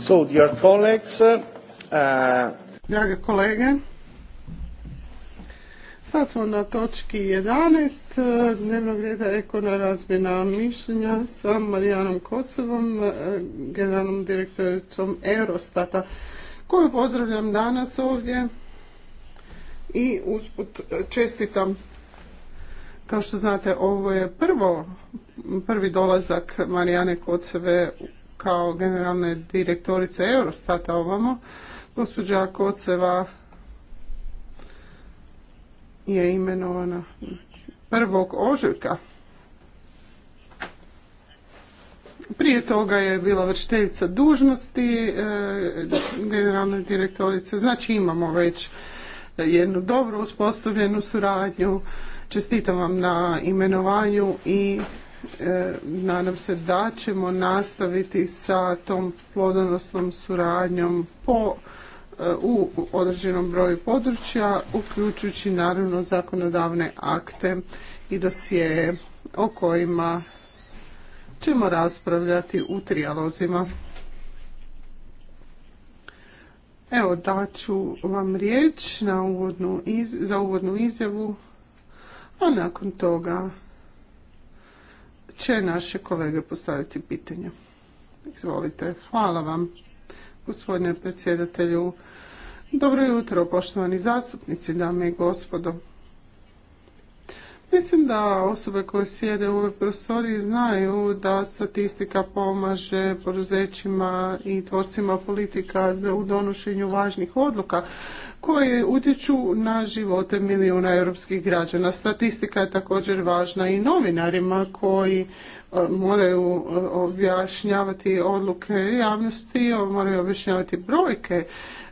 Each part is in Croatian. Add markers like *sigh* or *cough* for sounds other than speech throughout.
So, dear uh, Drage kolege, sad smo na točki 11 uh, dnevnog reda ekona razmjena mišljenja sa Marijanom Kocovom, uh, generalnom direktoricom Eurostata, koju pozdravljam danas ovdje i usput čestitam kao što znate, ovo je prvo, prvi dolazak Marijane Koceve kao generalne direktorice Eurostata ovamo, gospođa Koceva je imenovana prvog ožujka. Prije toga je bila vršiteljica dužnosti e, generalne direktorice, znači imamo već jednu dobro uspostavljenu suradnju. Čestitam vam na imenovanju i E, nadam se da ćemo nastaviti sa tom plodonosnom suradnjom po e, u određenom broju područja, uključujući naravno zakonodavne akte i dosije o kojima ćemo raspravljati u trijalozima. Evo daću vam riječ na iz, za uvodnu izjavu, a nakon toga će naše kolege postaviti pitanje? Izvolite. Hvala vam, gospodine predsjedatelju. Dobro jutro, poštovani zastupnici, dame i gospodo. Mislim da osobe koje sjede u ovoj prostoriji znaju da statistika pomaže poduzećima i tvorcima politika u donošenju važnih odluka koje utječu na živote milijuna europskih građana. Statistika je također važna i novinarima koji e, moraju e, objašnjavati odluke javnosti, moraju objašnjavati brojke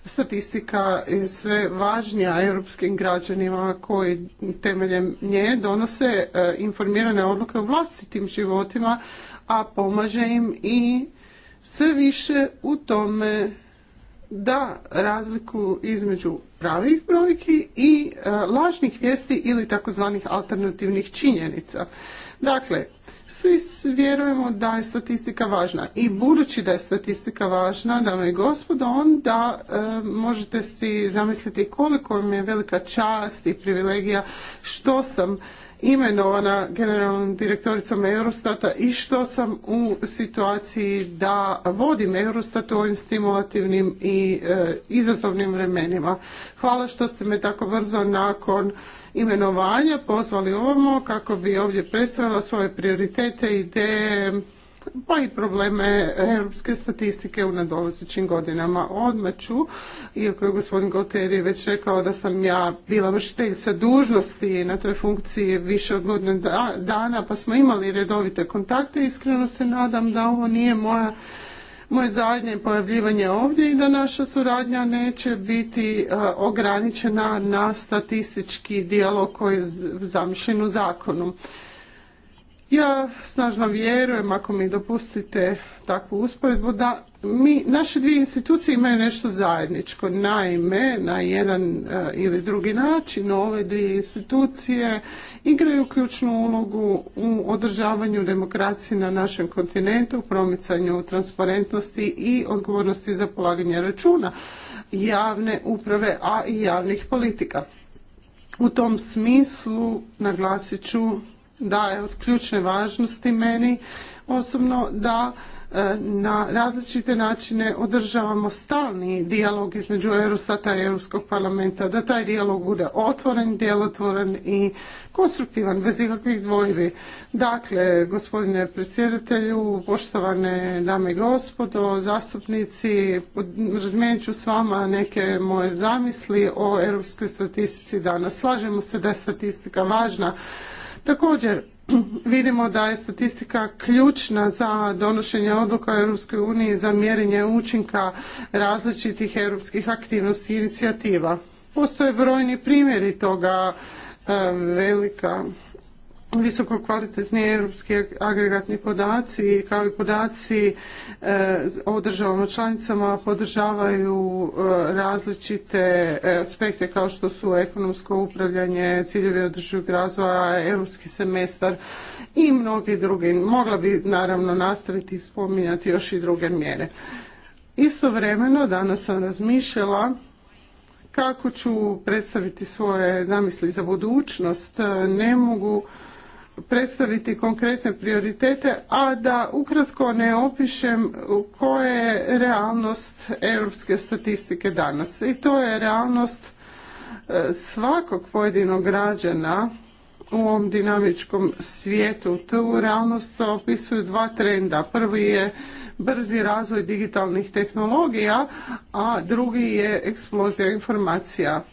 statistika je sve važnija europskim građanima koji temeljem nje donose e, informirane odluke o vlastitim životima, a pomaže im i sve više u tome da razliku između pravih brojki i e, lažnih vijesti ili takozvanih alternativnih činjenica. Dakle, svi vjerujemo da je statistika važna i budući da je statistika važna, dame i gospodo, onda e, možete si zamisliti koliko mi je velika čast i privilegija što sam imenovana generalnom direktoricom Eurostata i što sam u situaciji da vodim Eurostat u ovim stimulativnim i e, izazovnim vremenima. Hvala što ste me tako brzo nakon imenovanja pozvali ovamo kako bi ovdje predstavila svoje prioritete, ideje, pa i probleme europske statistike u nadolazećim godinama. Odmah ću, iako je gospodin Goteri već rekao da sam ja bila vršiteljica dužnosti na toj funkciji više od godina dana, pa smo imali redovite kontakte. Iskreno se nadam da ovo nije moja moje zadnje pojavljivanje ovdje i da naša suradnja neće biti e, ograničena na statistički dijalog koji je zamišljen u zakonu. Ja snažno vjerujem, ako mi dopustite takvu usporedbu, da mi, naše dvije institucije imaju nešto zajedničko. Naime, na jedan eh, ili drugi način ove dvije institucije igraju ključnu ulogu u održavanju demokracije na našem kontinentu, promicanju transparentnosti i odgovornosti za polaganje računa javne uprave, a i javnih politika. U tom smislu naglasit ću da je od ključne važnosti meni osobno da E, na različite načine održavamo stalni dijalog između Eurostata i Europskog parlamenta, da taj dijalog bude otvoren, djelotvoren i konstruktivan, bez ikakvih dvojbi. Dakle, gospodine predsjedatelju, poštovane dame i gospodo, zastupnici, razmijenit ću s vama neke moje zamisli o europskoj statistici danas. Slažemo se da je statistika važna. Također, *clears throat* vidimo da je statistika ključna za donošenje odluka u Europskoj uniji za mjerenje učinka različitih europskih aktivnosti i inicijativa. Postoje brojni primjeri toga e, velika visoko kvalitetni europski agregatni podaci kao i podaci e, o državama članicama podržavaju e, različite e, aspekte kao što su ekonomsko upravljanje, ciljevi održivog razvoja, europski semestar i mnogi drugi. Mogla bi naravno nastaviti i spominjati još i druge mjere. Istovremeno danas sam razmišljala kako ću predstaviti svoje zamisli za budućnost. Ne mogu predstaviti konkretne prioritete, a da ukratko ne opišem koja je realnost europske statistike danas. I to je realnost e, svakog pojedinog građana u ovom dinamičkom svijetu. Tu realnost opisuju dva trenda. Prvi je brzi razvoj digitalnih tehnologija, a drugi je eksplozija informacija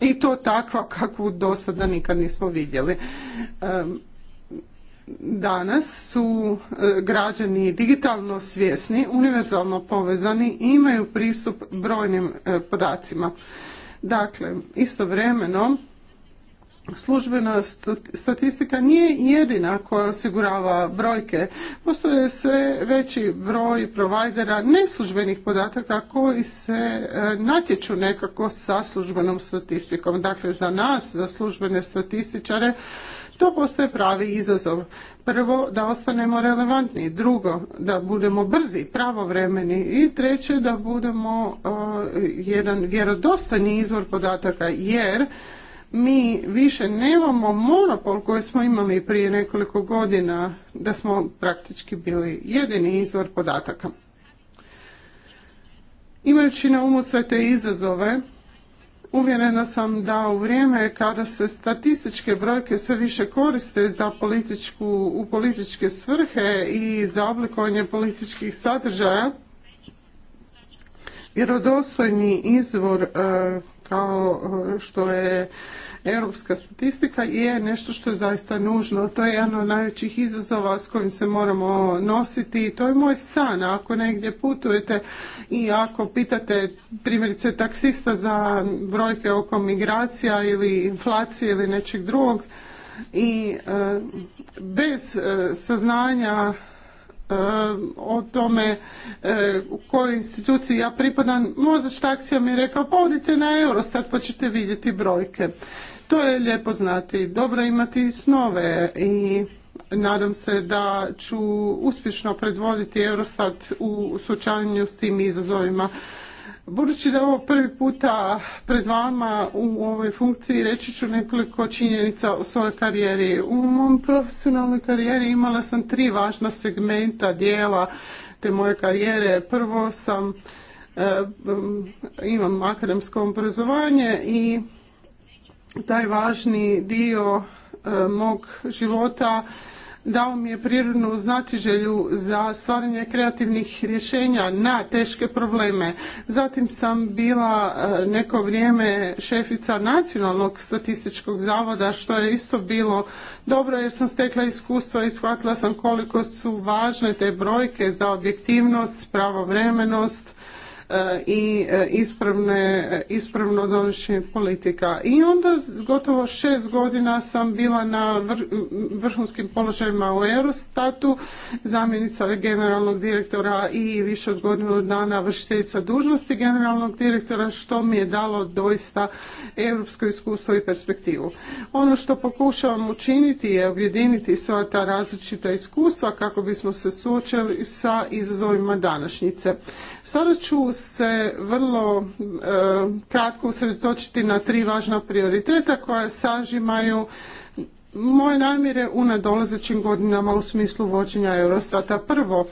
i to takva kakvu do sada nikad nismo vidjeli. Danas su e, građani digitalno svjesni, univerzalno povezani i imaju pristup brojnim e, podacima. Dakle, istovremeno službena statistika nije jedina koja osigurava brojke. Postoje sve veći broj provajdera neslužbenih podataka koji se e, natječu nekako sa službenom statistikom. Dakle, za nas, za službene statističare, to postaje pravi izazov. Prvo, da ostanemo relevantni. Drugo, da budemo brzi, pravovremeni. I treće, da budemo e, jedan vjerodostojni izvor podataka, jer mi više nemamo monopol koji smo imali prije nekoliko godina da smo praktički bili jedini izvor podataka. Imajući na umu sve te izazove, uvjerena sam da u vrijeme kada se statističke brojke sve više koriste za političku, u političke svrhe i za oblikovanje političkih sadržaja, vjerodostojni izvor e, kao e, što je europska statistika je nešto što je zaista nužno. To je jedan od najvećih izazova s kojim se moramo nositi i to je moj san. Ako negdje putujete i ako pitate primjerice taksista za brojke oko migracija ili inflacije ili nečeg drugog, i e, bez e, saznanja E, o tome e, u kojoj instituciji ja pripadam, moza, taksija mi je rekao pa odite na Eurostat pa ćete vidjeti brojke. To je lijepo znati, dobro imati snove i nadam se da ću uspješno predvoditi Eurostat u sučanju s tim izazovima. Budući da je ovo prvi puta pred vama u ovoj funkciji, reći ću nekoliko činjenica o svojoj karijeri. U mom profesionalnoj karijeri imala sam tri važna segmenta dijela te moje karijere. Prvo sam, eh, imam akademsko obrazovanje i taj važni dio eh, mog života dao mi je prirodnu znatiželju za stvaranje kreativnih rješenja na teške probleme. Zatim sam bila e, neko vrijeme šefica nacionalnog statističkog zavoda što je isto bilo dobro jer sam stekla iskustva i shvatila sam koliko su važne te brojke za objektivnost, pravovremenost, E, i e, ispravne, ispravno donošenje politika. I onda gotovo šest godina sam bila na vrhunskim položajima u Eurostatu, zamjenica generalnog direktora i više od godinu dana vršiteljica dužnosti generalnog direktora, što mi je dalo doista europsko iskustvo i perspektivu. Ono što pokušavam učiniti je objediniti sva ta različita iskustva kako bismo se suočili sa izazovima današnjice. Sada ću se vrlo e, kratko usredotočiti na tri važna prioriteta koja sažimaju moje namjere u nadolazećim godinama u smislu vođenja Eurostata. Prvo,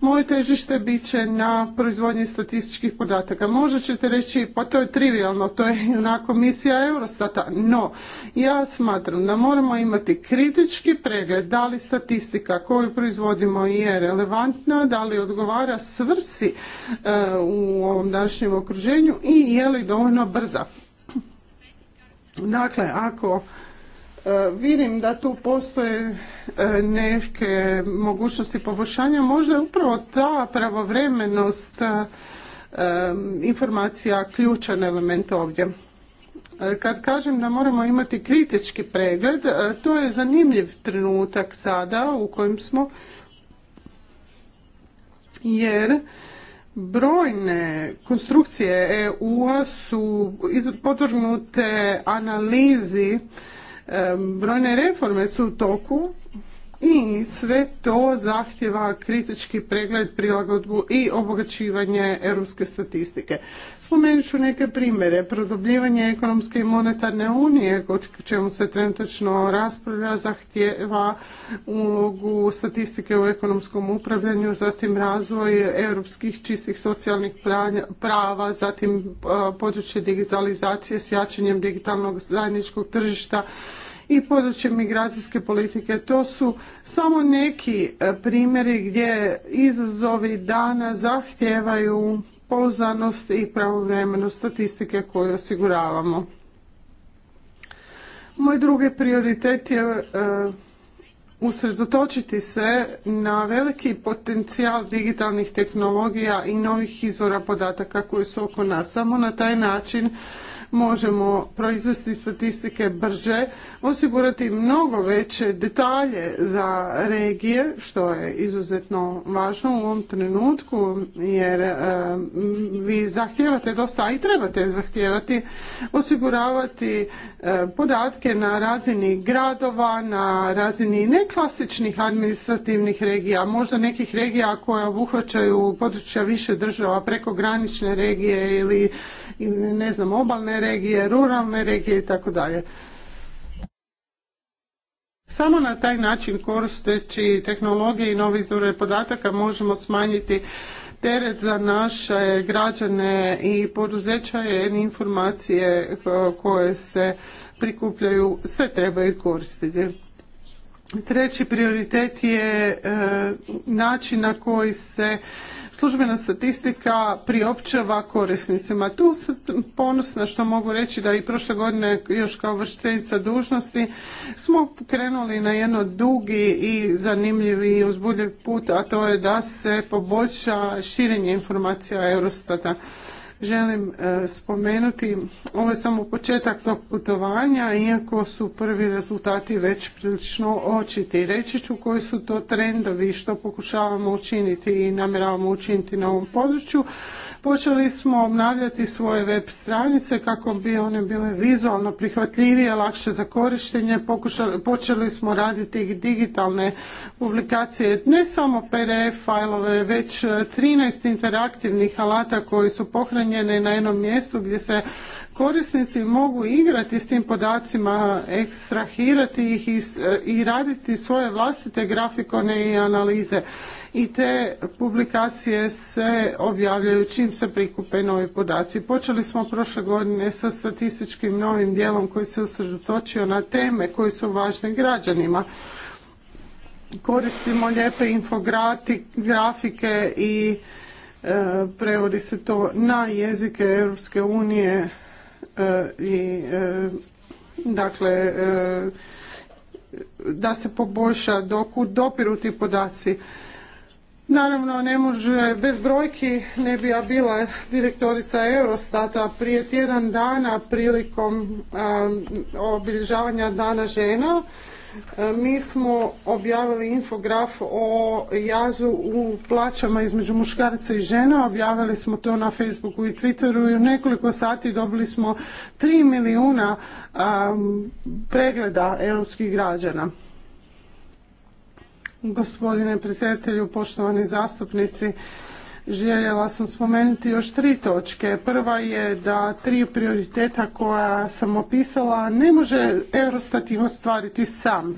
moje težište bit će na proizvodnji statističkih podataka. Možda ćete reći, pa to je trivialno, to je onako misija Eurostata. No, ja smatram da moramo imati kritički pregled da li statistika koju proizvodimo je relevantna, da li odgovara svrsi e, u ovom današnjem okruženju i je li dovoljno brza. Dakle, ako E, vidim da tu postoje e, neke mogućnosti poboljšanja, možda je upravo ta pravovremenost e, informacija ključan element ovdje. Kad kažem da moramo imati kritički pregled, to je zanimljiv trenutak sada u kojem smo, jer brojne konstrukcije EU-a su podvrgnute analizi Brojne reforme su u toku i sve to zahtjeva kritički pregled, prilagodbu i obogaćivanje europske statistike. Spomenut ću neke primjere. Prodobljivanje ekonomske i monetarne unije, o čemu se trenutačno raspravlja, zahtjeva ulogu statistike u ekonomskom upravljanju, zatim razvoj europskih čistih socijalnih prava, zatim područje digitalizacije s jačanjem digitalnog zajedničkog tržišta, i područje migracijske politike. To su samo neki e, primjeri gdje izazovi dana zahtijevaju pouzdanost i pravovremeno statistike koje osiguravamo. Moj drugi prioritet je e, usredotočiti se na veliki potencijal digitalnih tehnologija i novih izvora podataka koji su oko nas. Samo na taj način možemo proizvesti statistike brže, osigurati mnogo veće detalje za regije, što je izuzetno važno u ovom trenutku, jer e, vi zahtijevate dosta i trebate zahtijevati osiguravati e, podatke na razini gradova, na razini neklasičnih administrativnih regija, možda nekih regija koje obuhvaćaju područja više država, prekogranične regije ili ne znam, obalne regije, ruralne regije i tako dalje. Samo na taj način koristeći tehnologije i novi izvore podataka možemo smanjiti teret za naše građane i poduzeća i informacije koje se prikupljaju sve trebaju koristiti. Treći prioritet je e, način na koji se službena statistika priopćava korisnicima. Tu sam ponosna što mogu reći da i prošle godine još kao vršiteljica dužnosti smo krenuli na jedno dugi i zanimljivi i uzbudljiv put, a to je da se poboljša širenje informacija Eurostata želim e, spomenuti, ovo je samo početak tog putovanja, iako su prvi rezultati već prilično očiti. Reći ću koji su to trendovi što pokušavamo učiniti i namjeravamo učiniti na ovom području. Počeli smo obnavljati svoje web stranice kako bi one bile vizualno prihvatljivije, lakše za korištenje. počeli smo raditi digitalne publikacije, ne samo PDF fajlove, već 13 interaktivnih alata koji su pohranjene na jednom mjestu gdje se korisnici mogu igrati s tim podacima, ekstrahirati ih e, i raditi svoje vlastite grafikone i analize. I te publikacije se objavljaju čim se prikupe novi podaci. Počeli smo prošle godine sa statističkim novim dijelom koji se usredotočio na teme koje su važne građanima koristimo lijepe infografike i e, prevodi se to na jezike Europske unije E, i e, dakle e, da se poboljša doku dopiru ti podaci. Naravno, ne može, bez brojki ne bi ja bila direktorica Eurostata prije tjedan dana prilikom obilježavanja Dana žena. E, mi smo objavili infograf o jazu u plaćama između muškaraca i žena. Objavili smo to na Facebooku i Twitteru i u nekoliko sati dobili smo 3 milijuna pregleda europskih građana. Gospodine predsjedatelju, poštovani zastupnici, željela sam spomenuti još tri točke. Prva je da tri prioriteta koja sam opisala ne može Eurostat ostvariti sam.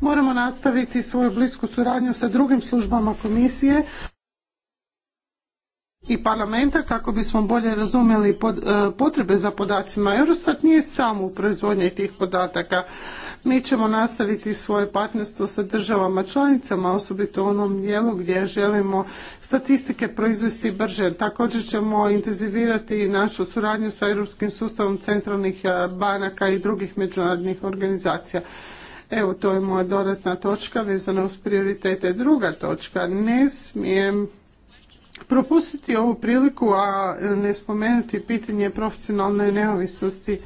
Moramo nastaviti svoju blisku suradnju sa drugim službama komisije i parlamenta kako bismo bolje razumjeli e, potrebe za podacima. Eurostat nije samo u proizvodnji tih podataka. Mi ćemo nastaviti svoje partnerstvo sa državama članicama, osobito u onom dijelu gdje želimo statistike proizvesti brže. Također ćemo intenzivirati našu suradnju sa Europskim sustavom centralnih e, banaka i drugih međunarodnih organizacija. Evo, to je moja dodatna točka vezana uz prioritete. Druga točka, ne smijem propustiti ovu priliku, a ne spomenuti pitanje profesionalne neovisnosti.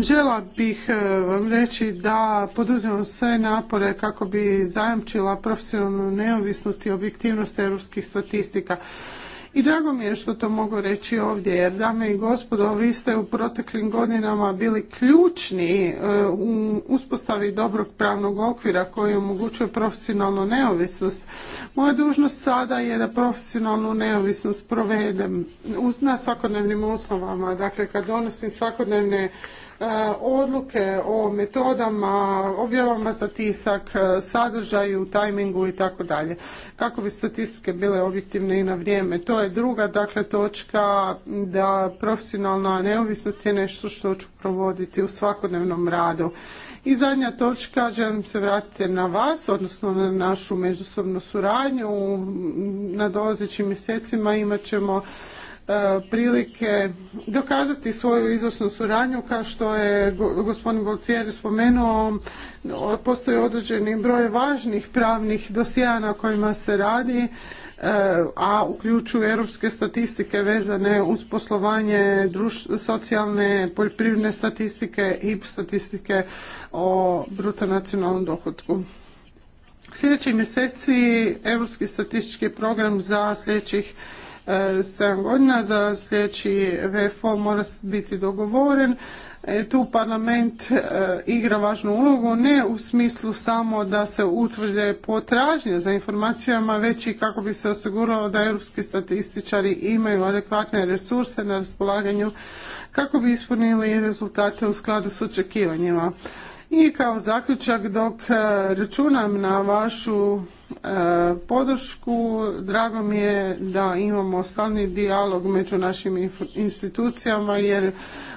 Žela bih e, vam reći da poduzimam sve napore kako bi zajamčila profesionalnu neovisnost i objektivnost europskih statistika. I drago mi je što to mogu reći ovdje, jer dame i gospodo, vi ste u proteklim godinama bili ključni e, u uspostavi dobrog pravnog okvira koji omogućuje profesionalnu neovisnost. Moja dužnost sada je da profesionalnu neovisnost provedem na svakodnevnim osnovama. Dakle, kad donosim svakodnevne E, odluke o metodama, objavama za tisak, e, sadržaju, tajmingu i tako dalje. Kako bi statistike bile objektivne i na vrijeme. To je druga dakle točka da profesionalna neovisnost je nešto što ću provoditi u svakodnevnom radu. I zadnja točka, želim se vratiti na vas, odnosno na našu međusobnu suradnju. Na dolazećim mjesecima imat ćemo E, prilike dokazati svoju izvrsnu suradnju kao što je gospodin Gautier spomenuo postoji određeni broj važnih pravnih dosjea na kojima se radi e, a uključuju europske statistike vezane uz poslovanje socijalne poljoprivredne statistike i statistike o bruto nacionalnom dohotku. Sljedeći mjeseci Europski statistički program za sljedećih 7 godina, za sljedeći VFO mora biti dogovoren. E, tu parlament e, igra važnu ulogu ne u smislu samo da se utvrde potražnje za informacijama, već i kako bi se osiguralo da europski statističari imaju adekvatne resurse na raspolaganju kako bi ispunili rezultate u skladu s očekivanjima. I kao zaključak dok e, računam na vašu e, podršku, drago mi je da imamo stalni dijalog među našim institucijama jer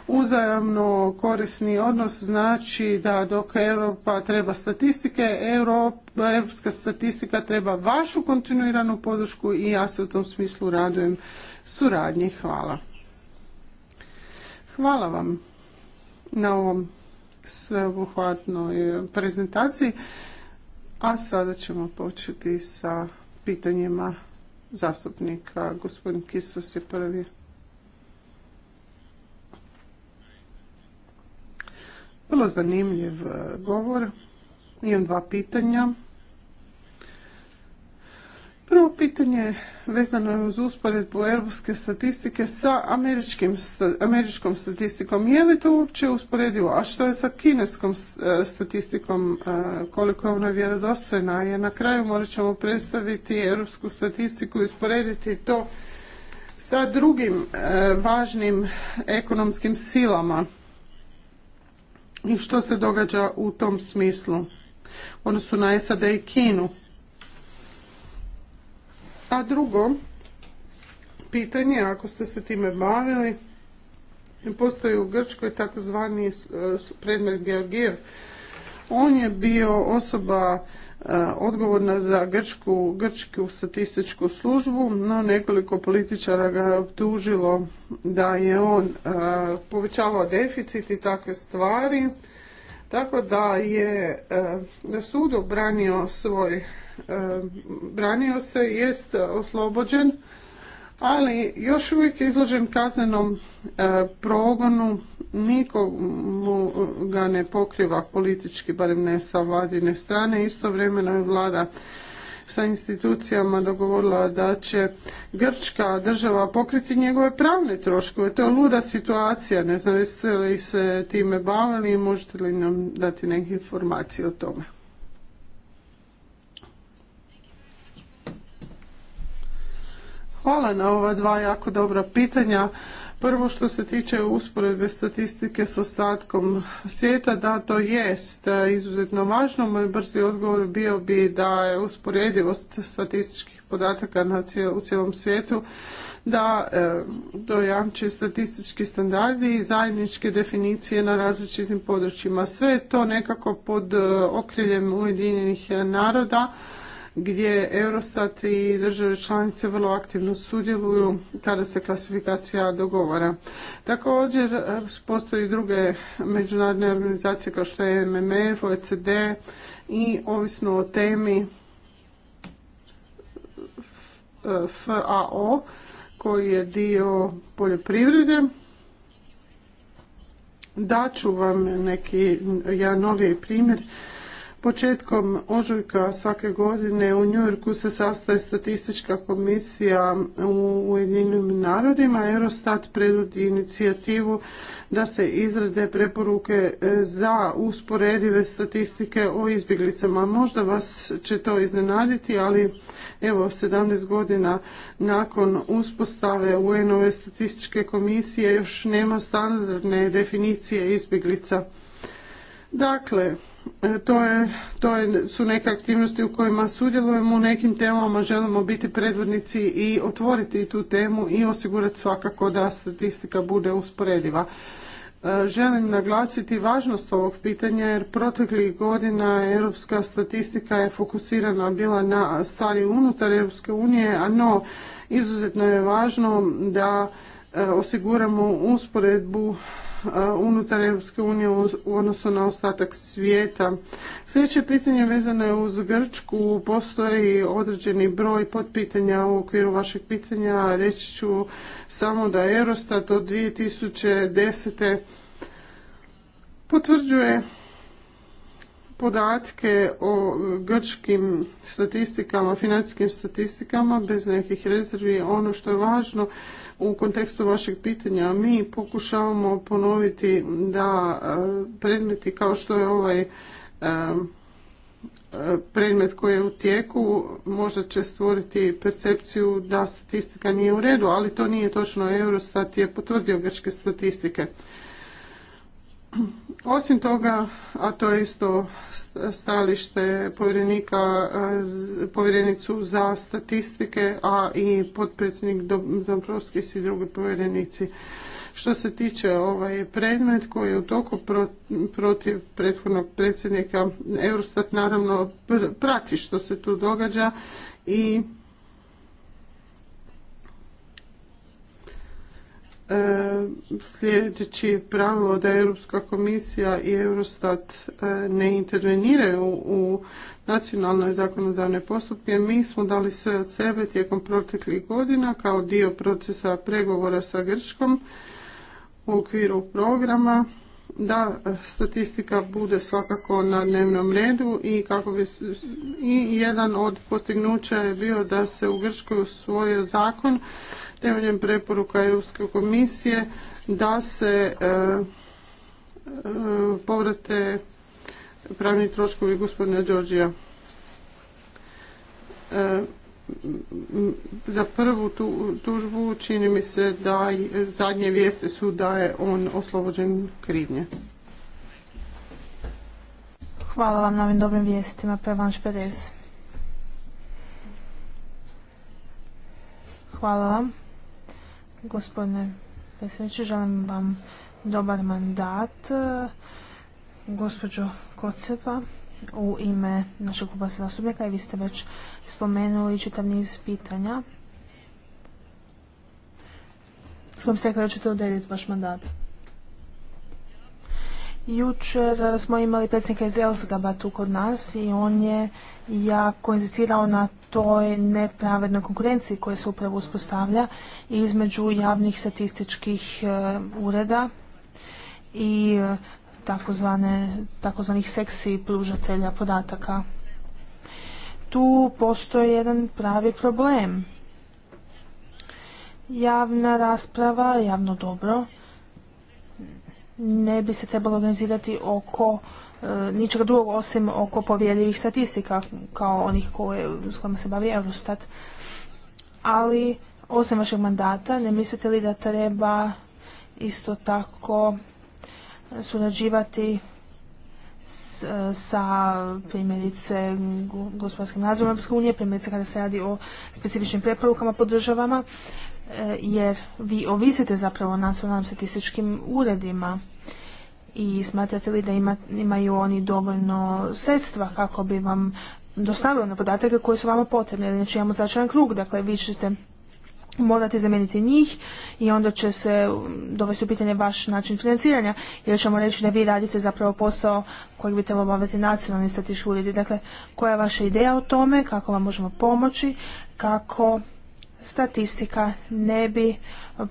uzajamno korisni odnos znači da dok Europa treba statistike, europska statistika treba vašu kontinuiranu podršku i ja se u tom smislu radujem suradnji. Hvala. Hvala vam na ovom sveobuhvatnoj e, prezentaciji. A sada ćemo početi sa pitanjima zastupnika. Gospodin Kistos je prvi. Vrlo zanimljiv e, govor. Imam dva pitanja. Prvo pitanje vezano je uz usporedbu europske statistike sa američkom statistikom. Je li to uopće usporedivo? A što je sa kineskom e, statistikom? E, koliko je ona vjerodostojna? Je na kraju morat ćemo predstaviti europsku statistiku i usporediti to sa drugim e, važnim ekonomskim silama. I što se događa u tom smislu? su na SAD i Kinu. A drugo, pitanje, ako ste se time bavili, postoji u Grčkoj takozvani e, predmet Georgijev. On je bio osoba e, odgovorna za grčku, grčku statističku službu, no nekoliko političara ga je optužilo da je on e, povećavao deficit i takve stvari. Tako da je na e, sud branio svoj, e, branio se, jest oslobođen, ali još uvijek je izložen kaznenom e, progonu, niko ga ne pokriva politički, barem ne sa vladine strane, istovremeno je vlada sa institucijama dogovorila da će Grčka država pokriti njegove pravne troškove. To je luda situacija. Ne znam jeste li se time bavili i možete li nam dati neke informacije o tome. Hvala na ova dva jako dobra pitanja. Prvo što se tiče usporedbe statistike s ostatkom svijeta, da to jest izuzetno važno. Moj brzi odgovor bio bi da je usporedivost statističkih podataka na u cijelom svijetu da e, dojamče statistički standardi i zajedničke definicije na različitim područjima. Sve je to nekako pod e, okriljem Ujedinjenih naroda gdje Eurostat i države članice vrlo aktivno sudjeluju kada se klasifikacija dogovara. Također postoji druge međunarodne organizacije kao što je MMF, OECD i ovisno o temi FAO koji je dio poljoprivrede. Daću vam neki jedan novi primjer Početkom ožujka svake godine u Njujorku se sastaje statistička komisija u Ujedinjenim narodima. Eurostat predvodi inicijativu da se izrade preporuke za usporedive statistike o izbjeglicama. Možda vas će to iznenaditi, ali evo 17 godina nakon uspostave UN-ove statističke komisije još nema standardne definicije izbjeglica. Dakle, E, to, je, to su neke aktivnosti u kojima sudjelujemo u nekim temama, želimo biti predvodnici i otvoriti tu temu i osigurati svakako da statistika bude usporediva. E, želim naglasiti važnost ovog pitanja jer proteklih godina europska statistika je fokusirana bila na stvari unutar Europske unije, a no izuzetno je važno da e, osiguramo usporedbu Eh, unutar Europske unije u odnosu na ostatak svijeta. Sljedeće pitanje vezano je uz Grčku. Postoji određeni broj potpitanja u okviru vašeg pitanja. Reći ću samo da Eurostat od 2010. potvrđuje podatke o grčkim statistikama, financijskim statistikama bez nekih rezervi. Ono što je važno u kontekstu vašeg pitanja mi pokušavamo ponoviti da e, predmeti kao što je ovaj e, e, predmet koji je u tijeku možda će stvoriti percepciju da statistika nije u redu, ali to nije točno. Eurostat je potvrdio grčke statistike. Osim toga, a to je isto stalište povjerenika, povjerenicu za statistike, a i potpredsjednik Dombrovski i drugi povjerenici. Što se tiče ovaj predmet koji je u toku protiv prethodnog predsjednika, Eurostat naravno prati što se tu događa i E, sljedeći pravilo da Europska komisija i Eurostat e, ne interveniraju u nacionalnoj zakonodavne postupke, mi smo dali sve od sebe tijekom proteklih godina kao dio procesa pregovora sa Grčkom u okviru programa da statistika bude svakako na dnevnom redu i kako bi i jedan od postignuća je bio da se u Grčkoj usvojio zakon temeljem preporuka Europske komisije da se e, e, povrate pravni troškovi gospodina Đorđija. E, za prvu tužbu čini mi se da zadnje vijeste su da je on oslobođen krivnje. Hvala vam na ovim dobrim vijestima, Pevan Šperez. Hvala vam. Gospodine predsjedniče, želim vam dobar mandat. Gospođo Kocepa, u ime našeg kluba zastupnika i vi ste već spomenuli čitav niz pitanja s kojom ste ćete odrediti vaš mandat. Jučer smo imali predsjednika iz Elsgaba tu kod nas i on je jako insistirao na toj nepravednoj konkurenciji koja se upravo uspostavlja između javnih statističkih e, ureda i e, takozvanih seksi pružatelja podataka. Tu postoji jedan pravi problem. Javna rasprava, javno dobro, ne bi se trebalo organizirati oko ničega drugog osim oko povjerljivih statistika kao onih koje, s kojima se bavi Eurostat. Ali osim vašeg mandata ne mislite li da treba isto tako surađivati sa primjerice gospodarskim nadzorom Europske unije, primjerice kada se radi o specifičnim preporukama po državama, e, jer vi ovisite zapravo o nacionalnim statističkim uredima i smatrate li da imaju oni dovoljno sredstva kako bi vam dostavili na podatke koje su vama potrebni. Znači imamo začaran krug, dakle vi ćete morate zameniti njih i onda će se um, dovesti u pitanje vaš način financiranja jer ćemo reći da vi radite zapravo posao kojeg bi trebalo obavljati nacionalni statički uredi. Dakle, koja je vaša ideja o tome, kako vam možemo pomoći, kako statistika ne bi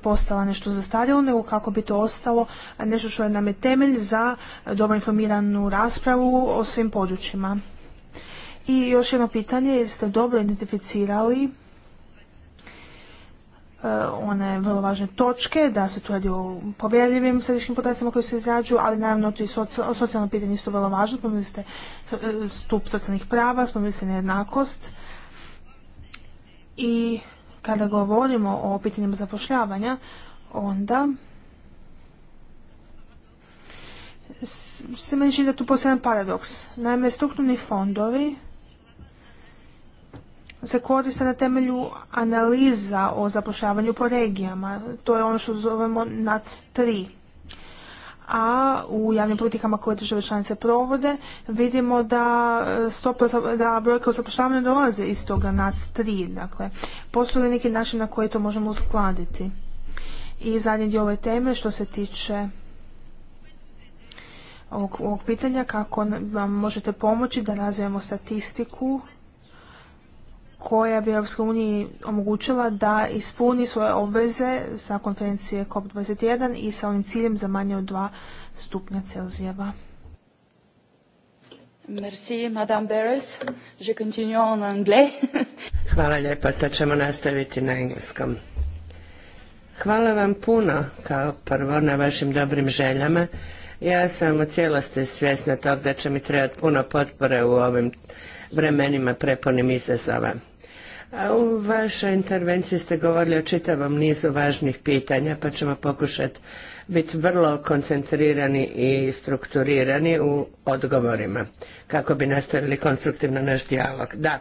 postala nešto zastarjelo, nego kako bi to ostalo nešto što je nam je temelj za dobro informiranu raspravu o svim područjima. I još jedno pitanje, jer ste dobro identificirali e, one vrlo važne točke, da se tu radi o povjerljivim središnjim podacima koji se izrađuju, ali naravno tu i socijalno pitanje isto vrlo važno. Spomenuli ste e, stup socijalnih prava, spomenuli ste nejednakost i kada govorimo o pitanjima zapošljavanja, onda se meni da tu postoji paradoks. Naime, strukturni fondovi se koriste na temelju analiza o zapošljavanju po regijama. To je ono što zovemo NAC a u javnim politikama koje države članice provode vidimo da, e, stopa, da brojka u zapošljavanju dolaze iz toga NAC3. Dakle, postoji li neki način na koji to možemo uskladiti? I zadnji dio ove teme što se tiče ovog, pitanja kako vam možete pomoći da razvijemo statistiku koja bi Europskoj uniji omogućila da ispuni svoje obveze sa konferencije COP21 i sa ovim ciljem za manje od 2 stupnja Celzijeva. Merci, Madame Je *laughs* Hvala lijepa, to ćemo nastaviti na engleskom. Hvala vam puno, kao prvo, na vašim dobrim željama. Ja sam u cijelosti svjesna tog da će mi trebati puno potpore u ovim vremenima prepunim izazova. u vašoj intervenciji ste govorili o čitavom nizu važnih pitanja, pa ćemo pokušati biti vrlo koncentrirani i strukturirani u odgovorima kako bi nastavili konstruktivno naš dijalog. Da,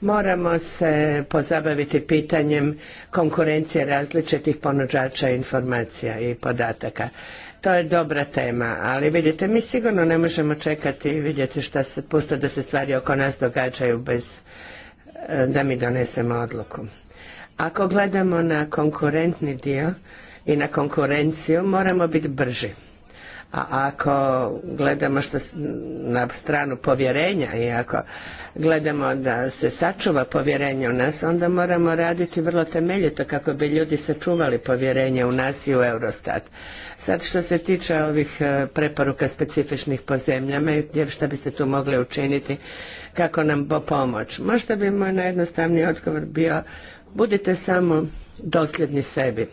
moramo se pozabaviti pitanjem konkurencije različitih ponuđača informacija i podataka. To je dobra tema, ali vidite, mi sigurno ne možemo čekati i vidjeti šta se pusto da se stvari oko nas događaju bez eh, da mi donesemo odluku. Ako gledamo na konkurentni dio i na konkurenciju, moramo biti brži a ako gledamo što na stranu povjerenja i ako gledamo da se sačuva povjerenje u nas, onda moramo raditi vrlo temeljito kako bi ljudi sačuvali povjerenje u nas i u Eurostat. Sad što se tiče ovih e, preporuka specifičnih po zemljama što šta bi se tu mogli učiniti, kako nam bo pomoć. Možda bi moj najjednostavniji odgovor bio budite samo dosljedni sebi.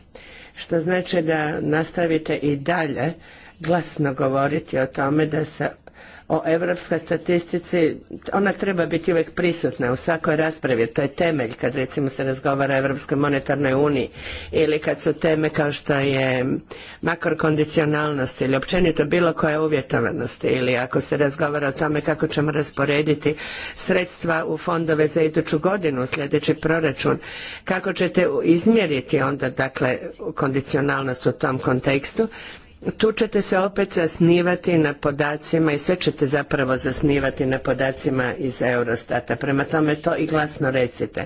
Što znači da nastavite i dalje glasno govoriti o tome da se o europskoj statistici, ona treba biti uvijek prisutna u svakoj raspravi, to je temelj kad recimo se razgovara o Europskoj monetarnoj uniji ili kad su teme kao što je makrokondicionalnost ili općenito bilo koja uvjetovanost ili ako se razgovara o tome kako ćemo rasporediti sredstva u fondove za iduću godinu, sljedeći proračun, kako ćete izmjeriti onda dakle kondicionalnost u tom kontekstu tu ćete se opet zasnivati na podacima i sve ćete zapravo zasnivati na podacima iz Eurostata. Prema tome to i glasno recite.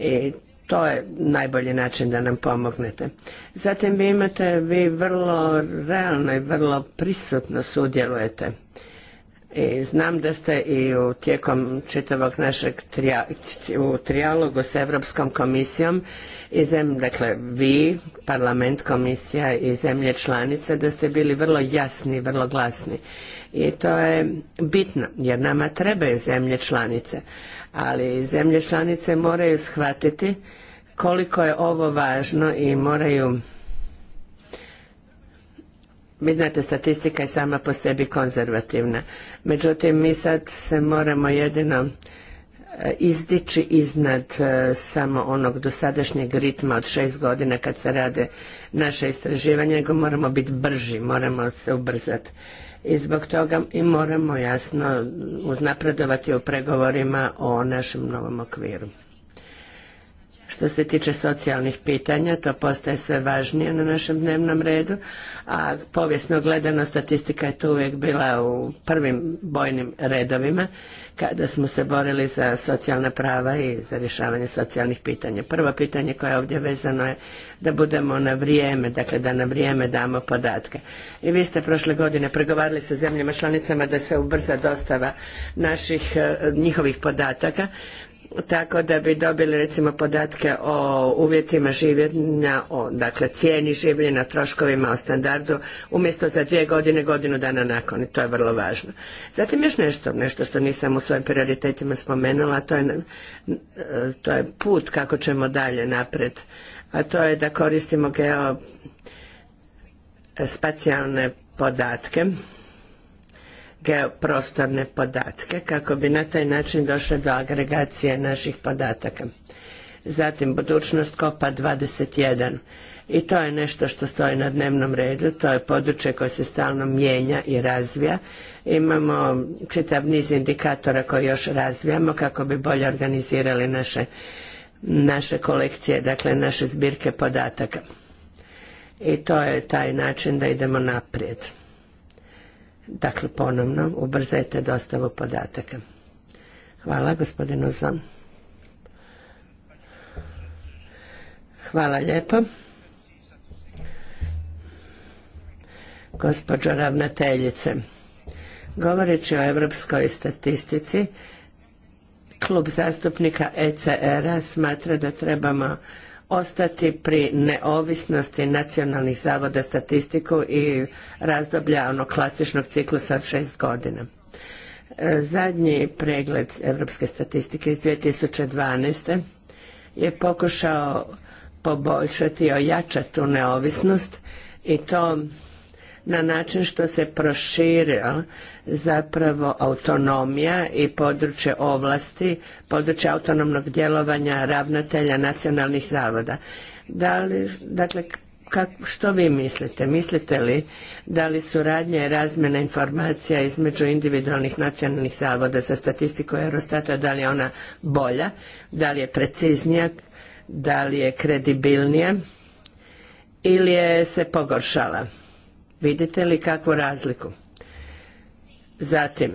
I to je najbolji način da nam pomognete. Zatim vi imate, vi vrlo realno i vrlo prisutno sudjelujete i znam da ste i u tijekom čitavog našeg u trijalogu s Europskom komisijom i zem, dakle vi, parlament, komisija i zemlje članice, da ste bili vrlo jasni, i vrlo glasni. I to je bitno, jer nama trebaju zemlje članice, ali zemlje članice moraju shvatiti koliko je ovo važno i moraju mi znate, statistika je sama po sebi konzervativna. Međutim, mi sad se moramo jedino e, izdići iznad e, samo onog dosadašnjeg ritma od šest godina kad se rade naše istraživanje. nego moramo biti brži, moramo se ubrzati. I zbog toga i moramo jasno napredovati u pregovorima o našem novom okviru. Što se tiče socijalnih pitanja, to postaje sve važnije na našem dnevnom redu, a povijesno gledano statistika je tu uvijek bila u prvim bojnim redovima kada smo se borili za socijalna prava i za rješavanje socijalnih pitanja. Prvo pitanje koje je ovdje vezano je da budemo na vrijeme, dakle da na vrijeme damo podatke. I vi ste prošle godine pregovarali sa zemljama članicama da se ubrza dostava naših, eh, njihovih podataka tako da bi dobili recimo podatke o uvjetima življenja, o dakle cijeni življenja, troškovima, o standardu, umjesto za dvije godine, godinu dana nakon i to je vrlo važno. Zatim još nešto, nešto što nisam u svojim prioritetima spomenula, to je, to je put kako ćemo dalje napred, a to je da koristimo geo spacijalne podatke geoprostorne podatke kako bi na taj način došlo do agregacije naših podataka. Zatim budućnost kopa 21 i to je nešto što stoji na dnevnom redu, to je područje koje se stalno mijenja i razvija. Imamo čitav niz indikatora koje još razvijamo kako bi bolje organizirali naše, naše kolekcije, dakle naše zbirke podataka. I to je taj način da idemo naprijed. Dakle, ponovno ubrzajte dostavu podataka. Hvala, gospodinu Zon. Hvala lijepo. Gospođo ravnateljice, govoreći o evropskoj statistici, klub zastupnika ECR-a smatra da trebamo ostati pri neovisnosti nacionalnih zavoda statistiku i razdoblja onog klasičnog ciklusa od šest godina. E, zadnji pregled europske statistike iz 2012. je pokušao poboljšati i ojačati tu neovisnost i to na način što se proširila zapravo autonomija i područje ovlasti, područje autonomnog djelovanja ravnatelja nacionalnih zavoda. Da li, dakle, kak, što vi mislite? Mislite li da li suradnja i razmjena informacija između individualnih nacionalnih zavoda sa statistikom Eurostata, da li je ona bolja, da li je preciznija, da li je kredibilnija ili je se pogoršala? Vidite li kakvu razliku? Zatim,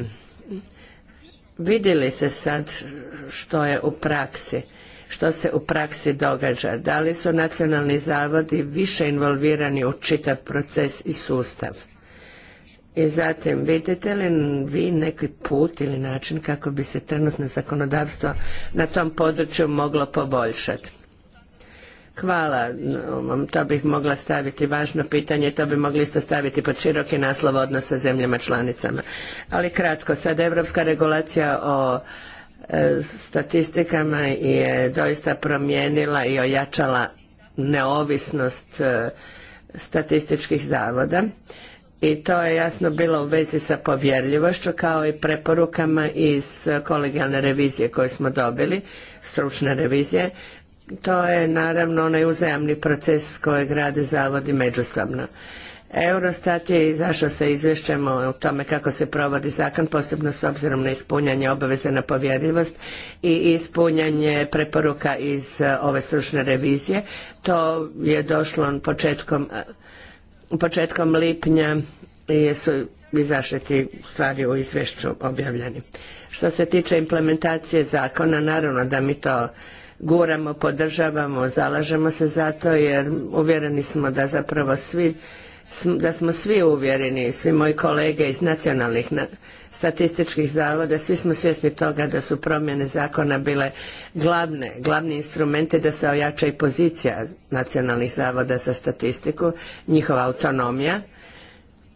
vidjeli se sad što je u praksi, što se u praksi događa, da li su nacionalni zavodi više involvirani u čitav proces i sustav. I zatim, vidite li vi neki put ili način kako bi se trenutno zakonodavstvo na tom području moglo poboljšati? Hvala, to bih mogla staviti važno pitanje, to bi mogli isto staviti pod široki naslov odnos sa zemljama članicama. Ali kratko, sad evropska regulacija o e, statistikama je doista promijenila i ojačala neovisnost e, statističkih zavoda i to je jasno bilo u vezi sa povjerljivošću kao i preporukama iz kolegijalne revizije koje smo dobili, stručne revizije to je naravno onaj uzajamni proces kojeg rade zavodi međusobno. Eurostat je izašao sa izvješćem o tome kako se provodi zakon, posebno s obzirom na ispunjanje obaveze na povjerljivost i ispunjanje preporuka iz e, ove stručne revizije. To je došlo početkom, e, početkom lipnja i su izašli ti stvari u izvješću objavljeni. Što se tiče implementacije zakona, naravno da mi to guramo, podržavamo, zalažemo se za to jer uvjereni smo da zapravo svi da smo svi uvjereni, svi moji kolege iz nacionalnih statističkih zavoda, svi smo svjesni toga da su promjene zakona bile glavne, glavni instrumenti da se ojača i pozicija nacionalnih zavoda za statistiku, njihova autonomija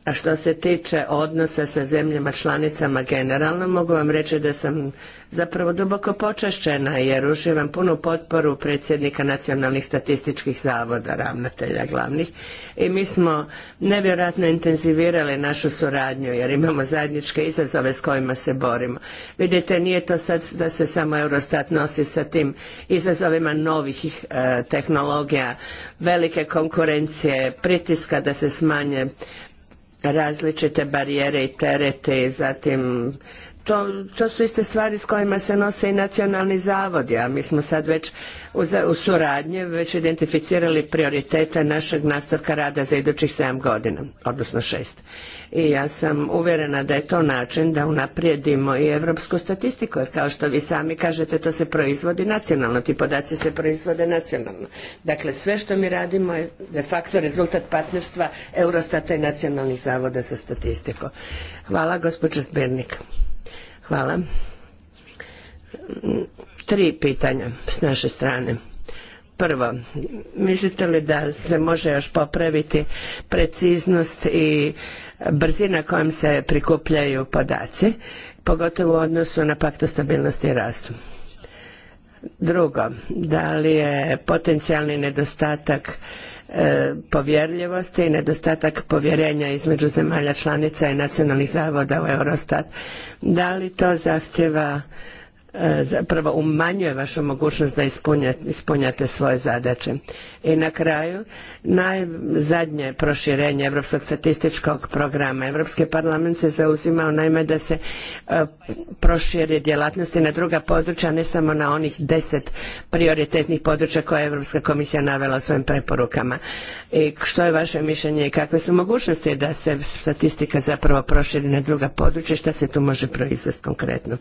a što se tiče odnosa sa zemljama članicama generalno, mogu vam reći da sam zapravo duboko počašćena jer uživam punu potporu predsjednika nacionalnih statističkih zavoda, ravnatelja glavnih. I mi smo nevjerojatno intenzivirali našu suradnju jer imamo zajedničke izazove s kojima se borimo. Vidite, nije to sad da se samo Eurostat nosi sa tim izazovima novih eh, tehnologija, velike konkurencije, pritiska da se smanje različite barijere i terete, i zatim to, su iste stvari s kojima se nose i nacionalni zavodi, a mi smo sad već u suradnji već identificirali prioritete našeg nastavka rada za idućih 7 godina, odnosno 6. I ja sam uvjerena da je to način da unaprijedimo i evropsku statistiku, jer kao što vi sami kažete, to se proizvodi nacionalno, ti podaci se proizvode nacionalno. Dakle, sve što mi radimo je de facto rezultat partnerstva Eurostata i nacionalnih zavoda za statistiku. Hvala, gospođo Bernik. Hvala. Tri pitanja s naše strane. Prvo, mislite li da se može još popraviti preciznost i brzina kojom se prikupljaju podaci, pogotovo u odnosu na o stabilnosti i rastu? Drugo, da li je potencijalni nedostatak E, povjerljivosti i nedostatak povjerenja između zemalja članica i nacionalnih zavoda u Eurostat. Da li to zahtjeva zapravo umanjuje vašu mogućnost da ispunjate svoje zadaće. I na kraju, najzadnje proširenje Evropskog statističkog programa. Europski parlament se zauzimao naime da se e, proširi djelatnosti na druga područja, ne samo na onih deset prioritetnih područja koje je Europska komisija navela u svojim preporukama. I što je vaše mišljenje i kakve su mogućnosti da se statistika zapravo proširi na druga područja i šta se tu može proizvesti konkretno?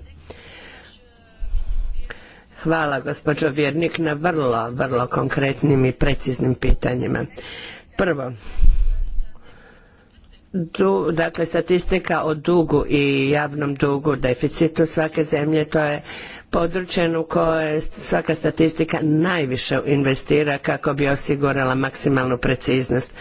Hvala gospođo Vjernik na vrlo, vrlo konkretnim i preciznim pitanjima. Prvo, dakle statistika o dugu i javnom dugu, deficitu svake zemlje, to je područje u koje svaka statistika najviše investira kako bi osigurala maksimalnu preciznost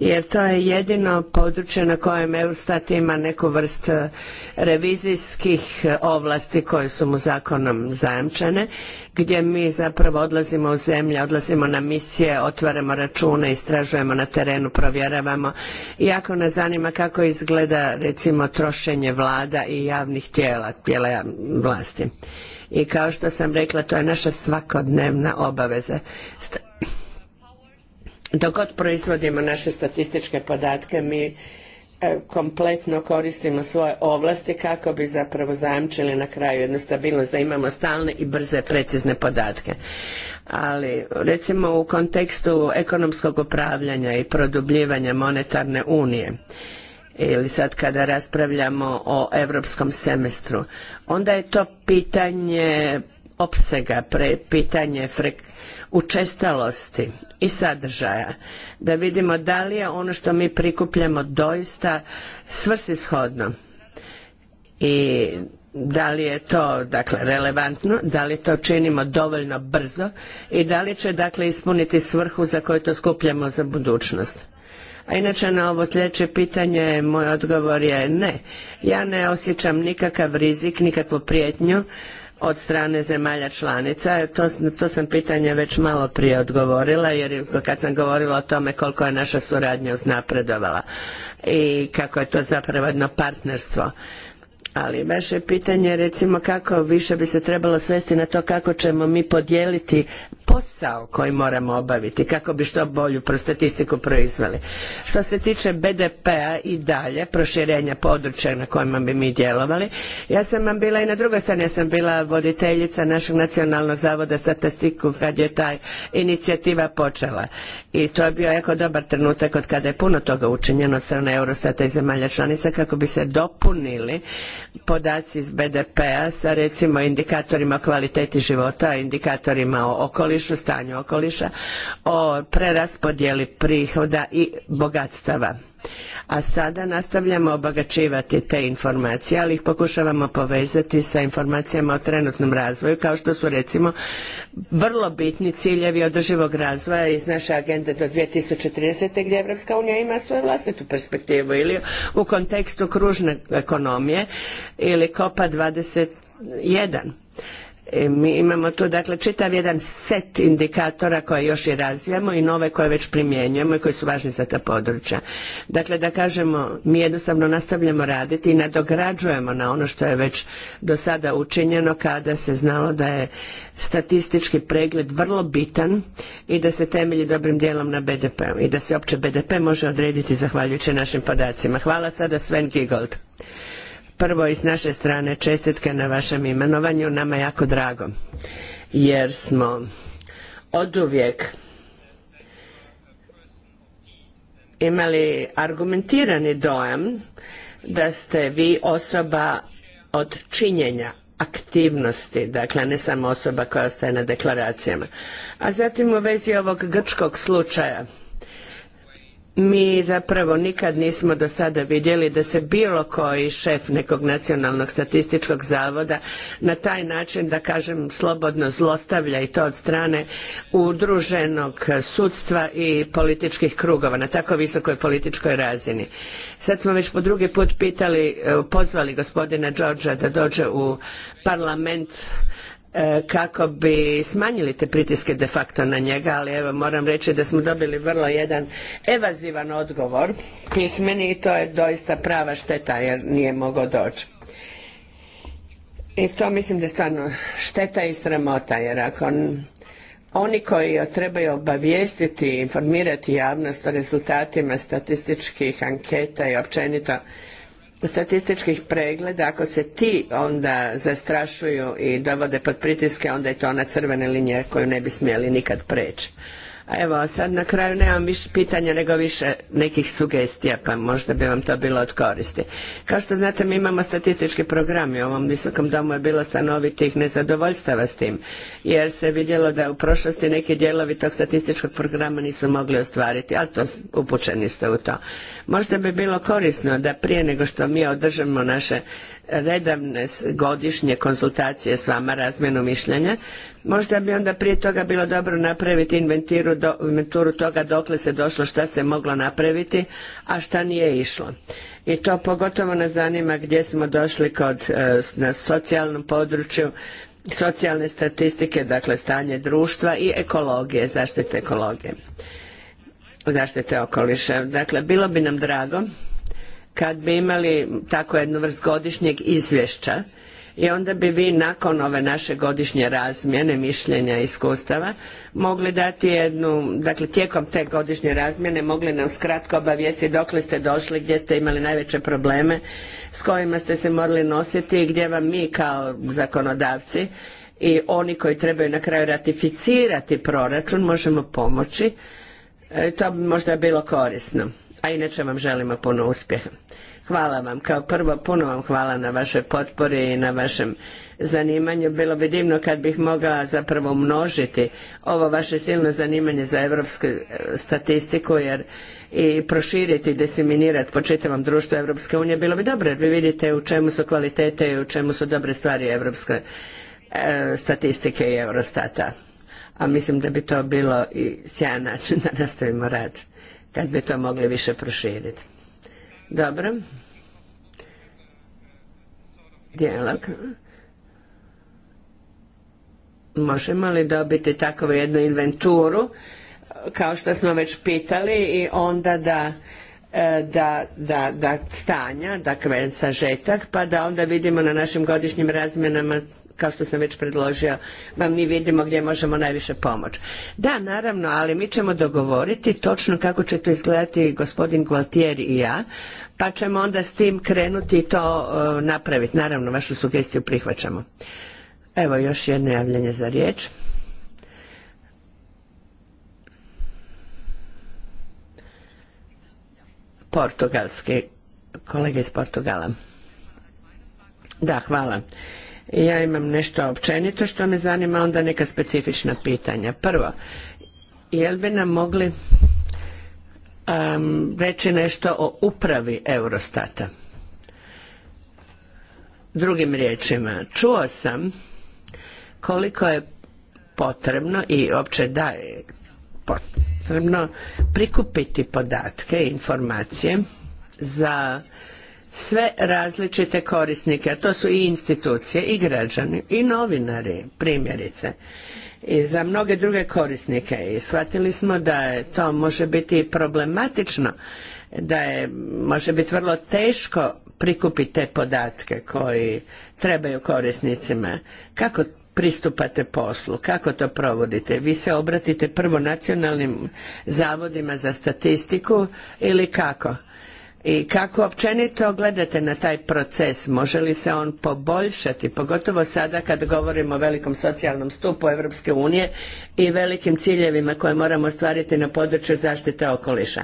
jer to je jedino područje na kojem Eurostat ima neku vrstu e, revizijskih e, ovlasti koje su mu zakonom zajamčene, gdje mi zapravo odlazimo u zemlje, odlazimo na misije, otvaramo račune, istražujemo na terenu, provjeravamo. Jako nas zanima kako izgleda recimo trošenje vlada i javnih tijela, tijela vlasti. I kao što sam rekla, to je naša svakodnevna obaveza dok god proizvodimo naše statističke podatke mi e, kompletno koristimo svoje ovlasti kako bi zapravo zajamčili na kraju jednu stabilnost da imamo stalne i brze precizne podatke. Ali recimo u kontekstu ekonomskog upravljanja i produbljivanja monetarne unije ili sad kada raspravljamo o europskom semestru, onda je to pitanje opsega, pitanje frekvencije učestalosti i sadržaja da vidimo da li je ono što mi prikupljamo doista svrsishodno i da li je to dakle relevantno, da li to činimo dovoljno brzo i da li će dakle ispuniti svrhu za koju to skupljamo za budućnost. A inače na ovo sljedeće pitanje moj odgovor je ne. Ja ne osjećam nikakav rizik, nikakvu prijetnju od strane zemalja članica. To, sam pitanje već malo prije odgovorila jer kad sam govorila o tome koliko je naša suradnja uznapredovala i kako je to zapravo jedno partnerstvo ali vaše pitanje recimo kako više bi se trebalo svesti na to kako ćemo mi podijeliti posao koji moramo obaviti kako bi što bolju statistiku proizveli. Što se tiče BDP-a i dalje, proširenja područja na kojima bi mi djelovali, ja sam vam bila i na drugoj strani, ja sam bila voditeljica našeg nacionalnog zavoda statistiku kad je ta inicijativa počela. I to je bio jako dobar trenutak od kada je puno toga učinjeno od strane Eurostata i zemalja članica kako bi se dopunili podaci iz BDP-a sa recimo indikatorima kvaliteti života, indikatorima o okolišu, stanju okoliša, o preraspodjeli prihoda i bogatstava a sada nastavljamo obogaćivati te informacije, ali ih pokušavamo povezati sa informacijama o trenutnom razvoju, kao što su recimo vrlo bitni ciljevi održivog razvoja iz naše agende do 2030. gdje Evropska unija ima svoju vlastitu perspektivu ili u kontekstu kružne ekonomije ili COPA 21 E, mi imamo tu dakle čitav jedan set indikatora koje još i razvijamo i nove koje već primjenjujemo i koji su važni za ta područja. Dakle da kažemo mi jednostavno nastavljamo raditi i nadograđujemo na ono što je već do sada učinjeno kada se znalo da je statistički pregled vrlo bitan i da se temelji dobrim dijelom na BDP i da se opće BDP može odrediti zahvaljujući našim podacima. Hvala sada Sven Gigold prvo iz naše strane čestitke na vašem imenovanju, nama je jako drago jer smo oduvijek imali argumentirani dojam da ste vi osoba od činjenja aktivnosti, dakle ne samo osoba koja ostaje na deklaracijama. A zatim u vezi ovog grčkog slučaja mi zapravo nikad nismo do sada vidjeli da se bilo koji šef nekog nacionalnog statističkog zavoda na taj način da kažem slobodno zlostavlja i to od strane udruženog sudstva i političkih krugova na tako visokoj političkoj razini. Sad smo već po drugi put pitali, e, pozvali gospodina Đorđa da dođe u parlament E, kako bi smanjili te pritiske de facto na njega, ali evo moram reći da smo dobili vrlo jedan evazivan odgovor pismeni i to je doista prava šteta jer nije mogao doći. I to mislim da je stvarno šteta i sramota jer ako oni koji trebaju obavijestiti i informirati javnost o rezultatima statističkih anketa i općenito statističkih pregleda, ako se ti onda zastrašuju i dovode pod pritiske, onda je to ona crvena linija koju ne bi smjeli nikad preći. Evo, sad na kraju nemam više pitanja nego više nekih sugestija, pa možda bi vam to bilo od koristi. Kao što znate, mi imamo statistički program i u ovom visokom domu je bilo stanovitih nezadovoljstava s tim, jer se vidjelo da u prošlosti neki dijelovi tog statističkog programa nisu mogli ostvariti, ali to upućeni ste u to. Možda bi bilo korisno da prije nego što mi održamo naše redavne godišnje konsultacije s vama, razmjenu mišljenja, Možda bi onda prije toga bilo dobro napraviti inventuru, inventuru toga dokle se došlo, šta se moglo napraviti, a šta nije išlo. I to pogotovo nas zanima gdje smo došli kod, e, na socijalnom području, socijalne statistike, dakle stanje društva i ekologije, zaštite ekologije, zaštite okoliša. Dakle, bilo bi nam drago kad bi imali tako jednu vrst godišnjeg izvješća i onda bi vi nakon ove naše godišnje razmjene mišljenja i iskustava mogli dati jednu, dakle tijekom te godišnje razmjene mogli nam skratko obavijesti dokle ste došli, gdje ste imali najveće probleme, s kojima ste se morali nositi i gdje vam mi kao zakonodavci i oni koji trebaju na kraju ratificirati proračun možemo pomoći. E, to bi možda bilo korisno. A inače vam želimo puno uspjeha. Hvala vam. Kao prvo, puno vam hvala na vašoj potpori i na vašem zanimanju. Bilo bi divno kad bih mogla zapravo množiti ovo vaše silno zanimanje za europsku e, statistiku jer i proširiti, diseminirati po čitavom društvu Evropske unije. Bilo bi dobro jer vi vidite u čemu su kvalitete i u čemu su dobre stvari europske e, statistike i Eurostata. A mislim da bi to bilo i sjajan način da nastavimo rad kad bi to mogli više proširiti. Dobro. Dijalog. Možemo li dobiti takvu jednu inventuru, kao što smo već pitali, i onda da e, da, da, da stanja, dakle sažetak, pa da onda vidimo na našim godišnjim razmjenama kao što sam već predložio, vam mi vidimo gdje možemo najviše pomoć Da, naravno, ali mi ćemo dogovoriti točno kako će to izgledati gospodin Gualtier i ja, pa ćemo onda s tim krenuti i to e, napraviti. Naravno, vašu sugestiju prihvaćamo. Evo još jedno javljanje za riječ. Portugalski, kolege iz Portugala. Da, hvala ja imam nešto općenito što me zanima, onda neka specifična pitanja. Prvo, jel bi nam mogli reći nešto o upravi Eurostata? Drugim riječima, čuo sam koliko je potrebno i opće da je potrebno prikupiti podatke, informacije za sve različite korisnike, a to su i institucije, i građani, i novinari, primjerice, i za mnoge druge korisnike. I shvatili smo da je to može biti problematično, da je, može biti vrlo teško prikupiti te podatke koji trebaju korisnicima. Kako pristupate poslu, kako to provodite? Vi se obratite prvo nacionalnim zavodima za statistiku ili kako? i kako općenito gledate na taj proces? Može li se on poboljšati, pogotovo sada kad govorimo o velikom socijalnom stupu Europske unije i velikim ciljevima koje moramo ostvariti na području zaštite okoliša?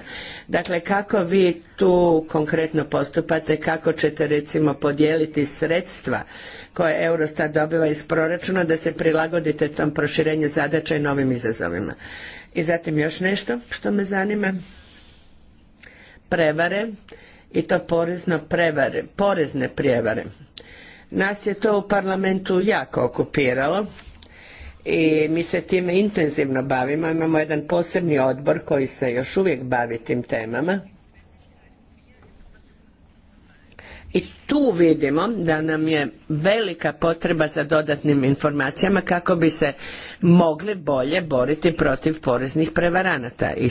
Dakle, kako vi tu konkretno postupate, kako ćete recimo podijeliti sredstva koje Eurostat dobiva iz proračuna da se prilagodite tom proširenju zadaća i novim izazovima? I zatim još nešto što me zanima prevare i to porezno prevare, porezne prijevare. Nas je to u parlamentu jako okupiralo i mi se time intenzivno bavimo. Imamo jedan posebni odbor koji se još uvijek bavi tim temama. I tu vidimo da nam je velika potreba za dodatnim informacijama kako bi se mogli bolje boriti protiv poreznih prevaranata i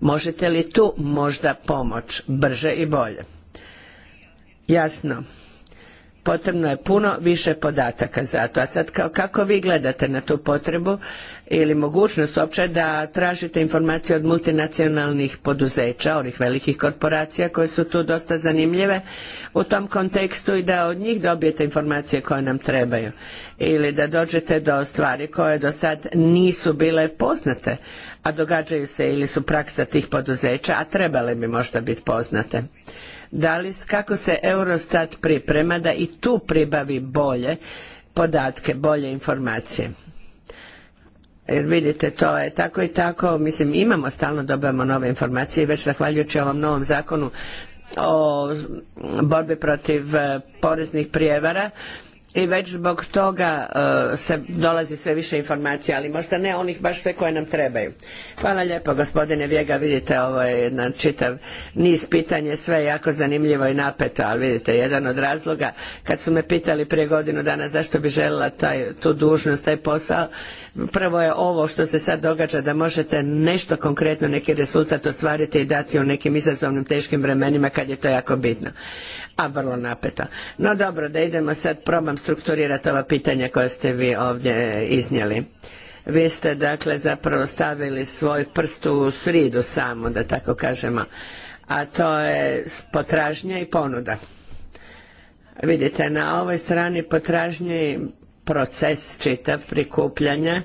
Možete li tu možda pomoć brže i bolje? Jasno. Potrebno je puno više podataka za to. A sad kao, kako vi gledate na tu potrebu ili mogućnost uopće da tražite informacije od multinacionalnih poduzeća, onih velikih korporacija koje su tu dosta zanimljive u tom kontekstu i da od njih dobijete informacije koje nam trebaju ili da dođete do stvari koje do sad nisu bile poznate, a događaju se ili su praksa tih poduzeća, a trebale bi možda biti poznate. Da li, kako se Eurostat priprema da i tu pribavi bolje podatke, bolje informacije? Jer vidite, to je tako i tako, mislim imamo stalno dobijamo nove informacije već zahvaljujući ovom novom zakonu o borbi protiv eh, poreznih prijevara i već zbog toga e, se dolazi sve više informacija, ali možda ne onih baš sve koje nam trebaju. Hvala lijepo gospodine Vjega, vidite ovo je jedan čitav niz pitanja, sve je jako zanimljivo i napeto, ali vidite jedan od razloga kad su me pitali prije godinu dana zašto bi željela taj, tu dužnost, taj posao, prvo je ovo što se sad događa da možete nešto konkretno, neki rezultat ostvariti i dati u nekim izazovnim teškim vremenima kad je to jako bitno a vrlo napeto. No dobro, da idemo sad, probam strukturirati ova pitanja koja ste vi ovdje iznijeli. Vi ste dakle zapravo stavili svoj prst u sridu samo, da tako kažemo, a to je potražnja i ponuda. Vidite, na ovoj strani potražnji proces čitav prikupljanja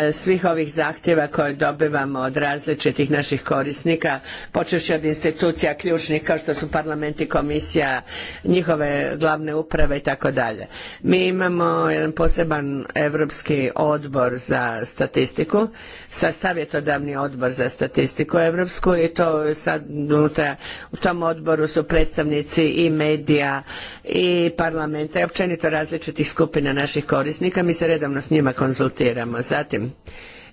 E, svih ovih zahtjeva koje dobivamo od različitih naših korisnika, počevši od institucija ključnih kao što su parlament i komisija, njihove glavne uprave i tako dalje. Mi imamo jedan poseban europski odbor za statistiku sa savjetodavni odbor za statistiku europsku i to sad unutra u tom odboru su predstavnici i medija i parlamenta i općenito različitih skupina naših korisnika. Mi se redovno s njima konzultiramo. Zatim,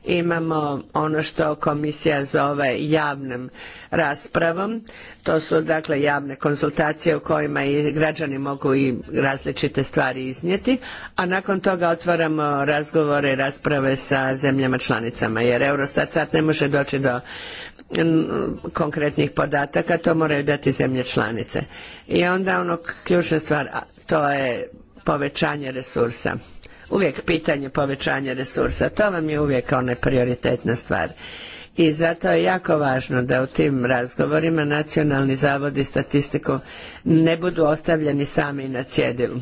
imamo ono što komisija zove javnom raspravom. To su dakle javne konzultacije u kojima i građani mogu i različite stvari iznijeti, a nakon toga otvaramo razgovore i rasprave sa zemljama članicama, jer Eurostat sad ne može doći do konkretnih podataka, to moraju dati zemlje članice. I onda ono ključna stvar, to je povećanje resursa uvijek pitanje povećanja resursa. To vam je uvijek ona prioritetna stvar. I zato je jako važno da u tim razgovorima nacionalni zavodi statistiku ne budu ostavljeni sami na cjedilu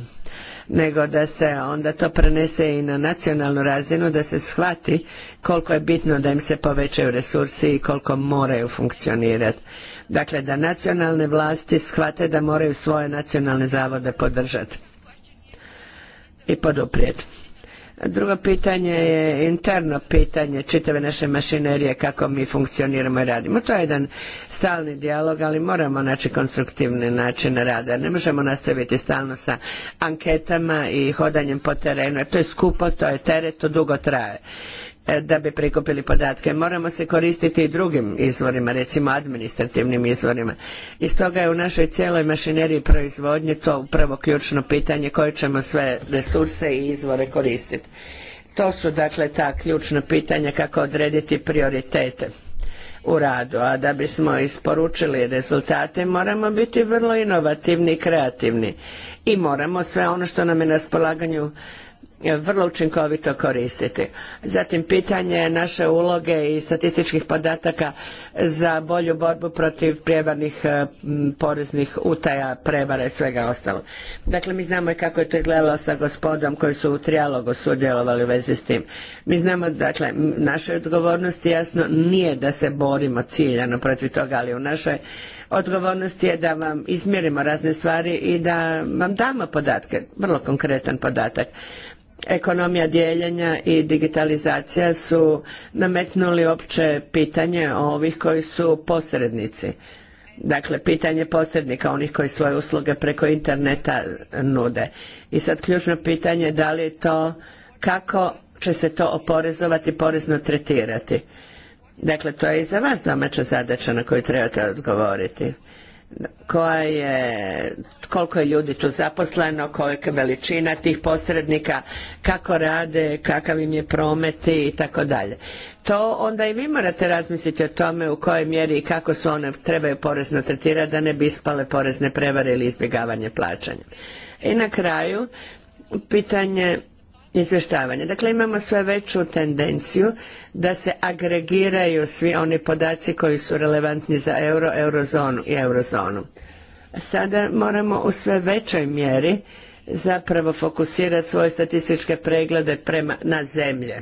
nego da se onda to prenese i na nacionalnu razinu da se shvati koliko je bitno da im se povećaju resursi i koliko moraju funkcionirati. Dakle, da nacionalne vlasti shvate da moraju svoje nacionalne zavode podržati i poduprijeti. Drugo pitanje je interno pitanje čitave naše mašinerije kako mi funkcioniramo i radimo. To je jedan stalni dijalog, ali moramo naći konstruktivni način rada. Ne možemo nastaviti stalno sa anketama i hodanjem po terenu. To je skupo, to je teret, to dugo traje. E, da bi prikupili podatke. Moramo se koristiti i drugim izvorima, recimo administrativnim izvorima. I stoga je u našoj cijeloj mašineriji proizvodnje to upravo ključno pitanje koje ćemo sve resurse i izvore koristiti. To su dakle ta ključna pitanja kako odrediti prioritete u radu, a da bismo isporučili rezultate moramo biti vrlo inovativni i kreativni i moramo sve ono što nam je na raspolaganju vrlo učinkovito koristiti. Zatim pitanje naše uloge i statističkih podataka za bolju borbu protiv prijevarnih e, poreznih utaja, prevara i svega ostalog. Dakle, mi znamo i kako je to izgledalo sa gospodom koji su u trijalogu sudjelovali u vezi s tim. Mi znamo, dakle, naše odgovornosti jasno nije da se borimo ciljano protiv toga, ali u našoj odgovornosti je da vam izmjerimo razne stvari i da vam damo podatke, vrlo konkretan podatak ekonomija dijeljenja i digitalizacija su nametnuli opće pitanje ovih koji su posrednici. Dakle, pitanje posrednika, onih koji svoje usluge preko interneta nude. I sad ključno pitanje da li je to, kako će se to oporezovati, porezno tretirati. Dakle, to je i za vas domaća zadaća na koju trebate odgovoriti koja je, koliko je ljudi tu zaposleno, kolika je veličina tih posrednika, kako rade, kakav im je promet i tako dalje. To onda i vi morate razmisliti o tome u kojoj mjeri i kako su one trebaju porezno tretirati da ne bi ispale porezne prevare ili izbjegavanje plaćanja. I na kraju, pitanje izvještavanja Dakle, imamo sve veću tendenciju da se agregiraju svi oni podaci koji su relevantni za euro, eurozonu i eurozonu. Sada moramo u sve većoj mjeri zapravo fokusirati svoje statističke preglede prema, na zemlje.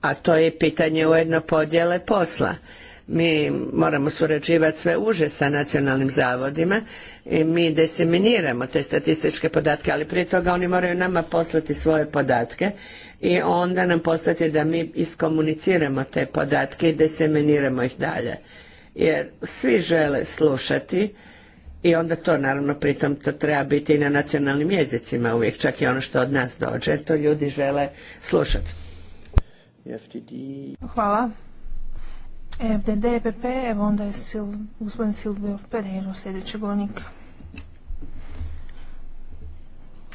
A to je pitanje ujedno podjele posla mi moramo surađivati sve uže sa nacionalnim zavodima i mi deseminiramo te statističke podatke, ali prije toga oni moraju nama poslati svoje podatke i onda nam poslati da mi iskomuniciramo te podatke i deseminiramo ih dalje. Jer svi žele slušati i onda to naravno pritom to treba biti i na nacionalnim jezicima uvijek, čak i ono što od nas dođe, jer to ljudi žele slušati. Hvala. FDD, EPP, evo onda je gospodin Silvio Pereiro, sljedeći govornik.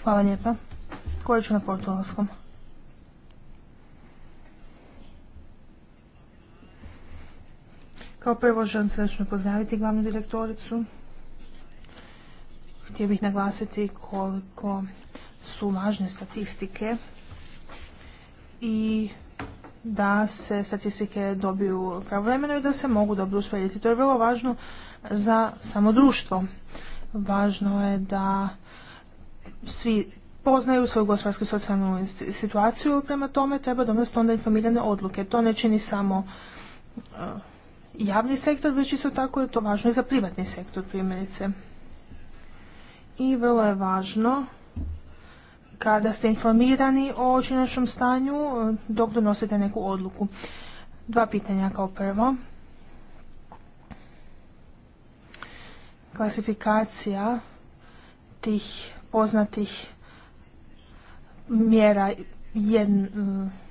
Hvala lijepa. Koji ću na portugalskom. Kao prvo želim srećno pozdraviti glavnu direktoricu. Htio bih naglasiti koliko su važne statistike i da se statistike dobiju pravovremeno i da se mogu dobro usporediti. To je vrlo važno za samo društvo. Važno je da svi poznaju svoju gospodarsku socijalnu situaciju i prema tome treba donositi onda informirane odluke. To ne čini samo eh, javni sektor, već isto tako je to važno i za privatni sektor primjerice. I vrlo je važno kada ste informirani o činačnom stanju e, dok donosite neku odluku. Dva pitanja kao prvo. Klasifikacija tih poznatih mjera, e,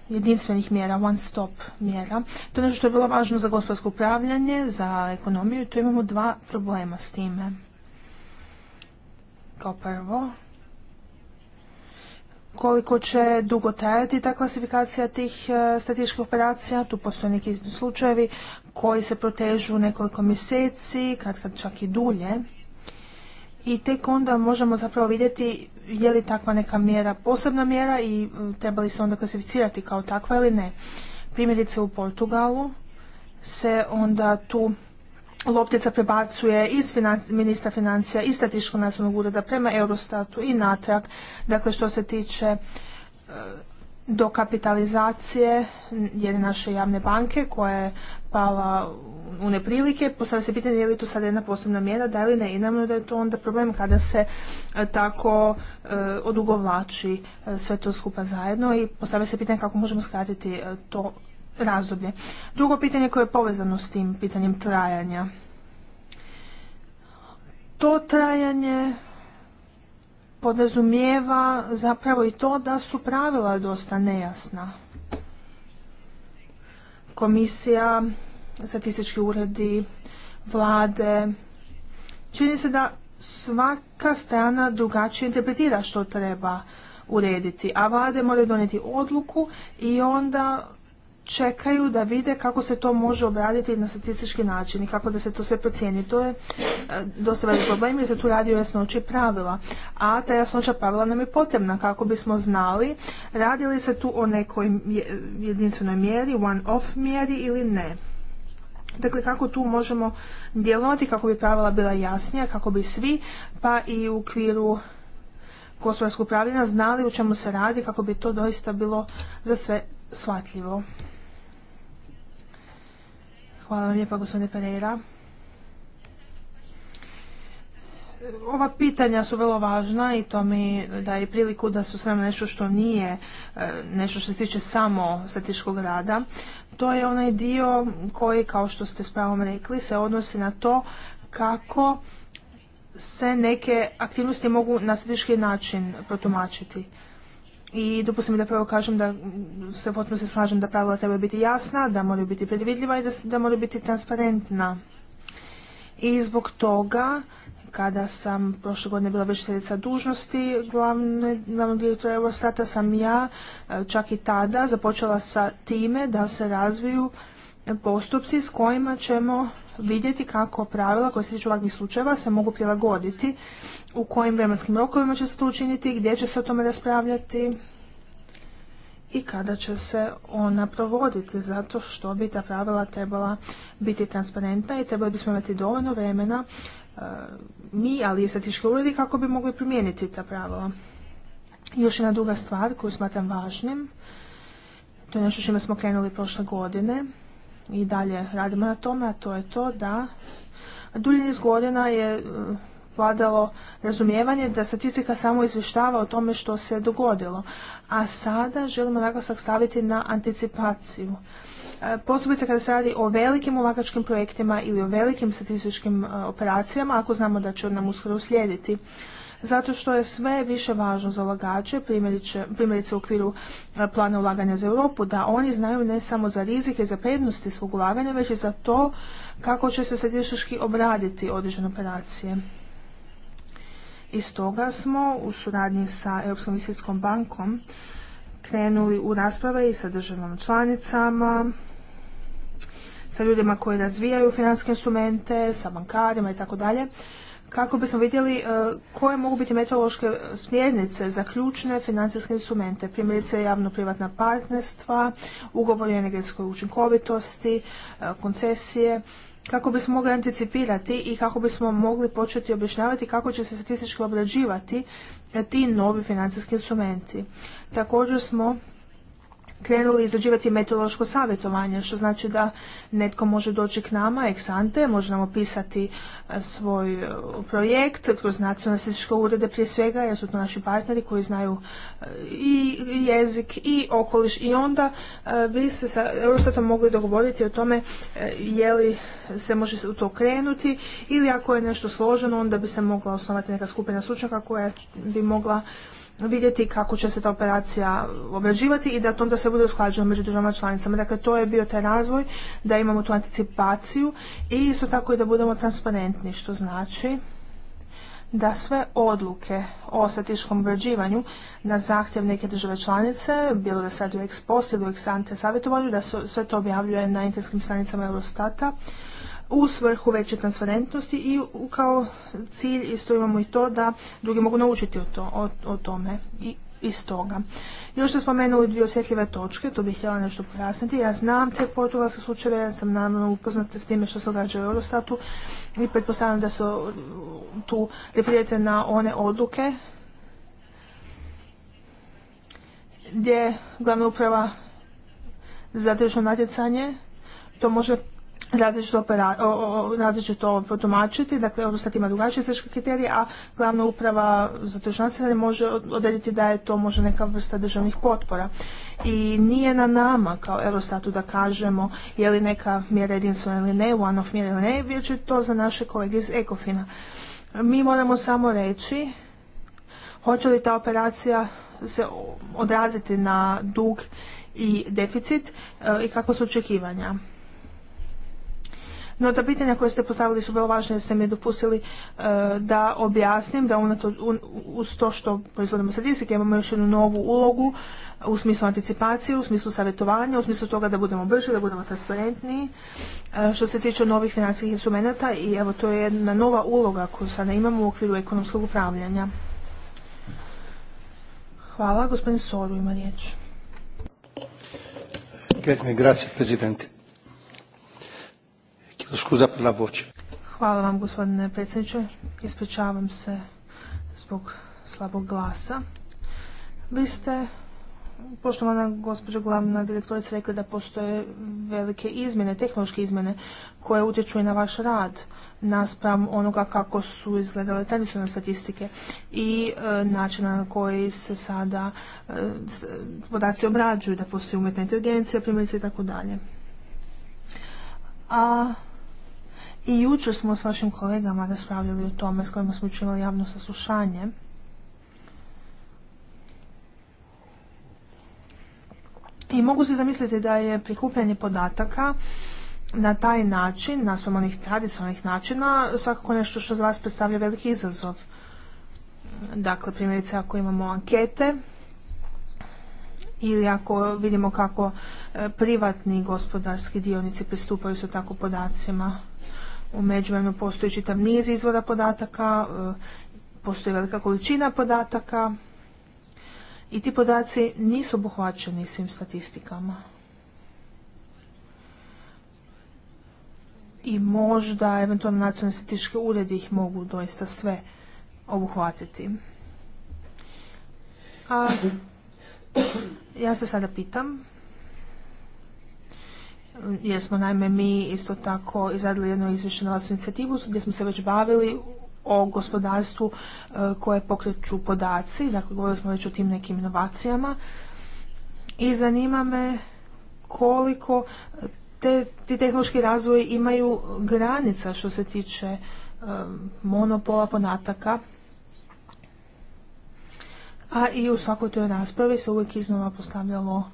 jedinstvenih mjera, one stop mjera. To je nešto što je bilo važno za gospodarsko upravljanje, za ekonomiju i tu imamo dva problema s time. Kao prvo, koliko će dugo trajati ta klasifikacija tih e, statističkih operacija. Tu postoje neki slučajevi koji se protežu nekoliko mjeseci, kad, kad čak i dulje. I tek onda možemo zapravo vidjeti je li takva neka mjera posebna mjera i e, treba li se onda klasificirati kao takva ili ne. Primjerice u Portugalu se onda tu loptica prebacuje iz ministra financija i statističkog nacionalnog ureda prema Eurostatu i natrag. Dakle, što se tiče e, dokapitalizacije jedne naše javne banke koja je pala u neprilike. Postavlja se pitanje je li to sada jedna posebna mjera, da li ne. I naravno da je to onda problem kada se e, tako e, odugovlači sve to skupa zajedno i postavlja se pitanje kako možemo skratiti to razdoblje. Drugo pitanje koje je povezano s tim pitanjem trajanja. To trajanje podrazumijeva zapravo i to da su pravila dosta nejasna. Komisija, statistički uredi, vlade, čini se da svaka strana drugačije interpretira što treba urediti, a vlade moraju donijeti odluku i onda čekaju da vide kako se to može obraditi na statistički način i kako da se to sve procijeni. To je e, dosta velik problem jer se tu radi o jasnoći pravila. A ta jasnoća pravila nam je potrebna kako bismo znali radi li se tu o nekoj jedinstvenoj mjeri, one-off mjeri ili ne. Dakle, kako tu možemo djelovati, kako bi pravila bila jasnija, kako bi svi, pa i u okviru gospodarskog upravljanja znali u čemu se radi, kako bi to doista bilo za sve shvatljivo. Hvala vam lijepa gospodine Pereira. Ova pitanja su vrlo važna i to mi daje priliku da su sve nešto što nije e, nešto što se tiče samo statičkog rada. To je onaj dio koji, kao što ste s pravom rekli, se odnosi na to kako se neke aktivnosti mogu na statički način protumačiti. I dopustim da prvo kažem da se potpuno se slažem da pravila trebaju biti jasna, da moraju biti predvidljiva i da, da moraju biti transparentna. I zbog toga kada sam prošle godine bila vršiteljica dužnosti glavne, glavnog direktora Eurostata sam ja e, čak i tada započela sa time da se razviju postupci s kojima ćemo vidjeti kako pravila koje se tiču ovakvih slučajeva se mogu prilagoditi u kojim vremenskim rokovima će se to učiniti, gdje će se o tome raspravljati i kada će se ona provoditi, zato što bi ta pravila trebala biti transparentna i trebali bismo imati dovoljno vremena e, mi, ali i statički uredi, kako bi mogli primijeniti ta pravila. Još jedna druga stvar koju smatram važnim, to je nešto čime smo krenuli prošle godine i dalje radimo na tome, a to je to da dulje niz godina je e, vladalo razumijevanje da statistika samo izvještava o tome što se dogodilo. A sada želimo naglasak staviti na anticipaciju. E, posebice kada se radi o velikim ulagačkim projektima ili o velikim statističkim e, operacijama, ako znamo da će nam uskoro uslijediti zato što je sve više važno za ulagače, primjerice, u okviru e, plana ulaganja za Europu, da oni znaju ne samo za rizike i za prednosti svog ulaganja, već i za to kako će se statistički obraditi određene operacije. I stoga smo u suradnji sa Europskom investicijskom bankom krenuli u rasprave i sa državnom članicama, sa ljudima koji razvijaju financijske instrumente, sa bankarima i tako dalje, kako bismo vidjeli e, koje mogu biti metodološke smjernice za ključne financijske instrumente, primjerice javno-privatna partnerstva, ugovori o energetskoj učinkovitosti, e, koncesije kako bismo mogli anticipirati i kako bismo mogli početi objašnjavati kako će se statistički obrađivati ti novi financijski instrumenti. Također smo krenuli izrađivati meteorološko savjetovanje, što znači da netko može doći k nama, eksante, može nam opisati e, svoj e, projekt kroz nacionalne statističke urede prije svega, jer su to naši partneri koji znaju e, i jezik i okoliš i onda bi se sa Eurostatom mogli dogovoriti o tome je li se može u to krenuti ili ako je nešto složeno onda bi se mogla osnovati neka skupina stručnjaka koja bi mogla vidjeti kako će se ta operacija obrađivati i da to onda sve bude usklađeno među državama članicama. Dakle, to je bio taj razvoj, da imamo tu anticipaciju i isto tako i da budemo transparentni, što znači da sve odluke o statičkom obrađivanju na zahtjev neke države članice, bilo da sad u ex ili u ex ante savjetovanju, da sve to objavljuje na internetskim stranicama Eurostata u svrhu veće transparentnosti i kao cilj isto imamo i to da drugi mogu naučiti o, to, o, tome i iz toga. Još ste spomenuli dvije osjetljive točke, to bih htjela nešto pojasniti. Ja znam te portugalske slučajeve, ja sam naravno upoznata s time što se događa u Eurostatu i pretpostavljam da se tu referirate na one odluke gdje glavna uprava za natjecanje to može različito, to dakle Eurostat ima drugačije strateške kriterije, a glavna uprava za tržnacanje može odrediti da je to možda neka vrsta državnih potpora. I nije na nama kao Eurostatu da kažemo je li neka mjera jedinstvena ili ne, one of mjera ili ne, već je to za naše kolege iz Ekofina. Mi moramo samo reći hoće li ta operacija se odraziti na dug i deficit e, i kakva su očekivanja. No ta pitanja koje ste postavili su vrlo važna jer ste mi dopustili e, da objasnim da uz to što proizvodimo statistike imamo još jednu novu ulogu u smislu anticipacije, u smislu savjetovanja, u smislu toga da budemo brži, da budemo transparentniji. E, što se tiče novih financijskih instrumenta i evo to je jedna nova uloga koju sada imamo u okviru ekonomskog upravljanja. Hvala. Gospodin Soru ima riječ. Grazie, Presidente. Hvala vam gospodine predsjedniče. Ispričavam se zbog slabog glasa. Vi ste, poštovana gospođo glavna direktorica, rekli da postoje velike izmjene, tehnološke izmjene koje utječu i na vaš rad naspram onoga kako su izgledale tradicionalne statistike i e, načina na koji se sada e, podaci obrađuju, da postoji umjetna inteligencija, primjerice i tako dalje. A i jučer smo s vašim kolegama raspravljali o tome s kojima smo učinili javno saslušanje. I mogu se zamisliti da je prikupljanje podataka na taj način, naspram onih tradicionalnih načina, svakako nešto što za vas predstavlja veliki izazov. Dakle, primjerice ako imamo ankete ili ako vidimo kako e, privatni gospodarski dionici pristupaju sa tako podacima. U međuvremenu postoji čitav niz izvora podataka, e, postoji velika količina podataka i ti podaci nisu obuhvaćeni svim statistikama. I možda eventualno nacionalne statistički uredi ih mogu doista sve obuhvatiti. A ja se sada pitam, jer smo naime mi isto tako izradili jednu izvješće na inicijativu gdje smo se već bavili o gospodarstvu e, koje pokreću podaci, dakle govorili smo već o tim nekim inovacijama i zanima me koliko te, ti tehnološki razvoj imaju granica što se tiče e, monopola ponataka a i u svakoj toj raspravi se uvijek iznova postavljalo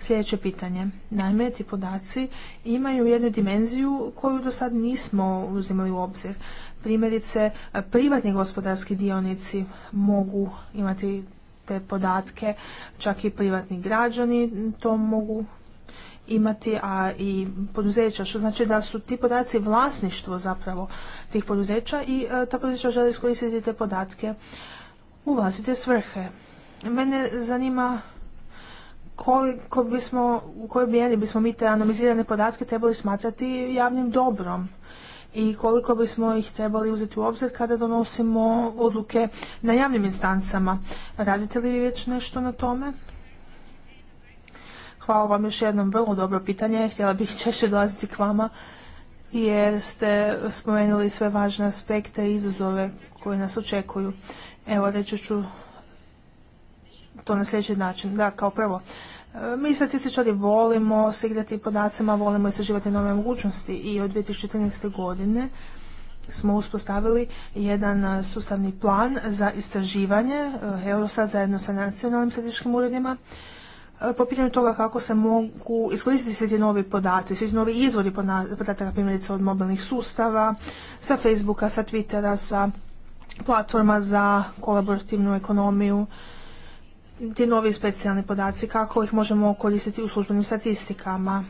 sljedeće pitanje. Naime, ti podaci imaju jednu dimenziju koju do sad nismo uzimali u obzir. Primjerice, privatni gospodarski dionici mogu imati te podatke, čak i privatni građani to mogu imati, a i poduzeća, što znači da su ti podaci vlasništvo zapravo tih poduzeća i e, ta poduzeća žele iskoristiti te podatke u vlastite svrhe. Mene zanima koliko bismo, u kojoj mjeri bismo mi te anonimizirane podatke trebali smatrati javnim dobrom i koliko bismo ih trebali uzeti u obzir kada donosimo odluke na javnim instancama. Radite li vi već nešto na tome? Hvala vam još jednom, vrlo dobro pitanje. Htjela bih češće dolaziti k vama jer ste spomenuli sve važne aspekte i izazove koje nas očekuju. Evo, reći ću to na sljedeći način. Da, kao prvo, e, mi statističari volimo se igrati podacima, volimo istraživati nove mogućnosti i od 2014. godine smo uspostavili jedan e, sustavni plan za istraživanje e, Eurosa zajedno sa nacionalnim statističkim uredima po pitanju toga kako se mogu iskoristiti svi ti novi podaci, svi ti novi izvori podataka, primjerice od mobilnih sustava, sa Facebooka, sa Twittera, sa platforma za kolaborativnu ekonomiju, ti novi specijalni podaci, kako ih možemo koristiti u službenim statistikama.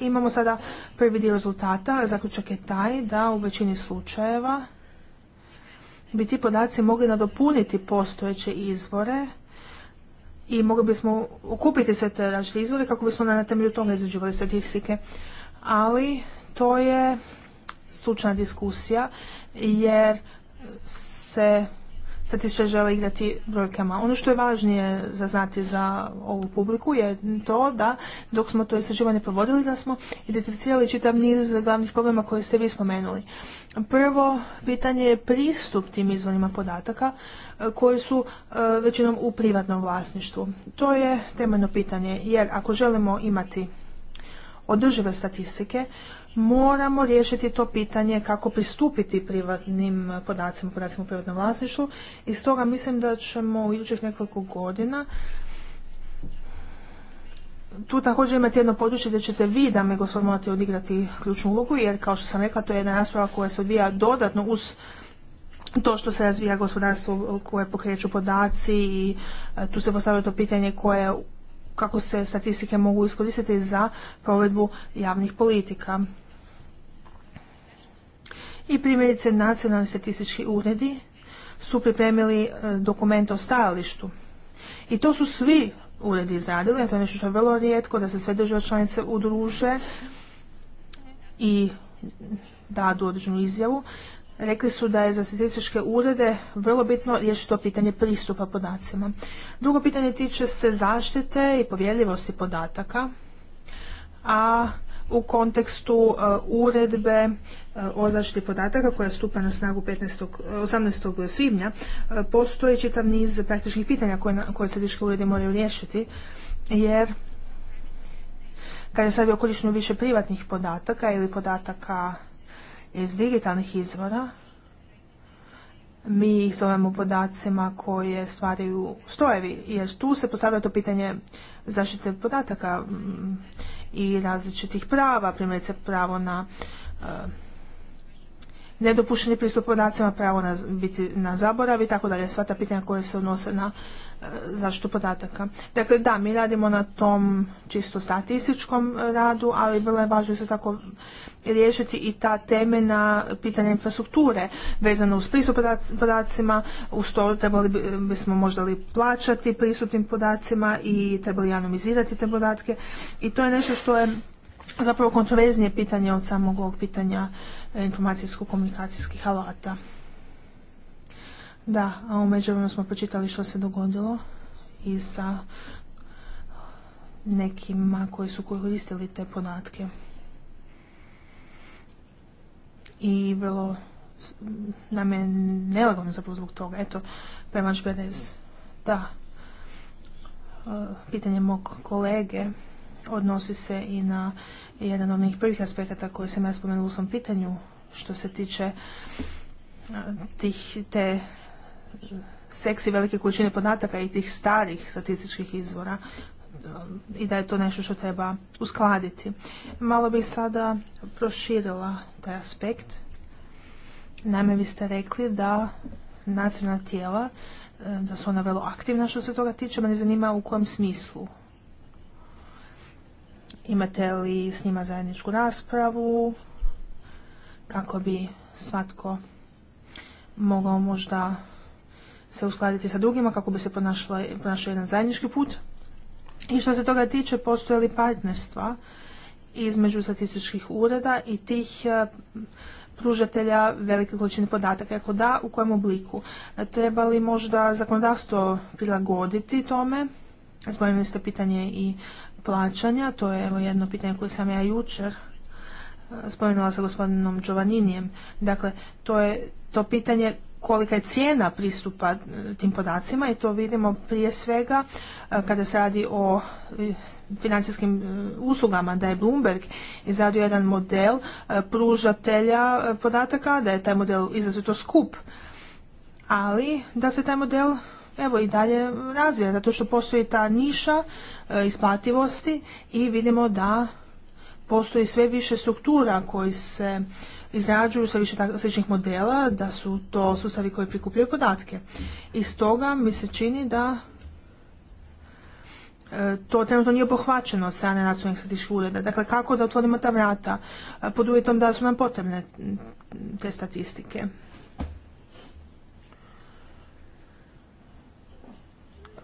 Imamo sada prvi dio rezultata, zaključak je taj da u većini slučajeva bi ti podaci mogli nadopuniti postojeće izvore i mogli bismo okupiti sve te različite izvore kako bismo na temelju toga izrađivali statistike. Ali to je stručna diskusija jer se statističar žele igrati brojkama. Ono što je važnije za znati za ovu publiku je to da dok smo to istraživanje provodili da smo identificirali čitav niz glavnih problema koje ste vi spomenuli. Prvo pitanje je pristup tim izvorima podataka e, koji su e, većinom u privatnom vlasništvu. To je temeljno pitanje jer ako želimo imati održive statistike, moramo riješiti to pitanje kako pristupiti privatnim podacima, podacima u privatnom vlasništvu i stoga mislim da ćemo u idućih nekoliko godina tu također imate jedno područje gdje ćete vi, dame gospod, morate odigrati ključnu ulogu, jer kao što sam rekla, to je jedna rasprava koja se odvija dodatno uz to što se razvija gospodarstvo koje pokreću podaci i e, tu se postavlja to pitanje koje kako se statistike mogu iskoristiti za provedbu javnih politika i primjerice nacionalni statistički uredi su pripremili e, dokument o stajalištu. I to su svi uredi izradili, a to je nešto što je vrlo rijetko, da se sve države članice udruže i dadu određenu izjavu. Rekli su da je za statističke urede vrlo bitno riješiti to pitanje pristupa podacima. Drugo pitanje tiče se zaštite i povjerljivosti podataka, a u kontekstu uh, uredbe uh, o zaštiti podataka koja stupa na snagu 15, 18. Uh, svibnja postoji čitav niz praktičnih pitanja koje, se središki uredi moraju riješiti jer kada se radi o korištenju više privatnih podataka ili podataka iz digitalnih izvora, mi ih zovemo podacima koje stvaraju stojevi, jer tu se postavlja to pitanje zaštite podataka i različitih prava, primjerice pravo na e, nedopušteni pristup podacima, pravo na, biti na zaborav i tako dalje, sva ta pitanja koja se odnose na e, zaštitu podataka. Dakle, da, mi radimo na tom čisto statističkom radu, ali vrlo je važno isto tako riješiti i ta temeljna pitanja infrastrukture vezano uz pristup podacima, uz to trebali bismo možda li plaćati pristupnim podacima i trebali anonimizirati te podatke i to je nešto što je zapravo kontroverznije pitanje od samog ovog pitanja e, informacijsko-komunikacijskih alata. Da, a u međuvremenu smo pročitali što se dogodilo i sa nekima koji su koristili te podatke i vrlo nam je nelagodno zapravo zbog toga. Eto, premač da, e, pitanje mog kolege odnosi se i na jedan od onih prvih aspekata koji sam ja spomenula u svom pitanju što se tiče e, tih te e, seksi velike količine podataka i tih starih statističkih izvora i da je to nešto što treba uskladiti. Malo bih sada proširila taj aspekt. Naime, vi ste rekli da nacionalna tijela, e, da su ona vrlo aktivna što se toga tiče, ne zanima u kojem smislu. Imate li s njima zajedničku raspravu, kako bi svatko mogao možda se uskladiti sa drugima, kako bi se ponašao jedan zajednički put? I što se toga tiče, postoje li partnerstva između statističkih ureda i tih e, pružatelja velike količine podataka. Ako da, u kojem obliku? E, treba li možda zakonodavstvo prilagoditi tome? Spomenuli ste pitanje i plaćanja, to je evo jedno pitanje koje sam ja jučer e, spomenula sa gospodinom Giovanninijem. Dakle, to je to pitanje kolika je cijena pristupa e, tim podacima i to vidimo prije svega e, kada se radi o e, financijskim uslugama, da je Bloomberg izradio jedan model pružatelja podataka, da je taj model izrazito skup, ali da se taj model evo i dalje razvija, zato što postoji ta niša isplativosti i vidimo da postoji sve više struktura koji se izrađuju sve više sličnih modela, da su to sustavi koji prikupljaju podatke. I stoga mi se čini da e, to trenutno nije obuhvaćeno od strane nacionalnih statističkih ureda. Dakle, kako da otvorimo ta vrata e, pod uvjetom da su nam potrebne te statistike.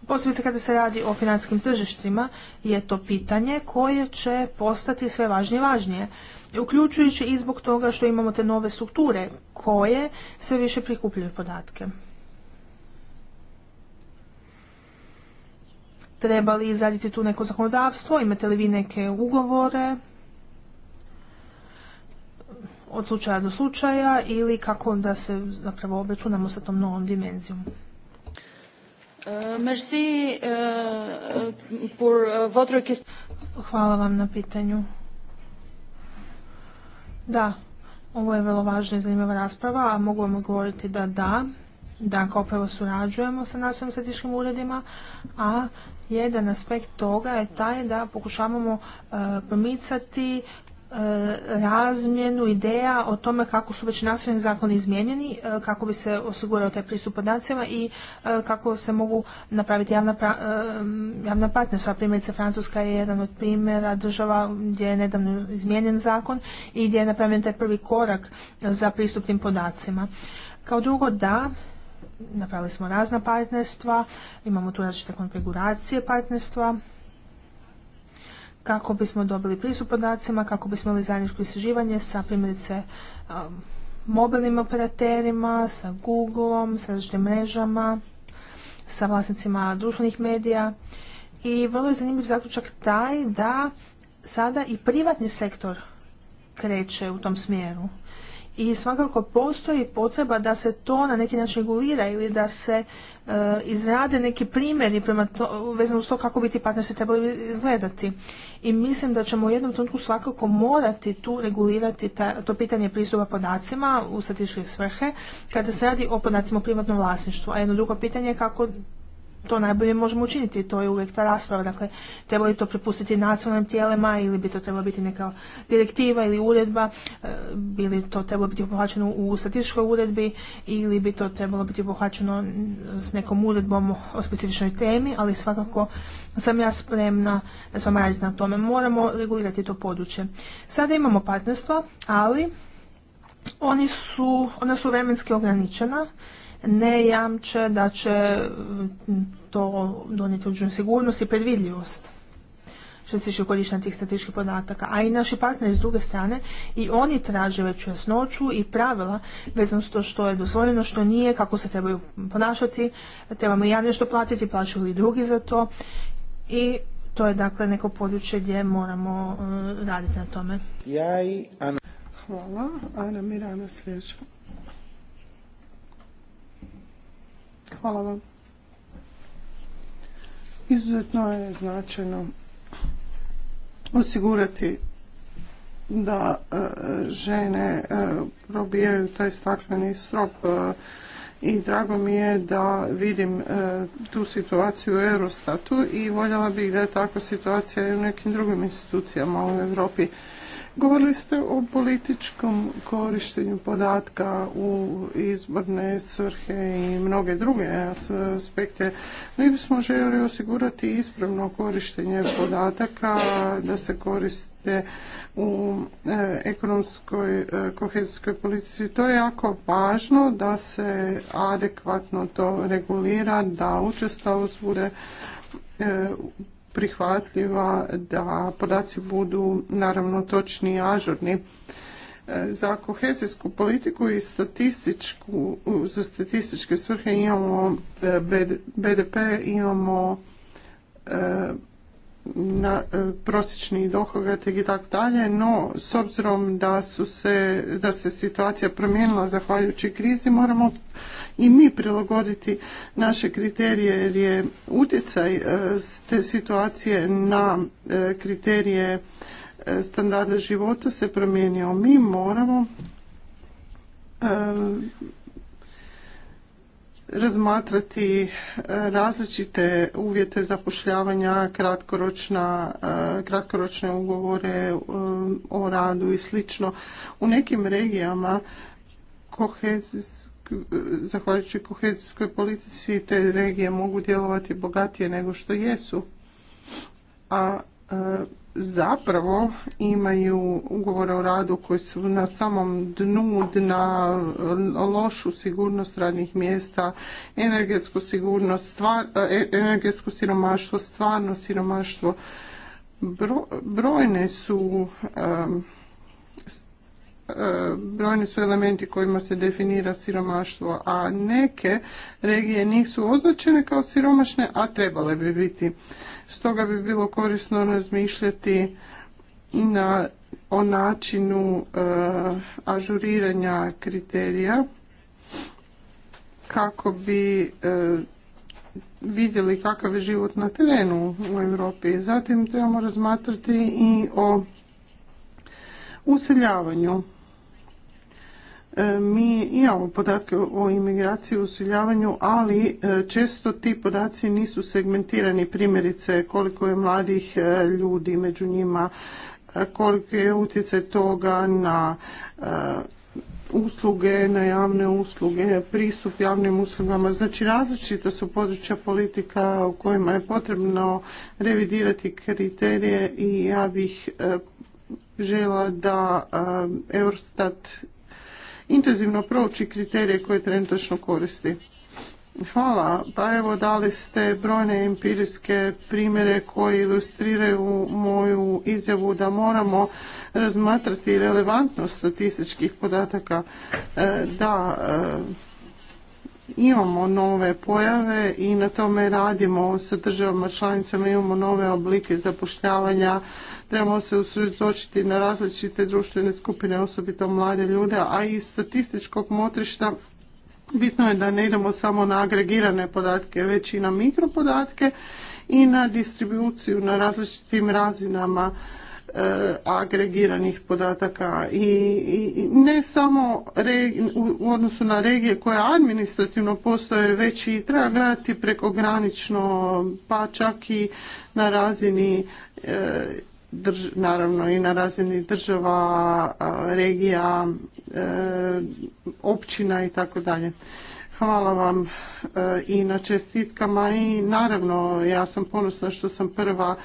Posebice kada se radi o financijskim tržištima je to pitanje koje će postati sve važnije i važnije uključujući i zbog toga što imamo te nove strukture koje sve više prikupljaju podatke. Treba li izraditi tu neko zakonodavstvo, imate li vi neke ugovore od slučaja do slučaja ili kako da se zapravo obračunamo sa tom novom dimenzijom? Uh, uh, uh, Hvala vam na pitanju. Da, ovo je vrlo važna i zanimljiva rasprava, a mogu vam odgovoriti da da, da kao prvo surađujemo sa nacionalnim statističkim uredima, a jedan aspekt toga je taj da pokušavamo e, promicati E, razmjenu ideja o tome kako su već nastavljeni zakoni izmijenjeni, e, kako bi se osigurao taj pristup podacima i e, kako se mogu napraviti javna, javna partnerstva. Primjerice, Francuska je jedan od primjera država gdje je nedavno izmijenjen zakon i gdje je napravljen taj prvi korak za pristup tim podacima. Kao drugo, da, napravili smo razna partnerstva, imamo tu različite konfiguracije partnerstva, kako bismo dobili pristup podacima, kako bismo imali zajedničko istraživanje sa primjerice um, mobilnim operaterima, sa Googleom, sa različitim mrežama, sa vlasnicima društvenih medija. I vrlo je zanimljiv zaključak taj da sada i privatni sektor kreće u tom smjeru i svakako postoji potreba da se to na neki način regulira ili da se e, izrade neki primjeri prema to, vezano uz to kako bi ti partnersi trebali izgledati. I mislim da ćemo u jednom trenutku svakako morati tu regulirati to pitanje pristupa podacima u statističke svrhe kada se radi o podacima o privatnom vlasništvu. A jedno drugo pitanje je kako to najbolje možemo učiniti, to je uvijek ta rasprava, dakle treba li to prepustiti nacionalnim tijelima ili bi to trebalo biti neka direktiva ili uredba, e, bi to trebalo biti obuhvaćeno u statističkoj uredbi ili bi to trebalo biti obuhvaćeno s nekom uredbom o specifičnoj temi, ali svakako sam ja spremna da sam raditi na tome. Moramo regulirati to područje. Sada imamo partnerstva, ali oni su, ona su vremenski ograničena ne jamče da će to donijeti uđenu sigurnost i predvidljivost što se tiče korištenja tih statičkih podataka, a i naši partneri s druge strane i oni traže veću jasnoću i pravila vezano s to što je dozvoljeno, što nije, kako se trebaju ponašati, trebamo i ja nešto platiti, plaćaju i drugi za to i to je dakle neko područje gdje moramo e, raditi na tome. Ja i Ana. Hvala. Ana sljedeća. Hvala vam. Izuzetno je značajno osigurati da e, žene e, probijaju taj stakleni strop e, i drago mi je da vidim tu situaciju u Eurostatu i voljela bih da je takva situacija i u nekim drugim institucijama u Europi. Govorili ste o političkom korištenju podatka u izborne svrhe i mnoge druge aspekte. Mi bismo željeli osigurati ispravno korištenje podataka da se koriste u e, ekonomskoj e, kohezijskoj politici. To je jako važno da se adekvatno to regulira, da učestalost bude e, prihvatljiva da podaci budu naravno točni i ažurni. E, za kohezijsku politiku i statističku, za statističke svrhe imamo e, BDP, imamo e, na e, prosječni dohodak i tako dalje, no s obzirom da su se, da se situacija promijenila zahvaljujući krizi, moramo i mi prilagoditi naše kriterije jer je utjecaj e, te situacije na e, kriterije standarda života se promijenio. Mi moramo razmatrati e, različite uvjete zapošljavanja, kratkoročna, e, kratkoročne ugovore e, o radu i slično. U nekim regijama zahvaljujući kohezijskoj politici te regije mogu djelovati bogatije nego što jesu. A zapravo imaju ugovore o radu koji su na samom dnu na lošu sigurnost radnih mjesta, energetsku sigurnost, stvar, e, energetsko siromaštvo, stvarno siromaštvo. brojne su e, brojni su elementi kojima se definira siromaštvo, a neke regije nisu označene kao siromašne, a trebale bi biti. Stoga bi bilo korisno razmišljati na, o načinu e, ažuriranja kriterija kako bi e, vidjeli kakav je život na terenu u Europi. Zatim trebamo razmatrati i o useljavanju. E, mi imamo podatke o imigraciji i usiljavanju, ali e, često ti podaci nisu segmentirani. Primjerice koliko je mladih e, ljudi među njima, koliko je utjecaj toga na usluge, na javne usluge, pristup javnim uslugama. Znači različita su područja politika u kojima je potrebno revidirati kriterije i ja bih žela da Eurostat intenzivno prouči kriterije koje trenutačno koristi. Hvala. Pa evo dali ste brojne empirijske primjere koji ilustriraju moju izjavu da moramo razmatrati relevantnost statističkih podataka. E, da, e, imamo nove pojave i na tome radimo sa državama članicama, imamo nove oblike zapošljavanja, trebamo se usredotočiti na različite društvene skupine, osobito mlade ljude, a iz statističkog motrišta bitno je da ne idemo samo na agregirane podatke, već i na mikropodatke i na distribuciju na različitim razinama E, agregiranih podataka i ne samo u odnosu na regije koje administrativno postoje već i treba gledati prekogranično pa čak i na razini e, naravno i na razini država, regija, e, općina i tako dalje. Hvala vam i na čestitkama i naravno ja sam ponosna što sam prva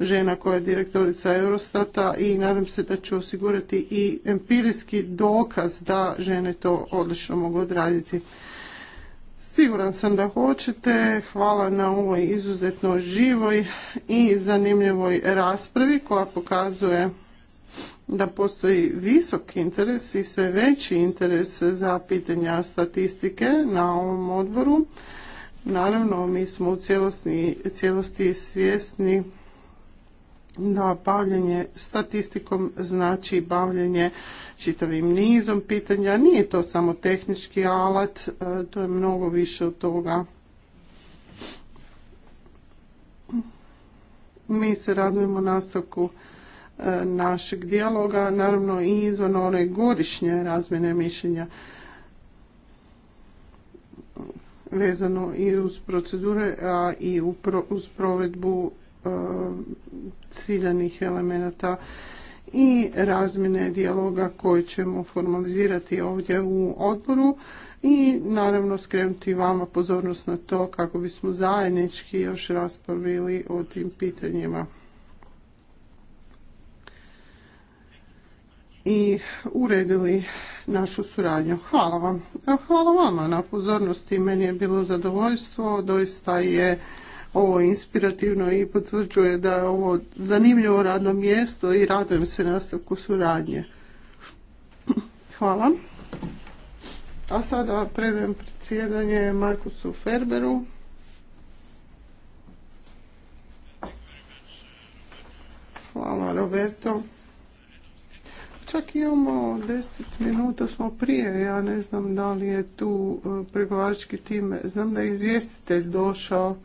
žena koja je direktorica Eurostata i nadam se da će osigurati i empirijski dokaz da žene to odlično mogu odraditi. Siguran sam da hoćete. Hvala na ovoj izuzetno živoj i zanimljivoj raspravi koja pokazuje da postoji visok interes i sve veći interes za pitanja statistike na ovom odboru. Naravno, mi smo u cijelosti svjesni da bavljanje statistikom znači bavljenje čitavim nizom pitanja. Nije to samo tehnički alat, e, to je mnogo više od toga. Mi se radujemo nastavku e, našeg dijaloga, naravno i izvan one godišnje razmjene mišljenja vezano i uz procedure, a i uz provedbu E, ciljanih elemenata i razmjene dijaloga koji ćemo formalizirati ovdje u odboru i naravno skrenuti vama pozornost na to kako bismo zajednički još raspravili o tim pitanjima. i uredili našu suradnju. Hvala vam. Hvala vama na pozornosti. Meni je bilo zadovoljstvo. Doista je ovo inspirativno i potvrđuje da je ovo zanimljivo radno mjesto i radujem se nastavku suradnje. Hvala. A sada predajem predsjedanje Markusu Ferberu. Hvala Roberto. Čak imamo 10 minuta smo prije, ja ne znam da li je tu eh, pregovarački tim, znam da je izvjestitelj došao.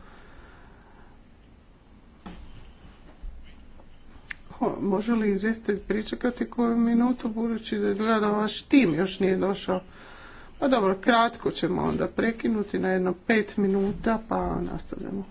Može li izvjestitelj pričekati koju minutu, budući da izgleda vaš tim još nije došao? Pa dobro, kratko ćemo onda prekinuti na jedno pet minuta, pa nastavljamo.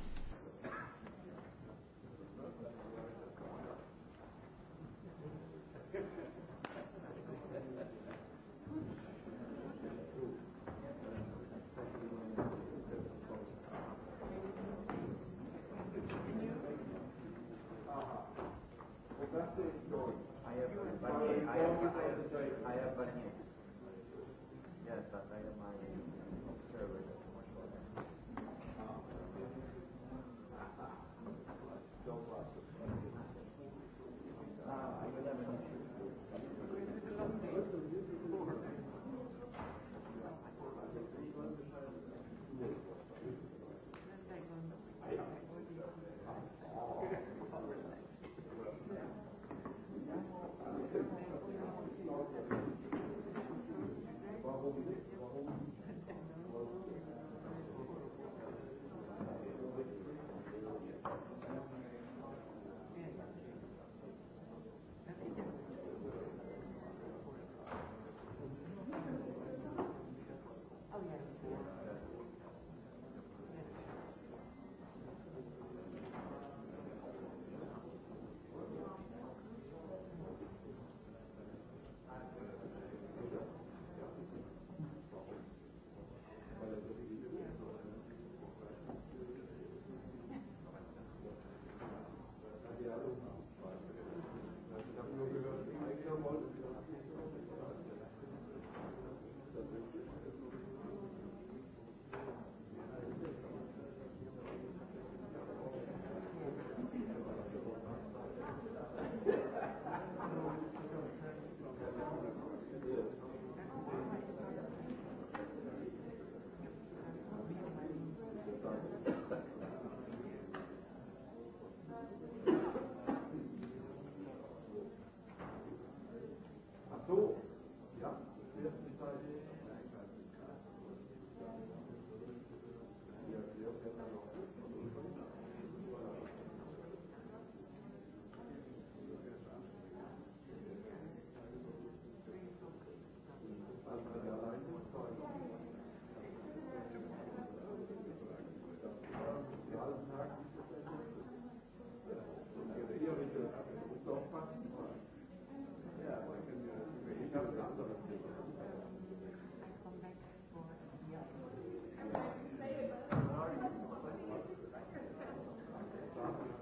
Hvala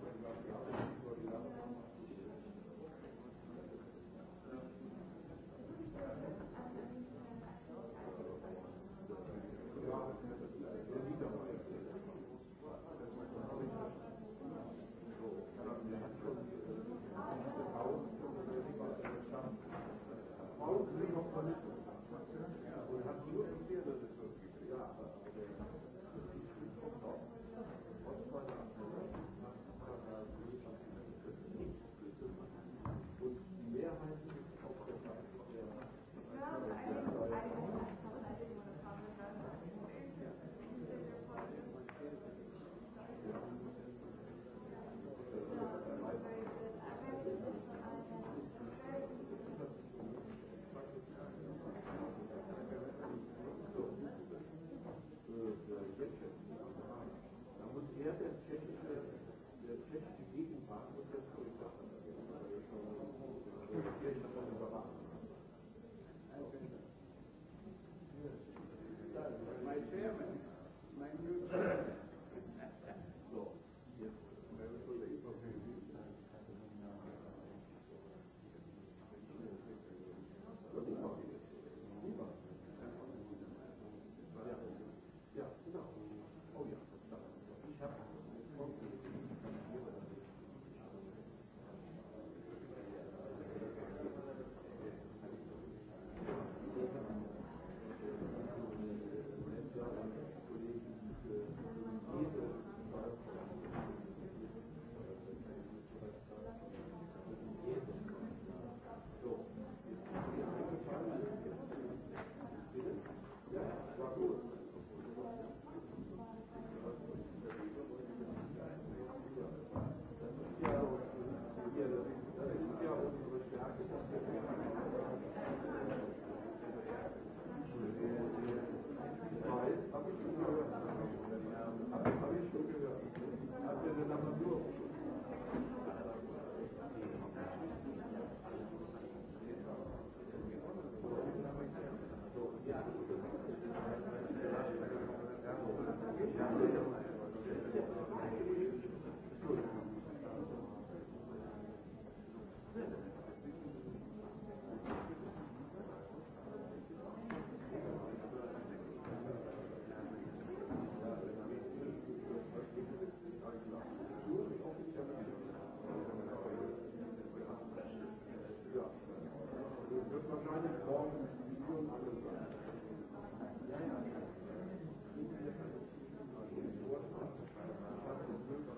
mm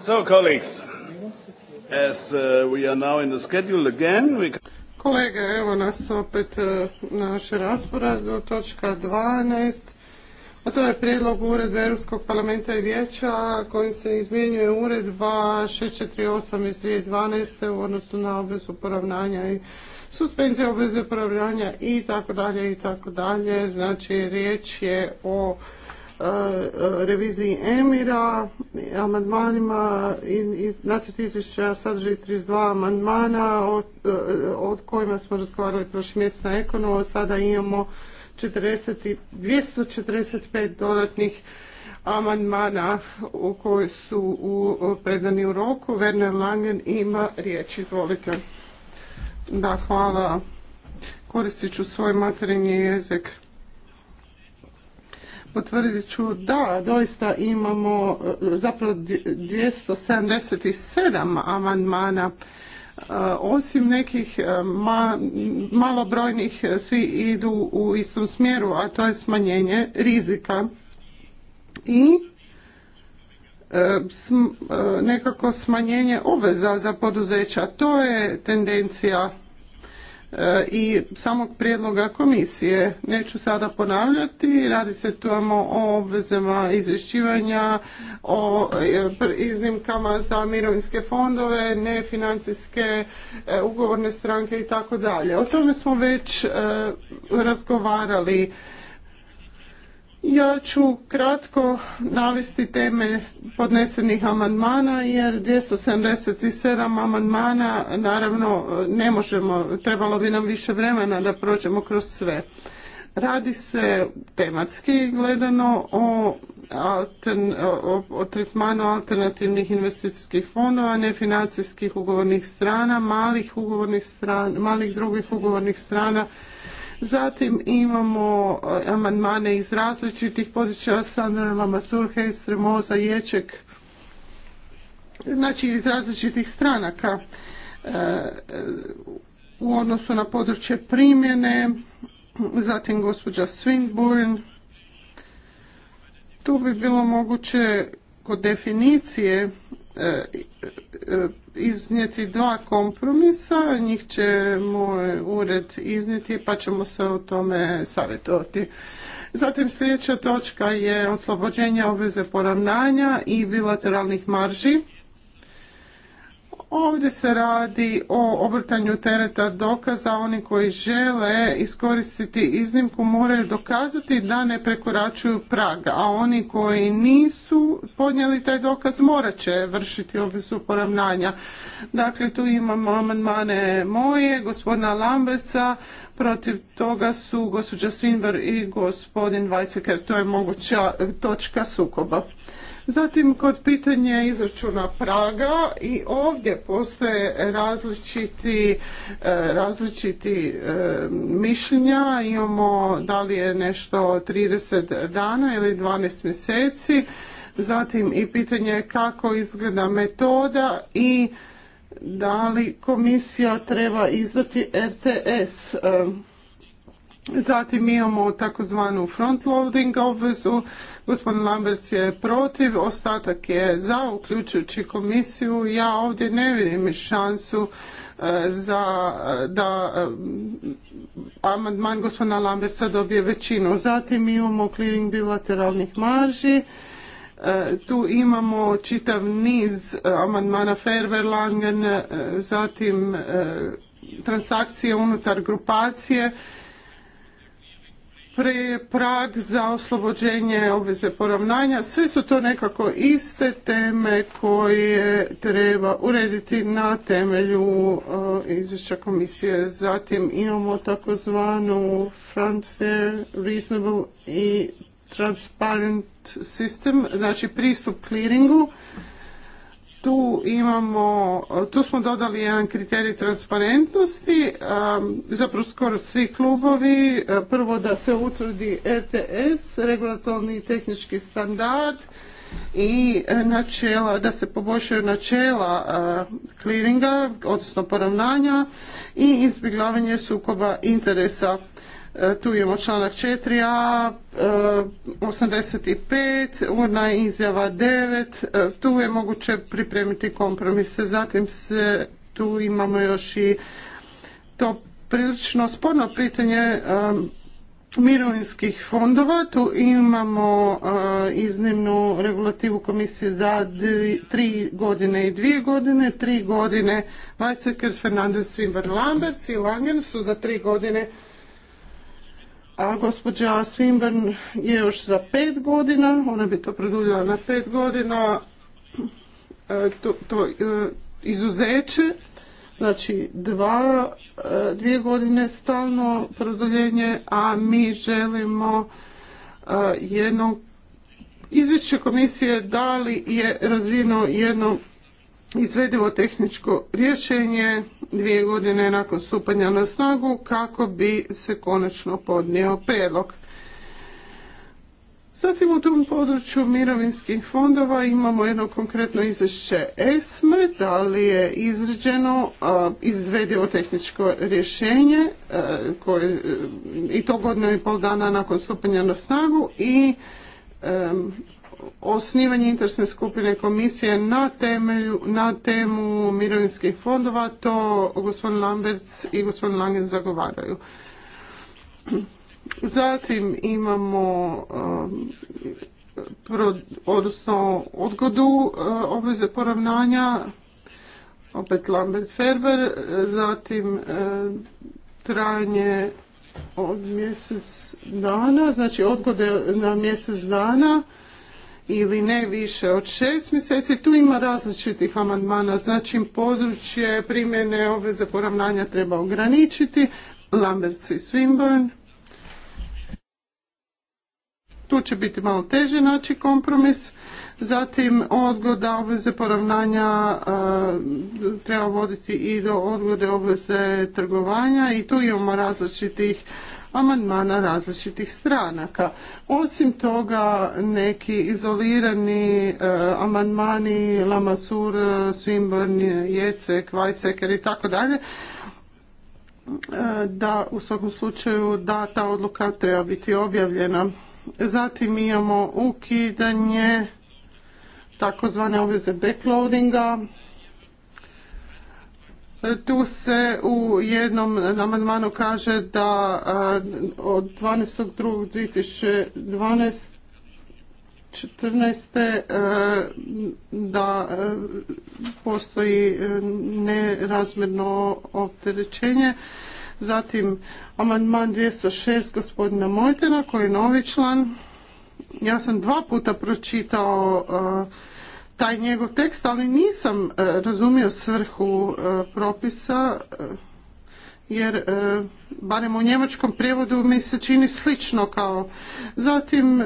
So, colleagues, as uh, we are now in the schedule again, we... Kolege, evo nas opet uh, na naš raspored, točka 12, a to je prijedlog uredbe Europskog parlamenta i vijeća kojim se izmjenjuje uredba 648 iz 2012. u odnosu na obvezu poravnanja i suspenzije obveze poravnanja i tako dalje i tako dalje. Znači, riječ je o E, reviziji Emira, amandmanima i nacrt izvješća sadrži 32 amandmana e, od, kojima smo razgovarali prošli mjesec na Ekonovo. Sada imamo 245 dodatnih amandmana u koji su predani u roku. Werner Langen ima riječ, izvolite. Da, hvala. Koristit ću svoj materinji jezik potvrdit ću da doista imamo e, zapravo 277 amandmana e, osim nekih e, malobrojnih svi idu u istom smjeru a to je smanjenje rizika i nekako smanjenje obveza za poduzeća to je tendencija E, i samog prijedloga komisije. Neću sada ponavljati, radi se tu o obvezama izvješćivanja, o e, iznimkama za mirovinske fondove, nefinancijske e, ugovorne stranke i tako dalje. O tome smo već razgovarali ja ću kratko navesti teme podnesenih amandmana jer 277 amandmana naravno ne možemo, trebalo bi nam više vremena da prođemo kroz sve. Radi se tematski gledano o, altern, o, o tretmanu alternativnih investicijskih fondova, nefinancijskih ugovornih strana, malih ugovornih strana, malih drugih ugovornih strana Zatim imamo e, amandmane iz različitih područja Sandra Mamasur, Stremoza, Ječek, znači iz različitih stranaka e, e, u odnosu na područje primjene, zatim gospođa Swinburne. Tu bi bilo moguće kod definicije E, iznijeti dva kompromisa, njih će moj ured iznijeti pa ćemo se o tome savjetovati. Zatim sljedeća točka je oslobođenje obveze poravnanja i bilateralnih marži. Ovdje se radi o obrtanju tereta dokaza. Oni koji žele iskoristiti iznimku moraju dokazati da ne prekoračuju prag, a oni koji nisu podnijeli taj dokaz morat će vršiti obvezu poravnanja. Dakle, tu imamo amandmane moje, gospodina Lambeca, protiv toga su gospođa Svinbar i gospodin Vajceker. To je moguća točka sukoba. Zatim kod pitanja izračuna praga i ovdje postoje različiti, e, različiti e, mišljenja. Imamo da li je nešto 30 dana ili 12 mjeseci. Zatim i pitanje kako izgleda metoda i da li komisija treba izdati RTS. E, Zatim imamo takozvanu loading obvezu. Gospodin Lamberts je protiv, ostatak je za, uključujući komisiju. Ja ovdje ne vidim šansu e, za da e, amandman gospodina Lamberca dobije većinu. Zatim imamo clearing bilateralnih marži. E, tu imamo čitav niz amandmana Ferber zatim transakcije unutar grupacije pre, prag za oslobođenje obveze poravnanja, sve su to nekako iste teme koje treba urediti na temelju e, izvješća komisije. Zatim imamo takozvanu front fair, reasonable i transparent system, znači pristup clearingu tu imamo, tu smo dodali jedan kriterij transparentnosti, um, zapravo skoro svi klubovi, uh, prvo da se utvrdi ETS, regulatorni i tehnički standard i uh, načela, da se poboljšaju načela uh, clearinga, odnosno poravnanja i izbjeglavanje sukoba interesa. E, tu imamo članak 4a, 85, e, urna izjava 9, e, tu je moguće pripremiti kompromise. Zatim se tu imamo još i to prilično sporno pitanje mirovinskih fondova. Tu imamo iznimnu regulativu komisije za tri godine i dvije godine. Tri godine Weizsäcker, Fernandez, Svimber, Lambert i Langen su za tri godine a gospođa Swinburne je još za pet godina, ona bi to produljila na pet godina, e, to, to e, izuzeće, znači dva, e, dvije godine stalno produljenje, a mi želimo jedno izvješće komisije da li je razvijeno jedno izvedivo tehničko rješenje dvije godine nakon stupanja na snagu kako bi se konačno podnio prijedlog. Zatim u tom području mirovinskih fondova imamo jedno konkretno izvješće ESME, da li je izrađeno izvedivo tehničko rješenje koje, i to godinu i pol dana nakon stupanja na snagu i osnivanje interesne skupine komisije na, na temu mirovinskih fondova, to gospodin Lamberts i gospodin Langen zagovaraju. Zatim imamo um, odnosno odgodu uh, obveze poravnanja, opet Lambert Ferber, zatim uh, trajanje od mjesec dana, znači odgode na mjesec dana, ili ne više od šest mjeseci. Tu ima različitih amandmana, znači područje primjene obveze poravnanja treba ograničiti. Lamberts i Swinburne. Tu će biti malo teže naći kompromis. Zatim odgoda obveze poravnanja e, treba voditi i do odgode obveze trgovanja i tu imamo različitih amandmana različitih stranaka. Osim toga, neki izolirani e, amandmani Lamasur, Swinburne, Jecek, Vajceker i tako dalje, e, da u svakom slučaju da ta odluka treba biti objavljena. Zatim imamo ukidanje takozvane obveze backloadinga tu se u jednom amandmanu kaže da od 12.2.2014. da postoji nerazmjerno opterećenje. Zatim amandman 206 gospodina Mojtena koji je novi član. Ja sam dva puta pročitao taj njegov tekst, ali nisam e, razumio svrhu e, propisa e, jer barem u njemačkom prijevodu mi se čini slično kao zatim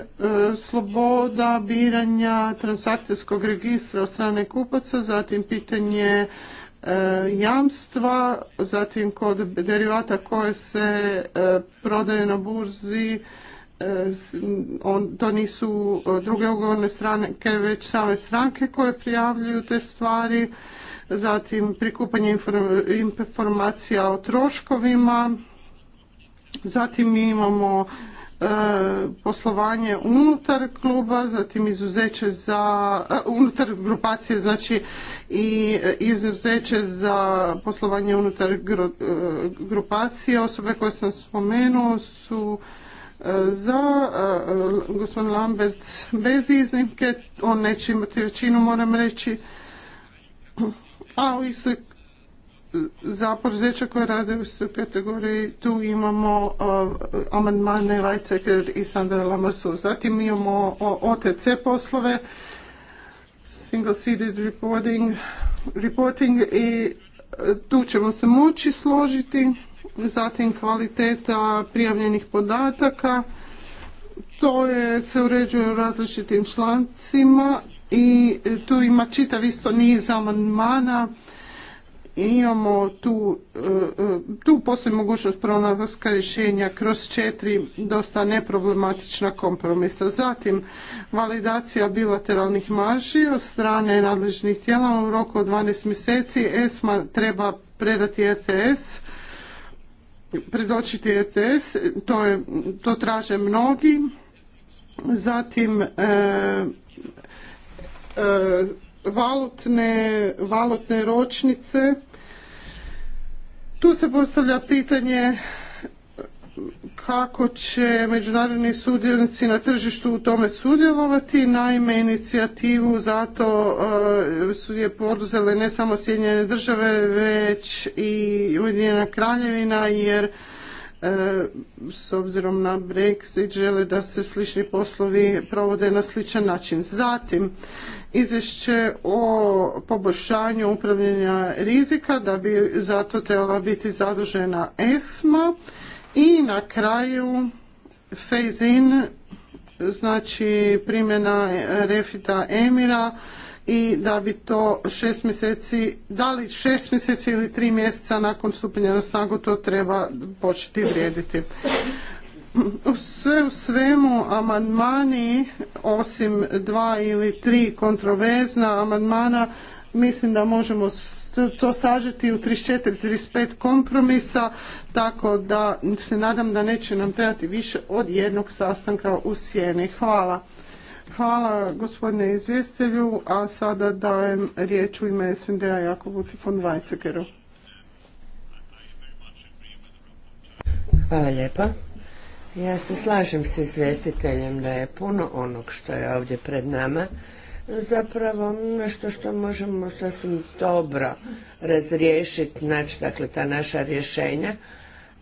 sloboda biranja transakcijskog registra od strane kupaca, zatim pitanje jamstva, zatim kod derivata koje se prodaje na burzi E, to nisu e, druge ugovorne stranke, već same stranke koje prijavljuju te stvari, zatim prikupanje informacija o troškovima, zatim mi imamo e, poslovanje unutar kluba, zatim izuzeće za, unutar grupacije, znači i izuzeće za poslovanje unutar grupacije. Osobe koje sam spomenuo su za e, gospodin Lambert bez iznimke, on neće imati većinu moram reći, a u istoj za poduzeća koje rade u istoj kategoriji tu imamo e, amandmane Vajceker i Sandra Lamasu Zatim imamo OTC poslove, single seated reporting, reporting i e, tu ćemo se moći složiti zatim kvaliteta prijavljenih podataka. To je, se uređuje u različitim člancima i tu ima čitav isto niz amandmana. Imamo tu, e, e, tu postoji mogućnost pronavrska rješenja kroz četiri dosta neproblematična kompromisa. Zatim validacija bilateralnih marži od strane nadležnih tijela u roku od 12 mjeseci. ESMA treba predati ETS predočiti ETS, to, je, to traže mnogi. Zatim e, e, valutne, valutne ročnice. Tu se postavlja pitanje kako će međunarodni sudionici na tržištu u tome sudjelovati. Naime, inicijativu zato e, su je poduzele ne samo Sjedinjene države, već i Ujedinjena kraljevina, jer e, s obzirom na Brexit žele da se slični poslovi provode na sličan način. Zatim, izvješće o poboljšanju upravljanja rizika, da bi zato trebala biti zadužena ESMA. I na kraju phase in, znači primjena refita Emira i da bi to šest mjeseci, da li šest mjeseci ili tri mjeseca nakon stupanja na snagu to treba početi vrijediti. Sve u svemu amandmani, osim dva ili tri kontrovezna amandmana, mislim da možemo to sažeti u 34-35 kompromisa, tako da se nadam da neće nam trebati više od jednog sastanka u sjeni. Hvala. Hvala gospodine izvjestelju, a sada dajem riječ u ime SND-a Jakobu von Hvala lijepa. Ja se slažem s izvjestiteljem da je puno onog što je ovdje pred nama zapravo nešto što možemo sasvim dobro razriješiti, znači, dakle ta naša rješenja,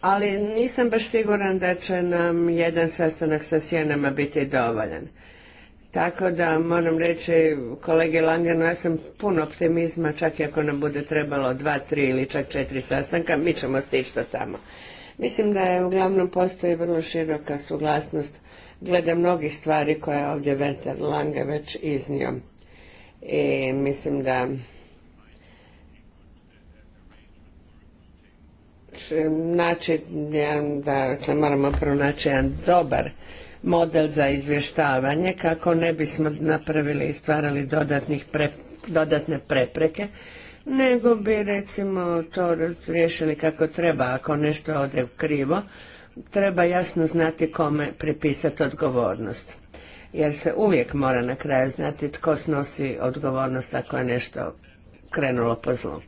ali nisam baš siguran da će nam jedan sastanak sa sjenama biti dovoljan. Tako da moram reći kolege Langenu, ja sam pun optimizma, čak i ako nam bude trebalo dva, tri ili čak četiri sastanka, mi ćemo stići do tamo. Mislim da je uglavnom postoji vrlo široka suglasnost glede mnogih stvari koje je ovdje Veter Lange već iznio. I mislim da naći, da moramo pronaći jedan dobar model za izvještavanje kako ne bismo napravili i stvarali dodatne prepreke, nego bi recimo to riješili kako treba ako nešto ode krivo treba jasno znati kome pripisati odgovornost. Jer se uvijek mora na kraju znati tko snosi odgovornost ako je nešto krenulo po zlu.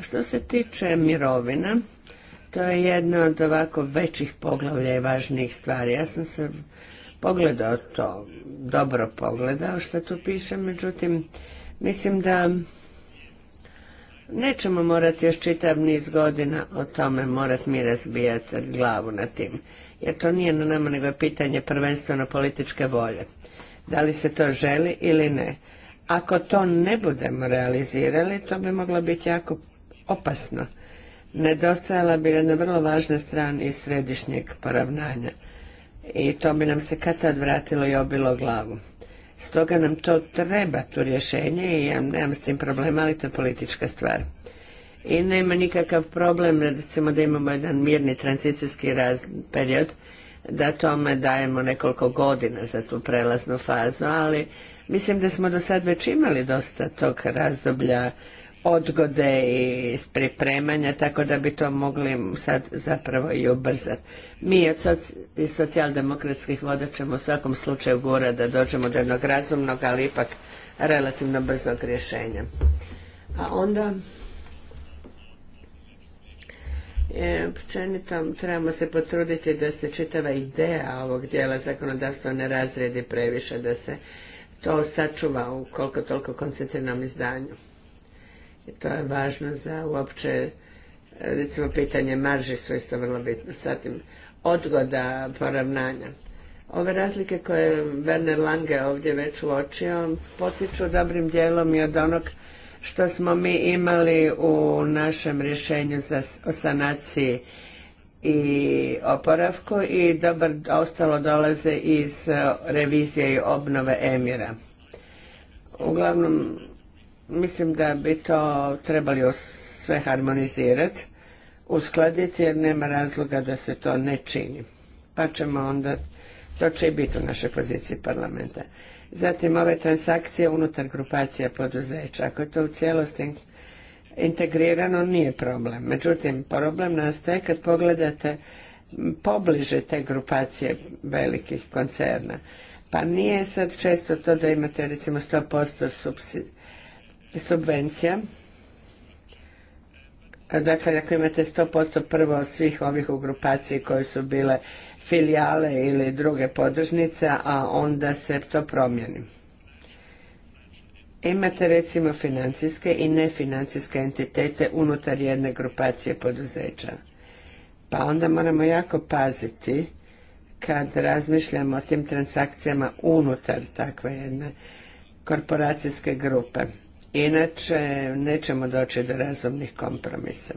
Što se tiče mirovina, to je jedno od ovako većih poglavlja i važnijih stvari. Ja sam se pogledao to, dobro pogledao što tu piše, međutim, mislim da nećemo morati još čitav niz godina o tome morati mi razbijati glavu na tim. Jer to nije na nama nego je pitanje prvenstveno političke volje. Da li se to želi ili ne. Ako to ne budemo realizirali, to bi moglo biti jako opasno. Nedostajala bi jedna vrlo važna strana iz središnjeg poravnanja. I to bi nam se kad tad vratilo i obilo glavu. Stoga nam to treba, tu rješenje i ja nemam s tim problema, ali to je politička stvar. I nema nikakav problem, recimo da imamo jedan mirni tranzicijski period, da tome dajemo nekoliko godina za tu prelaznu fazu, ali mislim da smo do sad već imali dosta tog razdoblja odgode i pripremanja, tako da bi to mogli sad zapravo i ubrzati. Mi od iz socijaldemokratskih voda ćemo u svakom slučaju gura da dođemo do jednog razumnog, ali ipak relativno brzog rješenja. A onda e, općenito trebamo se potruditi da se čitava ideja ovog dijela zakonodavstva ne razredi previše, da se to sačuva u koliko toliko koncentriranom izdanju. To je važno za uopće recimo pitanje marži su isto vrlo bitno. Zatim odgoda poravnanja. Ove razlike koje Werner Lange ovdje već uočio potiču dobrim dijelom i od onog što smo mi imali u našem rješenju za, o sanaciji i oporavku i dobar ostalo dolaze iz revizije i obnove Emira. Uglavnom, Mislim da bi to trebali sve harmonizirati, uskladiti jer nema razloga da se to ne čini. Pa ćemo onda, to će i biti u našoj poziciji parlamenta. Zatim ove transakcije unutar grupacija poduzeća. Ako je to u cijelosti integrirano nije problem. Međutim, problem nastaje kad pogledate pobliže te grupacije velikih koncerna. Pa nije sad često to da imate recimo 100% posto subvencija. Dakle, ako imate 100% prvo svih ovih ugrupacija koje su bile filijale ili druge podružnice, a onda se to promijeni. Imate recimo financijske i nefinancijske entitete unutar jedne grupacije poduzeća. Pa onda moramo jako paziti kad razmišljamo o tim transakcijama unutar takve jedne korporacijske grupe. Inače, nećemo doći do razumnih kompromisa.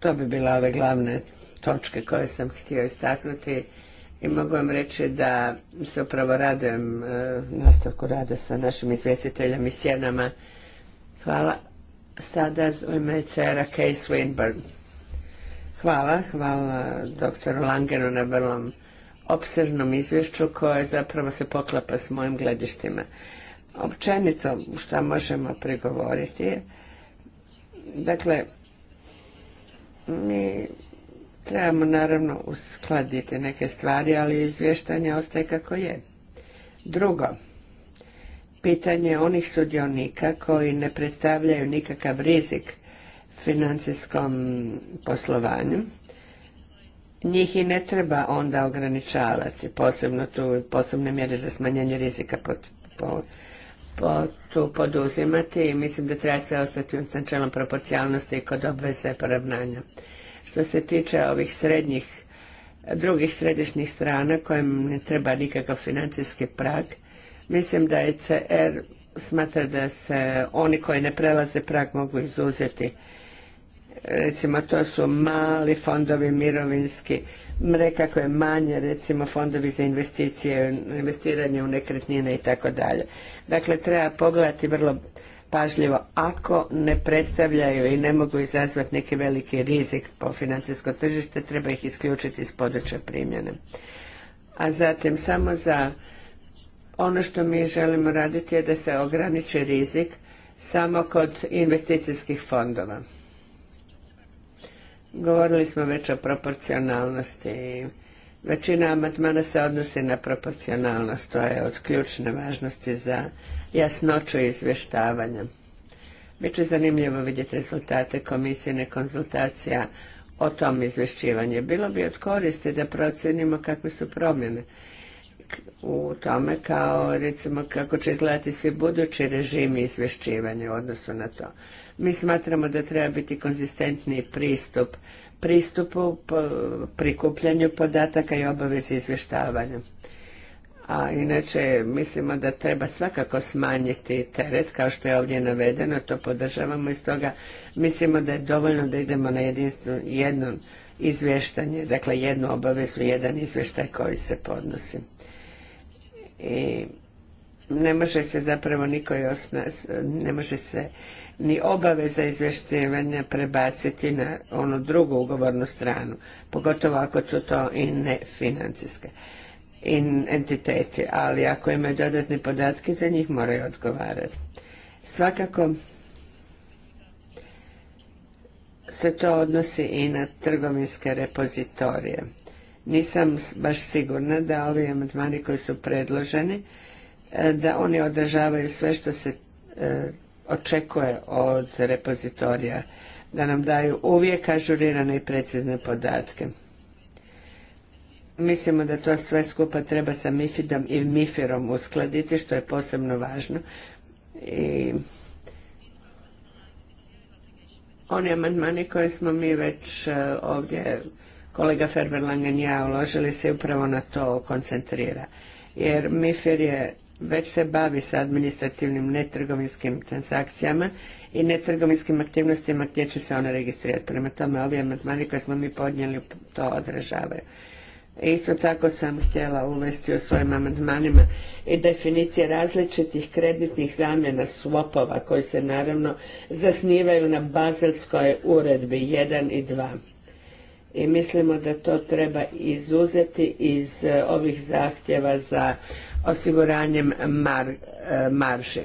To bi bila ove glavne točke koje sam htio istaknuti i mogu vam reći da se upravo radujem e, nastavku rada sa našim izvjestiteljem i sjenama. Hvala. Sada u ime cera Kay Swinburne. Hvala, hvala doktoru Langenu na vrlom opsežnom izvješću koje zapravo se poklapa s mojim gledištima općenito šta možemo prigovoriti. Dakle, mi trebamo naravno uskladiti neke stvari, ali izvještanje ostaje kako je. Drugo, pitanje onih sudionika koji ne predstavljaju nikakav rizik financijskom poslovanju. Njih i ne treba onda ograničavati, posebno tu posebne mjere za smanjenje rizika pod, po tu poduzimati i mislim da treba se ostati s načelom proporcijalnosti i kod obveze poravnanja. Što se tiče ovih srednjih, drugih središnjih strana kojim ne treba nikakav financijski prag, mislim da je CR smatra da se oni koji ne prelaze prag mogu izuzeti. Recimo to su mali fondovi mirovinski, nekakve manje, recimo fondovi za investicije, investiranje u nekretnine i tako dalje. Dakle, treba pogledati vrlo pažljivo ako ne predstavljaju i ne mogu izazvati neki veliki rizik po financijsko tržište, treba ih isključiti iz područja primjene. A zatim samo za ono što mi želimo raditi je da se ograniči rizik samo kod investicijskih fondova. Govorili smo već o proporcionalnosti. Većina amatmana se odnosi na proporcionalnost, to je od ključne važnosti za jasnoću izvještavanja. Biće zanimljivo vidjeti rezultate komisijne konzultacija o tom izvješćivanju. Bilo bi od koristi da procenimo kakve su promjene u tome kao recimo kako će izgledati svi budući režimi izvješćivanja u odnosu na to. Mi smatramo da treba biti konzistentni pristup pristupu, prikupljanju podataka i obavezi izvještavanja. A inače mislimo da treba svakako smanjiti teret kao što je ovdje navedeno, to podržavamo i stoga mislimo da je dovoljno da idemo na jedinstvo, jedno izvještanje, dakle jednu obavezu, jedan izvještaj koji se podnosi i ne može se zapravo niko ne može se ni obaveza izvješćivanja prebaciti na onu drugu ugovornu stranu, pogotovo ako su to i ne financijske in entiteti, ali ako imaju dodatne podatke, za njih moraju odgovarati. Svakako se to odnosi i na trgovinske repozitorije nisam baš sigurna da ovi amandmani koji su predloženi, e, da oni održavaju sve što se e, očekuje od repozitorija, da nam daju uvijek ažurirane i precizne podatke. Mislimo da to sve skupa treba sa MIFIDom i MIFIRom uskladiti, što je posebno važno. I oni amandmani koji smo mi već e, ovdje kolega Ferberlangen i ja uložili se upravo na to koncentrira. Jer MIFIR je već se bavi sa administrativnim netrgovinskim transakcijama i netrgovinskim aktivnostima gdje će se ona registrirati. Prema tome, ovi amandmani koje smo mi podnijeli to odražavaju. Isto tako sam htjela uvesti u svojim amandmanima i definicije različitih kreditnih zamjena swapova koji se naravno zasnivaju na bazelskoj uredbi 1 i 2 i mislimo da to treba izuzeti iz e, ovih zahtjeva za osiguranjem mar, e, marži.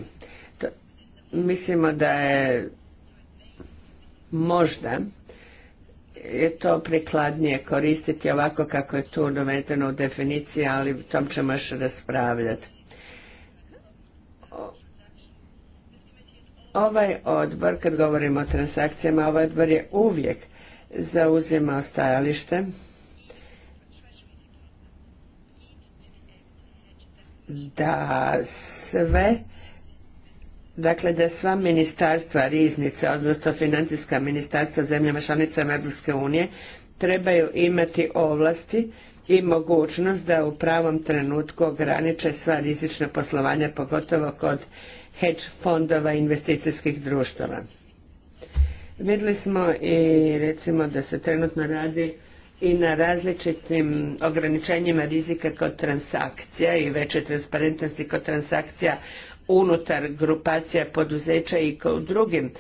mislimo da je možda je to prikladnije koristiti ovako kako je tu navedeno u definiciji, ali o tom ćemo još raspravljati. Ovaj odbor, kad govorimo o transakcijama, ovaj odbor je uvijek zauzima stajalište da sve dakle da sva ministarstva riznica, odnosno financijska ministarstva zemljama članicama Europske unije trebaju imati ovlasti i mogućnost da u pravom trenutku ograniče sva rizična poslovanja, pogotovo kod hedge fondova investicijskih društava. Vidjeli smo i recimo da se trenutno radi i na različitim ograničenjima rizika kod transakcija i veće transparentnosti kod transakcija unutar grupacija poduzeća i kod drugim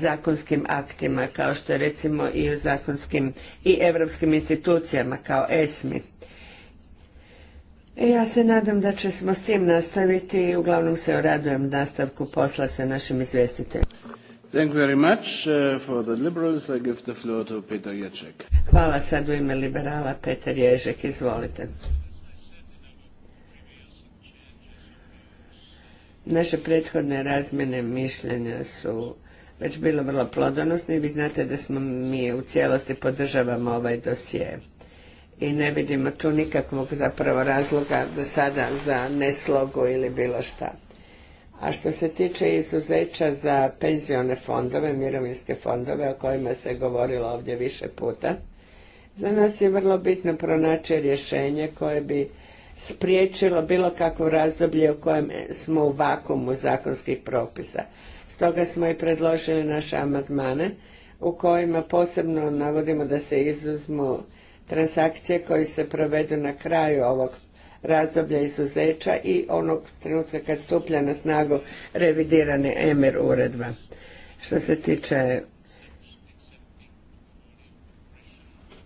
zakonskim aktima kao što je recimo i u zakonskim i europskim institucijama kao ESMI. ja se nadam da ćemo s tim nastaviti i uglavnom se radujem nastavku posla sa našim izvjestiteljima. Thank you very Hvala sad u ime liberala Peter Ježek, izvolite. Naše prethodne razmjene mišljenja su već bilo vrlo plodonosne i vi znate da smo mi u cijelosti podržavamo ovaj dosije. I ne vidimo tu nikakvog zapravo razloga do sada za neslogu ili bilo šta. A što se tiče izuzeća za penzione fondove, mirovinske fondove o kojima se govorilo ovdje više puta, za nas je vrlo bitno pronaći rješenje koje bi spriječilo bilo kakvo razdoblje u kojem smo u vakumu zakonskih propisa. Stoga smo i predložili naše amandmane u kojima posebno navodimo da se izuzmu transakcije koje se provedu na kraju ovog razdoblja izuzeća i onog trenutka kad stuplja na snagu revidirane EMER uredba. Što se tiče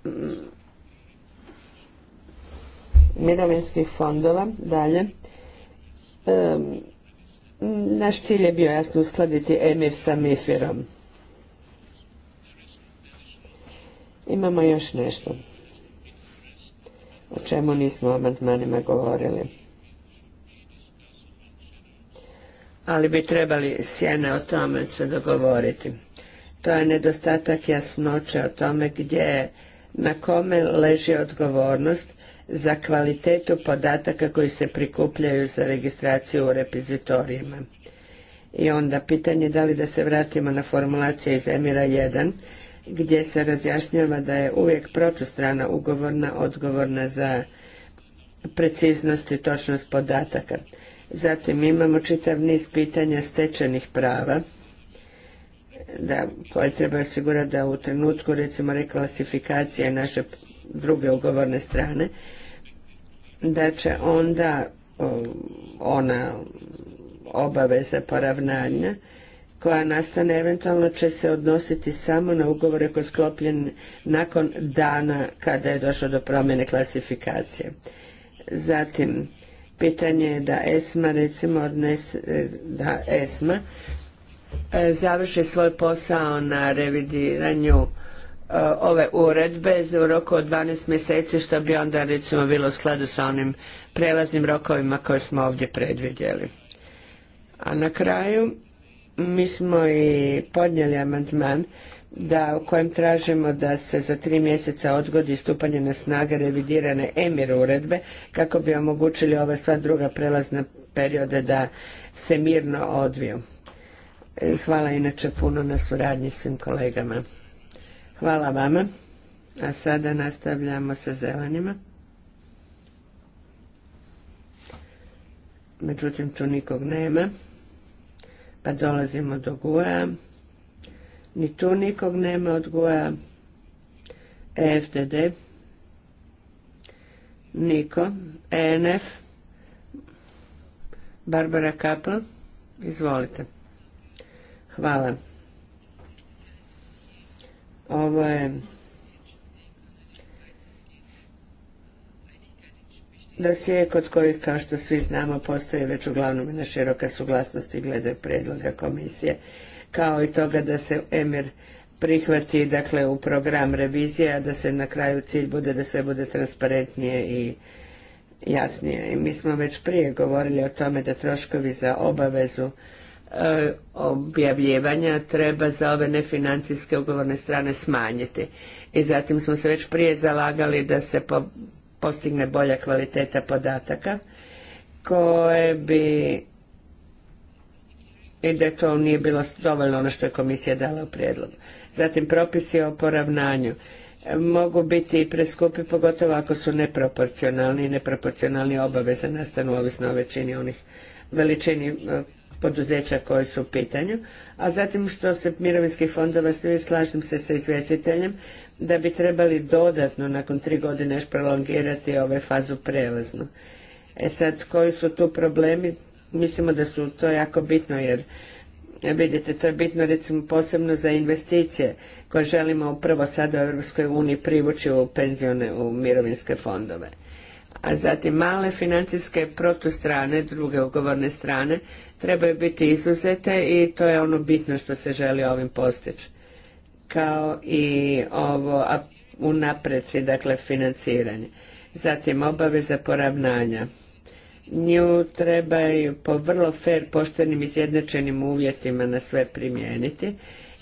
mm, mirovinskih fondova dalje. naš cilj je bio jasno uskladiti EMIR sa MIFIRom. Imamo još nešto o čemu nismo amandmanima govorili. Ali bi trebali sjene o tome se dogovoriti. To je nedostatak jasnoće o tome gdje na kome leži odgovornost za kvalitetu podataka koji se prikupljaju za registraciju u repozitorijima. I onda pitanje da li da se vratimo na formulacije iz Emira 1 gdje se razjašnjava da je uvijek protustrana ugovorna odgovorna za preciznost i točnost podataka. Zatim imamo čitav niz pitanja stečenih prava koje treba osigurati da u trenutku recimo reklasifikacije naše druge ugovorne strane da će onda ona obaveza poravnanja koja nastane eventualno će se odnositi samo na ugovore koji sklopljen nakon dana kada je došlo do promjene klasifikacije. Zatim, pitanje je da ESMA recimo odnese, da ESMA e, završi svoj posao na revidiranju e, ove uredbe u roku od 12 mjeseci što bi onda recimo bilo u skladu sa onim prelaznim rokovima koje smo ovdje predvidjeli. A na kraju mi smo i podnijeli amandman da u kojem tražimo da se za tri mjeseca odgodi stupanje na snage revidirane emir uredbe kako bi omogućili ova sva druga prelazna periode da se mirno odviju. E, hvala inače puno na suradnji svim kolegama. Hvala vama. A sada nastavljamo sa zelenima. Međutim, tu nikog nema. Pa dolazimo do Goja. Ni tu nikog nema od Goja. EFDD. Niko. ENF. Barbara Kapel. Izvolite. Hvala. Ovo je dosije kod kojih, kao što svi znamo, postoje već uglavnom na široka i glede predloga komisije, kao i toga da se Emir prihvati dakle, u program revizije, a da se na kraju cilj bude da sve bude transparentnije i jasnije. I mi smo već prije govorili o tome da troškovi za obavezu e, objavljivanja treba za ove nefinancijske ugovorne strane smanjiti. I zatim smo se već prije zalagali da se po postigne bolja kvaliteta podataka koje bi i da to nije bilo dovoljno ono što je komisija dala u prijedlogu. Zatim propisi o poravnanju mogu biti i preskupi, pogotovo ako su neproporcionalni i neproporcionalni obaveze nastanu ovisno o većini onih veličini e, poduzeća koje su u pitanju. A zatim što se mirovinskih fondova, slažem se sa izvjestiteljem, da bi trebali dodatno nakon tri godine još prolongirati ove fazu prelaznu. E sad, koji su tu problemi? Mislimo da su to jako bitno jer e, vidite, to je bitno recimo posebno za investicije koje želimo upravo sada u Europskoj uniji privući u penzione, u mirovinske fondove. A zatim male financijske protustrane, druge ugovorne strane, trebaju biti izuzete i to je ono bitno što se želi ovim postići kao i ovo unapred dakle financiranje. Zatim obaveza poravnanja. Nju trebaju po vrlo fer, poštenim, izjednačenim uvjetima na sve primijeniti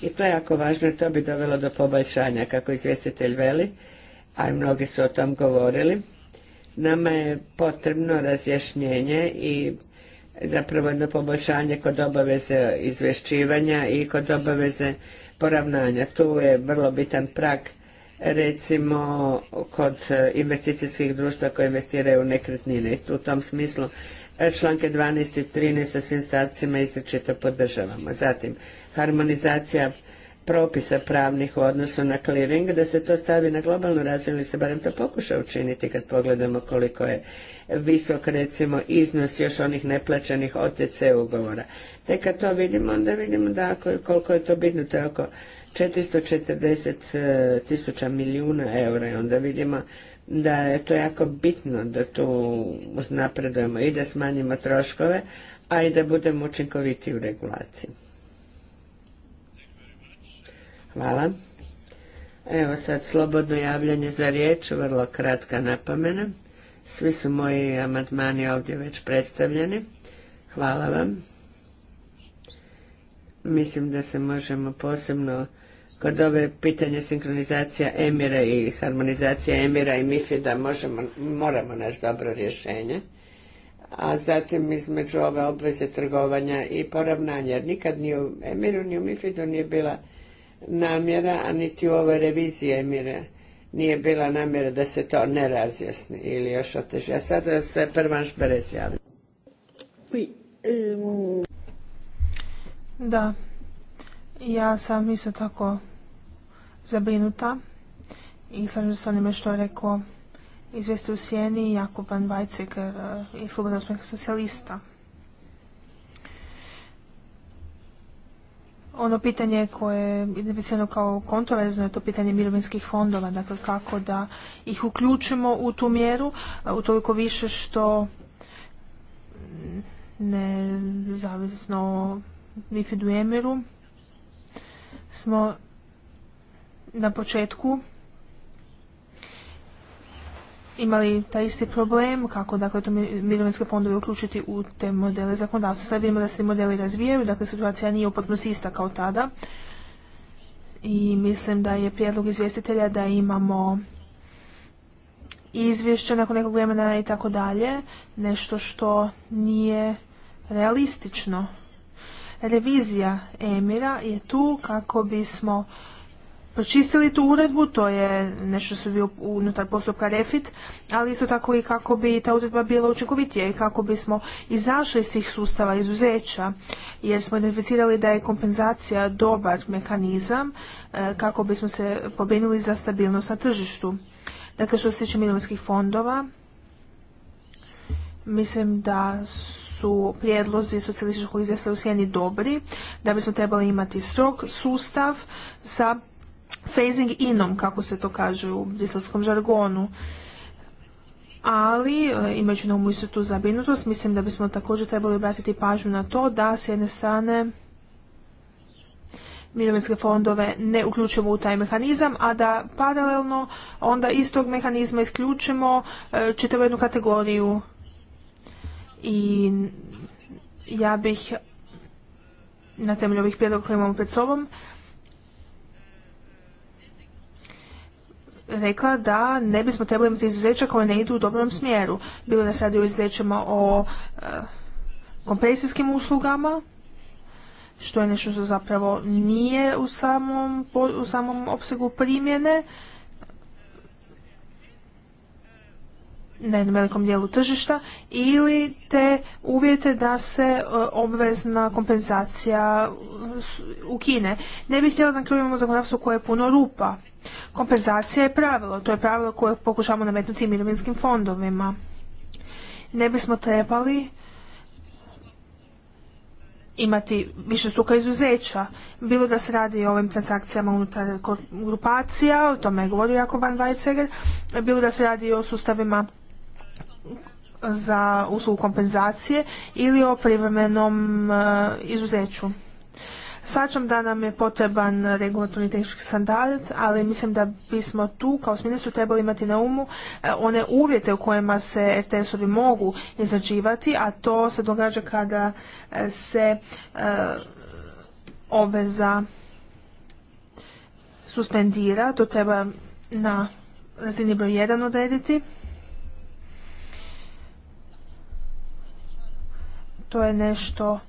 i to je jako važno to bi dovelo do poboljšanja, kako izvjestitelj veli, a i mnogi su o tom govorili. Nama je potrebno razjašnjenje i zapravo jedno poboljšanje kod obaveze izvješćivanja i kod obaveze poravnanja. Tu je vrlo bitan prag recimo kod e, investicijskih društva koje investiraju u nekretnine. I tu u tom smislu e, članke 12 i 13 sa svim stavcima izričito podržavamo. Zatim, harmonizacija propisa pravnih u odnosu na clearing, da se to stavi na globalnu razinu ili se barem to pokuša učiniti kad pogledamo koliko je visok recimo iznos još onih neplaćenih OTC ugovora. Te kad to vidimo, onda vidimo da koliko je to bitno, to je oko 440 e, tisuća milijuna eura i onda vidimo da je to jako bitno da tu uznapredujemo i da smanjimo troškove, a i da budemo učinkoviti u regulaciji. Hvala. Evo sad slobodno javljanje za riječ, vrlo kratka napomena. Svi su moji amatmani ovdje već predstavljeni. Hvala vam. Mislim da se možemo posebno kod ove pitanje sinkronizacija emira i harmonizacija emira i mifida možemo, moramo naći dobro rješenje. A zatim između ove obveze trgovanja i poravnanja, jer nikad ni u emiru ni u mifidu nije bila namjera, a niti u ovoj reviziji Emire nije bila namjera da se to ne razjasni ili još oteži. A sada se prvan šperez um, Da, ja sam isto tako zabrinuta i slažem se s onime što je rekao izvesti u Sijeni Jakoban i eh, i Kluba socijalista. ono pitanje koje je identificirano kao kontroverzno je to pitanje mirovinskih fondova, dakle kako da ih uključimo u tu mjeru, u toliko više što ne o MIFID-u Emiru smo na početku imali taj isti problem, kako dakle to mirovinske fondove uključiti u te modele zakonodavstva. Sada vidimo da se modeli razvijaju, dakle situacija nije u ista kao tada. I mislim da je prijedlog izvjestitelja da imamo izvješće nakon nekog vremena i tako dalje, nešto što nije realistično. Revizija Emira je tu kako bismo pročistili tu uredbu, to je nešto što je bio unutar postupka refit, ali isto tako i kako bi ta uredba bila učinkovitija i kako bismo izašli iz tih sustava izuzeća, jer smo identificirali da je kompenzacija dobar mehanizam e, kako bismo se pobrinuli za stabilnost na tržištu. Dakle, što se tiče mirovinskih fondova, mislim da su prijedlozi socijalističkog izvjestila u sjeni dobri, da bismo trebali imati strog sustav sa phasing inom, kako se to kaže u brislavskom žargonu. Ali, e, imajući na umu tu zabrinutost, mislim da bismo također trebali obratiti pažnju na to da s jedne strane mirovinske fondove ne uključimo u taj mehanizam, a da paralelno onda iz tog mehanizma isključimo e, čitavu jednu kategoriju. I ja bih na temelju ovih prijedloga koje imamo pred sobom rekla da ne bismo trebali imati izuzeća koje ne idu u dobrom smjeru. Bilo da se radi o izuzećima o eh, kompresijskim uslugama, što je nešto što zapravo nije u samom, u samom opsegu primjene, na jednom velikom dijelu tržišta ili te uvjete da se e, obvezna kompenzacija e, ukine. Ne bih htjela da krivimo zakonodavstvo koje je puno rupa. Kompenzacija je pravilo, to je pravilo koje pokušavamo nametnuti mirovinskim fondovima. Ne bismo trebali imati više stuka izuzeća. Bilo da se radi o ovim transakcijama unutar grupacija, o tome je govorio Jako van Weizsäger, bilo da se radi o sustavima za uslugu kompenzacije ili o privremenom e, izuzeću. Svačam da nam je potreban regulatorni tehnički standard, ali mislim da bismo tu kao ministru trebali imati na umu e, one uvjete u kojima se RTS-ovi mogu izrađivati, a to se događa kada e, se obveza suspendira, to treba na razini broj 1 odrediti. to je nešto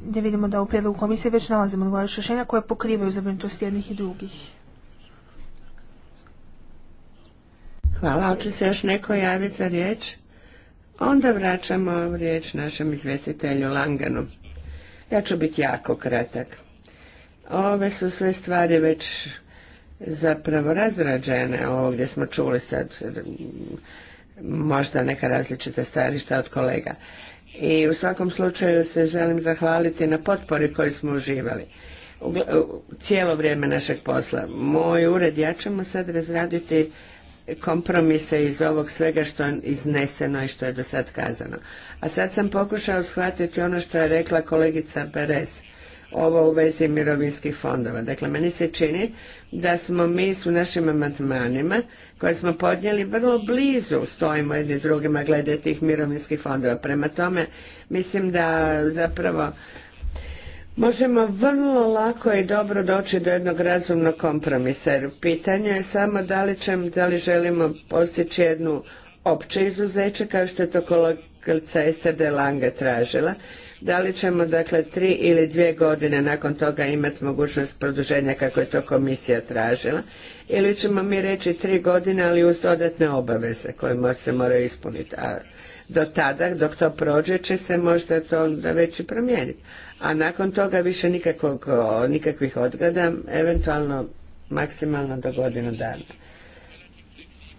gdje vidimo da u prijedlogu komisije već nalazimo odgovarajuće rješenja koje pokrivaju zabrinutost jednih i drugih. Hvala, hoće se još neko javiti za riječ? Onda vraćamo riječ našem izvjestitelju Langanu. Ja ću biti jako kratak. Ove su sve stvari već zapravo razrađene, ovo gdje smo čuli sad možda neka različita stajališta od kolega i u svakom slučaju se želim zahvaliti na potpori koju smo uživali cijelo vrijeme našeg posla. Moj ured, ja ćemo sad razraditi kompromise iz ovog svega što je izneseno i što je do sad kazano. A sad sam pokušao shvatiti ono što je rekla kolegica Beres ovo u vezi mirovinskih fondova. Dakle, meni se čini da smo mi s našim amatmanima koje smo podnijeli vrlo blizu stojimo jedni drugima glede tih mirovinskih fondova. Prema tome, mislim da zapravo možemo vrlo lako i dobro doći do jednog razumnog kompromisa. Jer pitanje je samo da li, ćemo, da li želimo postići jednu opće izuzeće kao što je to kolegica de Lange tražila da li ćemo dakle tri ili dvije godine nakon toga imati mogućnost produženja kako je to komisija tražila ili ćemo mi reći tri godine ali uz dodatne obaveze koje se moraju ispuniti a do tada dok to prođe će se možda to onda već i promijeniti a nakon toga više nikakvog, nikakvih odgada eventualno maksimalno do godinu dana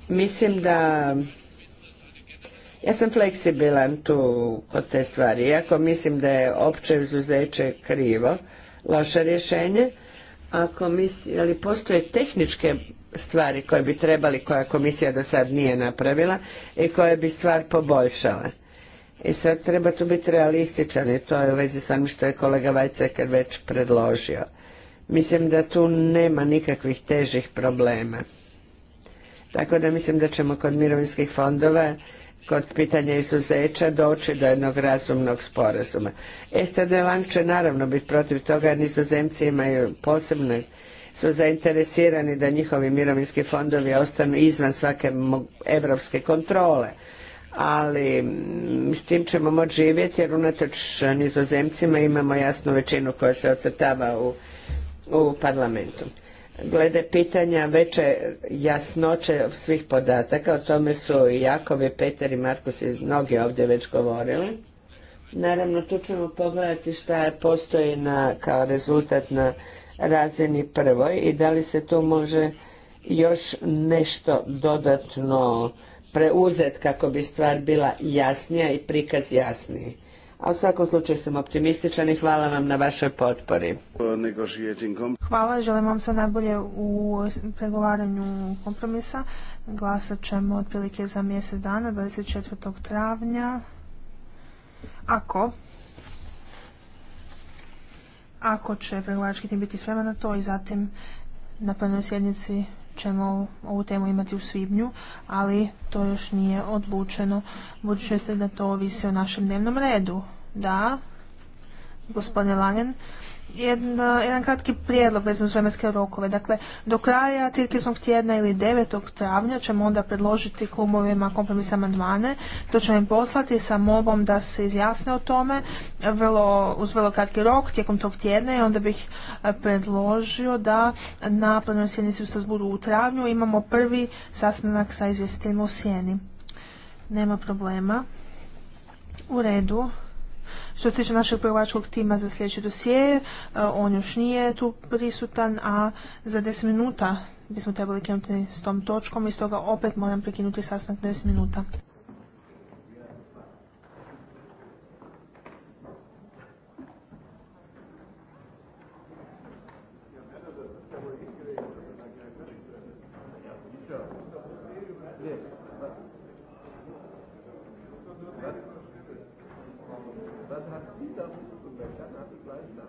mislim da ja sam fleksibilan tu kod te stvari, iako mislim da je opće izuzeće krivo, loše rješenje, a ali postoje tehničke stvari koje bi trebali, koja komisija do sad nije napravila i koje bi stvar poboljšala. I sad treba tu biti realističan i to je u vezi s onim što je kolega Vajceker već predložio. Mislim da tu nema nikakvih težih problema. Tako da mislim da ćemo kod mirovinskih fondova kod pitanja izuzeća doći do jednog razumnog sporazuma. STD Lang će naravno biti protiv toga, nizozemci imaju posebne su zainteresirani da njihovi mirovinski fondovi ostanu izvan svake evropske kontrole. Ali mm, s tim ćemo moći živjeti jer unatoč nizozemcima imamo jasnu većinu koja se ocrtava u parlamentu glede pitanja veće jasnoće svih podataka, o tome su i i Peter i Markus i mnogi ovdje već govorili. Naravno, tu ćemo pogledati šta postoji na, kao rezultat na razini prvoj i da li se tu može još nešto dodatno preuzet kako bi stvar bila jasnija i prikaz jasniji a u svakom slučaju sam optimističan i hvala vam na vašoj potpori. Hvala, želim vam sve najbolje u pregovaranju kompromisa. Glasat ćemo otprilike za mjesec dana, 24. travnja. Ako ako će pregovarački tim biti spreman na to i zatim na plenoj sjednici ćemo ovu temu imati u svibnju, ali to još nije odlučeno. Budući da to ovisi o našem dnevnom redu. Da, gospodine Langen, jedan kratki prijedlog vezan uz vremenske rokove. Dakle, do kraja tirkiznog tjedna ili 9. travnja ćemo onda predložiti klubovima kompromis amandmane. To ćemo im poslati sa molbom da se izjasne o tome uz vrlo kratki rok tijekom tog tjedna i onda bih eh, predložio da na plenarnoj sjednici u Strasburu u travnju imamo prvi sastanak sa izvjestiteljima u sjeni. Nema problema. U redu. Što se tiče našeg pregovačkog tima za sljedeći dosije, e, on još nije tu prisutan, a za 10 minuta bismo trebali krenuti s tom točkom i stoga opet moram prekinuti sastanak 10 minuta. Hvala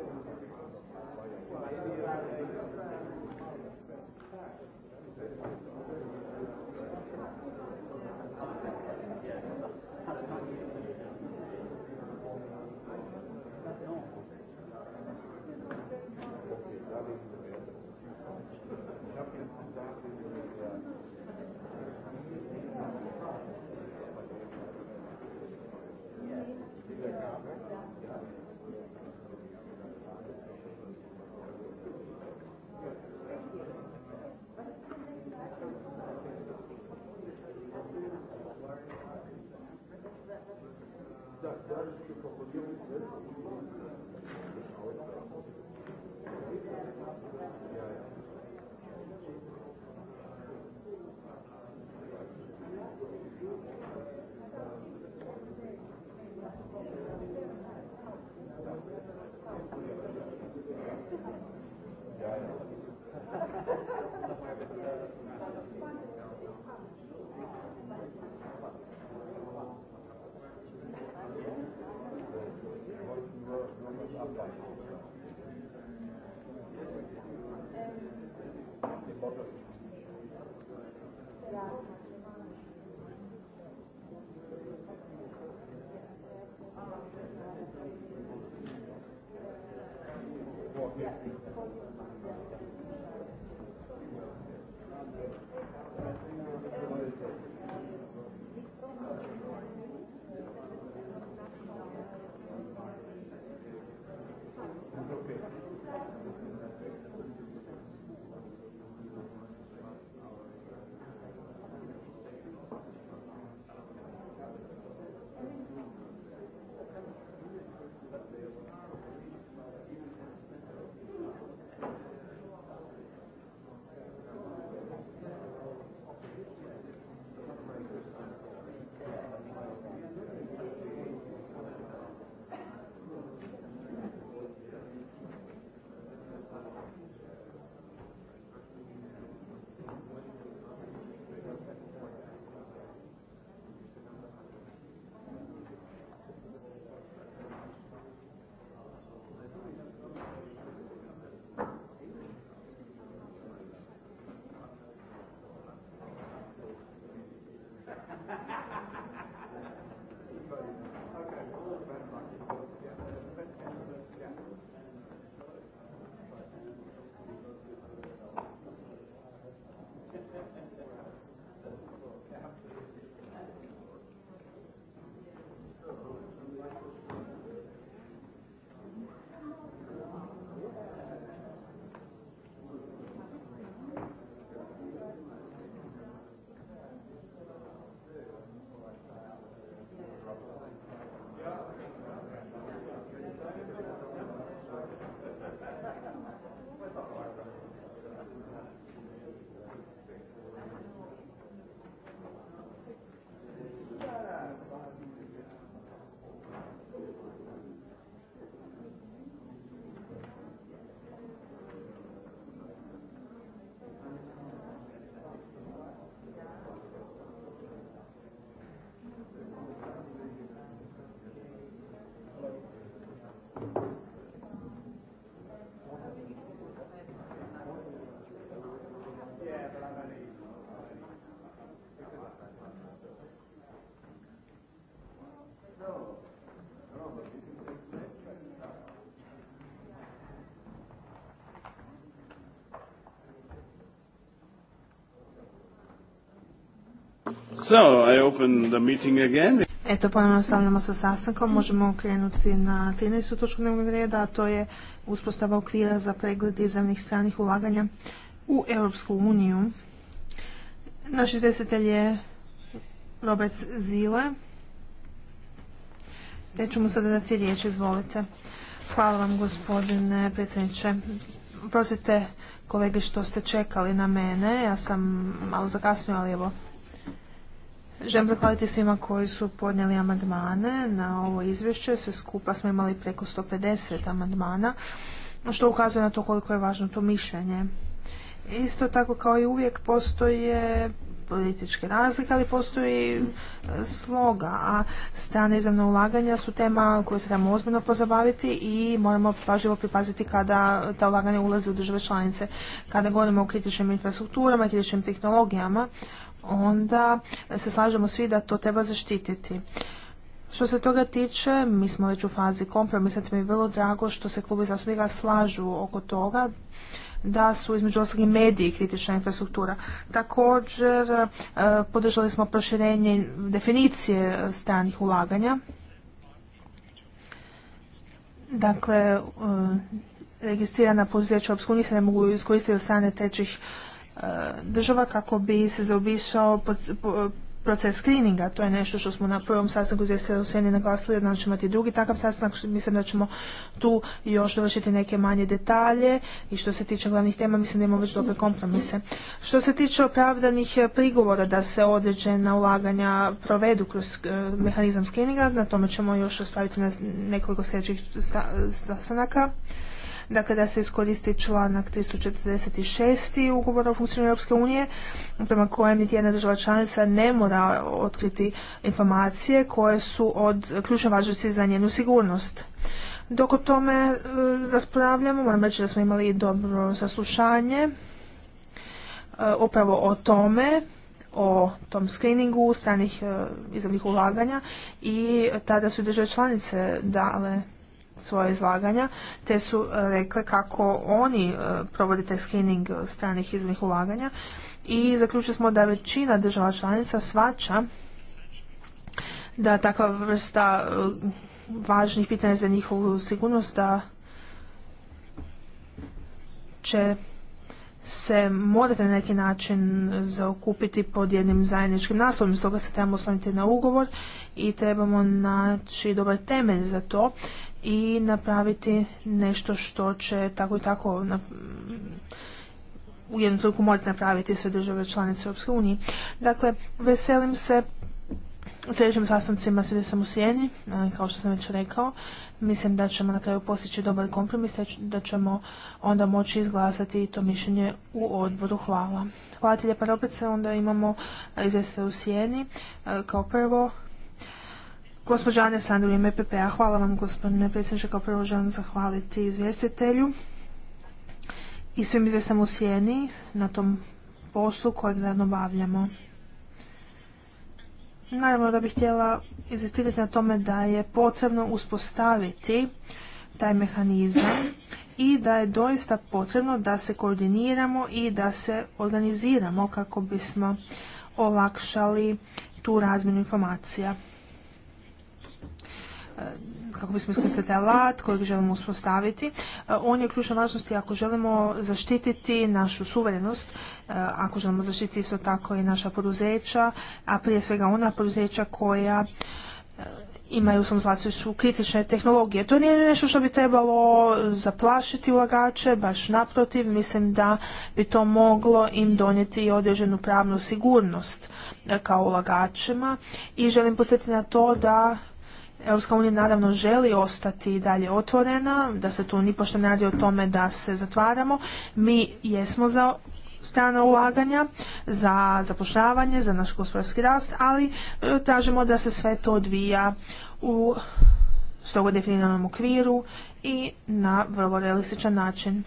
da je So, Eto, ponovno nastavljamo sa sastankom. Možemo krenuti na 13. točku dnevnog reda, a to je uspostava okvira za pregled izravnih stranih ulaganja u Europsku uniju. Naš izvjestitelj je Robert Zile. Te ću mu sada dati riječ, izvolite. Hvala vam, gospodine predsjedniče. Prosite kolege što ste čekali na mene, ja sam malo zakasnila, ali evo, Želim zahvaliti svima koji su podnijeli amandmane na ovo izvješće. Sve skupa smo imali preko 150 amandmana, što ukazuje na to koliko je važno to mišljenje. Isto tako kao i uvijek postoje političke razlike, ali postoji e, sloga, a strane izravna ulaganja su tema koje se trebamo ozbiljno pozabaviti i moramo pažljivo pripaziti kada ta ulaganja ulaze u države članice. Kada govorimo o kritičnim infrastrukturama, kritičnim tehnologijama, onda se slažemo svi da to treba zaštititi. Što se toga tiče, mi smo već u fazi kompromisa, mi je vrlo drago što se klubi zastupnika slažu oko toga da su između ostalih mediji kritična infrastruktura. Također e, podržali smo proširenje definicije stranih ulaganja. Dakle, e, registrirana poduzeća u se ne mogu iskoristiti od strane trećih država kako bi se zaobišao proces screeninga. To je nešto što smo na prvom sastanku gdje se u Sjeni naglasili Jedan ćemo imati drugi takav sastanak. Mislim da ćemo tu još dovršiti neke manje detalje i što se tiče glavnih tema mislim da imamo već dobre kompromise. Što se tiče opravdanih prigovora da se određena ulaganja provedu kroz e, mehanizam screeninga, na tome ćemo još raspraviti na nekoliko sljedećih sastanaka dakle da se iskoristi članak 346. ugovora o funkcioniranju Europske unije, prema kojem niti jedna država članica ne mora otkriti informacije koje su od ključne važnosti za njenu sigurnost. Dok o tome e, raspravljamo, moram reći da smo imali i dobro saslušanje e, upravo o tome, o tom screeningu stranih e, izravnih ulaganja i tada su države članice dale svoje izlaganja, te su e, rekle kako oni e, provode taj screening stranih izvornih ulaganja i zaključili smo da većina država članica svača da takva vrsta e, važnih pitanja za njihovu sigurnost da će se morate na neki način zaokupiti pod jednim zajedničkim naslovom, stoga se trebamo osloniti na ugovor i trebamo naći dobar temelj za to i napraviti nešto što će tako i tako na, u jednom trenutku morati napraviti sve države članice Europske unije. Dakle, veselim se sljedećim sastancima da sam u Sijeni, e, kao što sam već rekao. Mislim da ćemo na kraju postići dobar kompromis, da ćemo onda moći izglasati to mišljenje u odboru. Hvala. Hvala ti Ljepa onda imamo e, izveste u Sijeni. E, kao prvo, Gospođa Ane Sandru Hvala vam gospodine predsjedniče. Kao prvo želim zahvaliti izvjestitelju i svim izvjestam u sjeni na tom poslu kojeg zajedno bavljamo. Naravno da bih htjela inzistirati na tome da je potrebno uspostaviti taj mehanizam i da je doista potrebno da se koordiniramo i da se organiziramo kako bismo olakšali tu razmjenu informacija. E, kako bismo iskoristili taj alat kojeg želimo uspostaviti. E, on je ključna važnosti ako želimo zaštititi našu suverenost, e, ako želimo zaštititi isto tako i naša poduzeća, a prije svega ona poduzeća koja imaju u svom kritične tehnologije. To nije nešto što bi trebalo zaplašiti ulagače, baš naprotiv, mislim da bi to moglo im donijeti i određenu pravnu sigurnost kao ulagačima i želim podsjetiti na to da Europska unija naravno želi ostati dalje otvorena, da se tu nipošto ne radi o tome da se zatvaramo. Mi jesmo za strana ulaganja, za zapošljavanje, za naš gospodarski rast, ali e, tražimo da se sve to odvija u strogo definiranom okviru i na vrlo realističan način.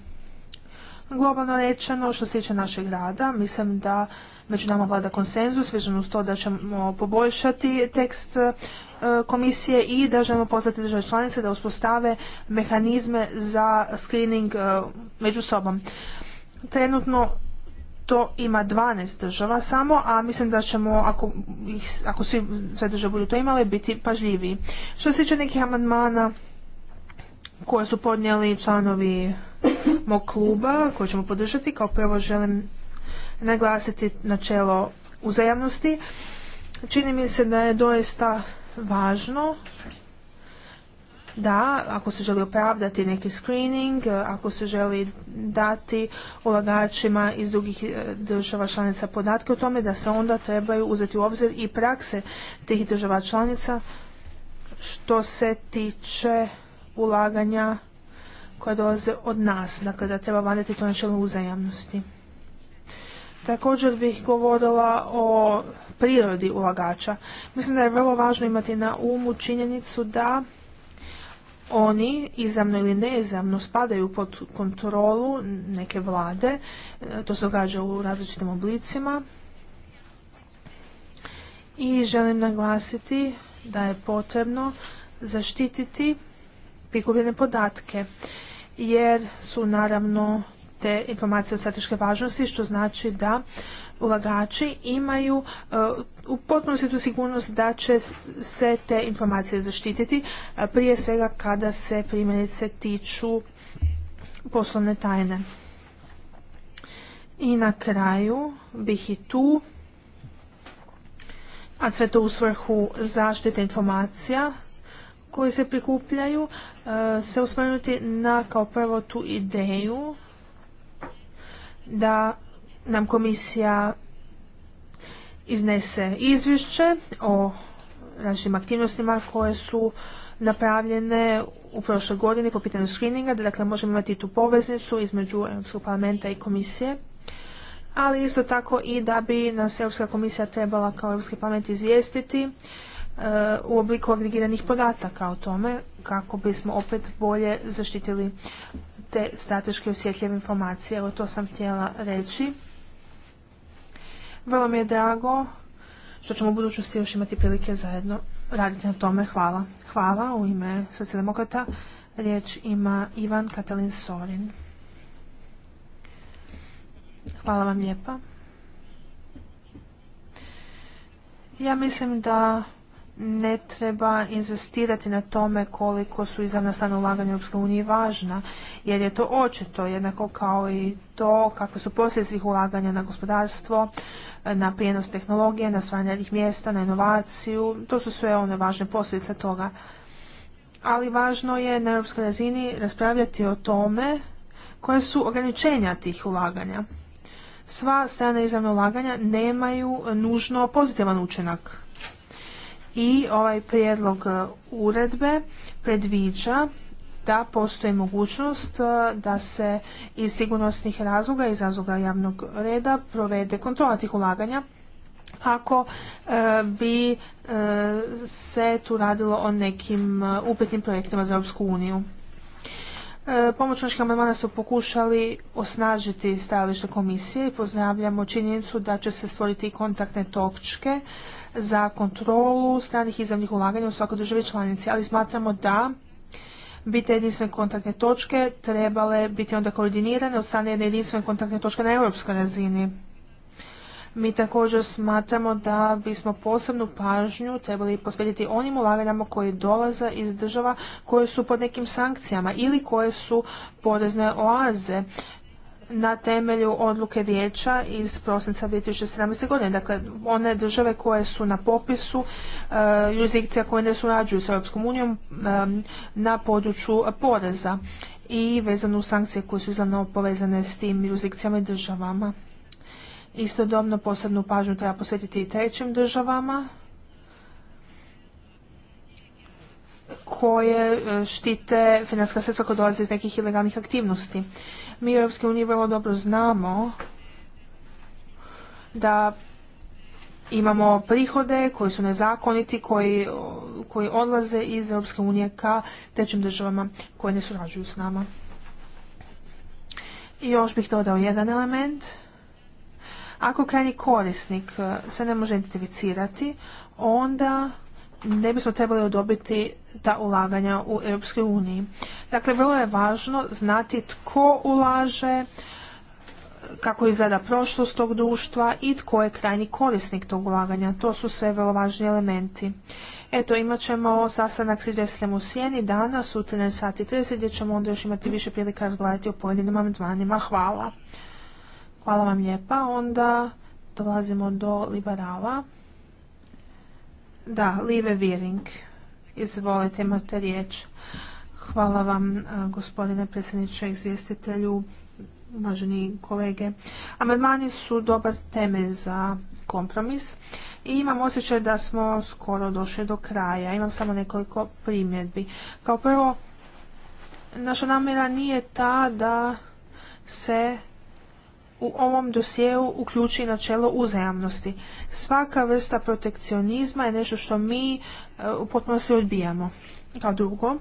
Globalno rečeno, što se tiče našeg rada, mislim da među nama vlada konsenzus, vezano uz to da ćemo poboljšati tekst E, komisije i da želimo pozvati države članice da uspostave mehanizme za screening e, među sobom. Trenutno to ima 12 država samo, a mislim da ćemo, ako, ako svi, sve države budu to imale, biti pažljiviji. Što se tiče nekih amandmana koje su podnijeli članovi mog kluba, koje ćemo podržati, kao prvo želim naglasiti načelo uzajamnosti. Čini mi se da je doista važno da ako se želi opravdati neki screening, ako se želi dati ulagačima iz drugih e, država članica podatke o tome da se onda trebaju uzeti u obzir i prakse tih država članica što se tiče ulaganja koja dolaze od nas, dakle da treba vladati to načelo uzajamnosti. Također bih govorila o prirodi ulagača. Mislim da je vrlo važno imati na umu činjenicu da oni izamno ili neizamno spadaju pod kontrolu neke vlade, e, to se događa u različitim oblicima. I želim naglasiti da je potrebno zaštititi prikupljene podatke, jer su naravno te informacije od strateške važnosti, što znači da ulagači imaju e, u potpunosti tu sigurnost da će se te informacije zaštititi, e, prije svega kada se primjerice tiču poslovne tajne. I na kraju bih i tu, a sve to u svrhu zaštite informacija koji se prikupljaju, e, se osvrnuti na kao prvo tu ideju da nam komisija iznese izvješće o različitim aktivnostima koje su napravljene u prošloj godini po pitanju screeninga, da dakle možemo imati tu poveznicu između Europskog parlamenta i komisije, ali isto tako i da bi nas Europska komisija trebala kao Europski parlament izvijestiti e, u obliku agregiranih podataka o tome kako bismo opet bolje zaštitili te strateške osjetljive informacije. Evo to sam htjela reći vrlo mi je drago što ćemo u budućnosti još imati prilike zajedno raditi na tome. Hvala. Hvala u ime socijaldemokrata. Riječ ima Ivan Katalin Sorin. Hvala vam lijepa. Ja mislim da ne treba inzistirati na tome koliko su izravna strana ulaganja u uniji važna, jer je to očito jednako kao i to kakve su posljedice ulaganja na gospodarstvo, na prijenos tehnologije, na stvaranje radnih mjesta, na inovaciju. To su sve one važne posljedice toga. Ali važno je na europskoj razini raspravljati o tome koje su ograničenja tih ulaganja. Sva strana izravna ulaganja nemaju nužno pozitivan učinak i ovaj prijedlog e, uredbe predviđa da postoji mogućnost e, da se iz sigurnosnih razloga, iz razloga javnog reda provede kontrola tih ulaganja ako e, bi se tu radilo o nekim upetnim projektima za Europsku uniju. Pomoćnički amandmana su pokušali osnažiti stajalište komisije i pozdravljamo činjenicu da će se stvoriti kontaktne točke za kontrolu stranih izravnih ulaganja u svakoj državi članici, ali smatramo da bi te jedinstvene kontaktne točke trebale biti onda koordinirane od strane jedne jedinstvene kontaktne točke na europskoj razini. Mi također smatramo da bismo posebnu pažnju trebali posvetiti onim ulaganjama koje dolaze iz država koje su pod nekim sankcijama ili koje su porezne oaze na temelju odluke vijeća iz prosinca 2017. godine. Dakle, one države koje su na popisu e, jurisdikcija koje ne surađuju sa eu unijom e, na području poreza i vezano u sankcije koje su izravno povezane s tim jurisdikcijama i državama. Istodobno posebnu pažnju treba posvetiti i trećim državama koje e, štite financijska sredstva koja dolaze iz nekih ilegalnih aktivnosti. Mi u EU vrlo dobro znamo da imamo prihode koji su nezakoniti, koji, odlaze iz Europske unije ka trećim državama koje ne surađuju s nama. I još bih dodao jedan element. Ako krajnji korisnik e, se ne može identificirati, onda ne bismo trebali odobiti ta ulaganja u Europskoj uniji. Dakle, vrlo je važno znati tko ulaže, kako izgleda prošlost tog društva i tko je krajni korisnik tog ulaganja. To su sve vrlo važni elementi. Eto, imat ćemo sastanak s izvjestiteljem u Sjeni danas u 13 sati 30 gdje ćemo onda još imati više prilika razgovarati o pojedinim amandmanima. Hvala. Hvala vam lijepa. Onda dolazimo do liberala. Da, Live Viring. Izvolite, imate riječ. Hvala vam, e, gospodine predsjedniče, izvjestitelju, uvaženi kolege. Amandmani su dobar temelj za kompromis i imam osjećaj da smo skoro došli do kraja. Imam samo nekoliko primjedbi. Kao prvo, naša namjera nije ta da se u ovom dosjeu uključi načelo uzajamnosti. Svaka vrsta protekcionizma je nešto što mi e, u potpunosti odbijamo. A drugo,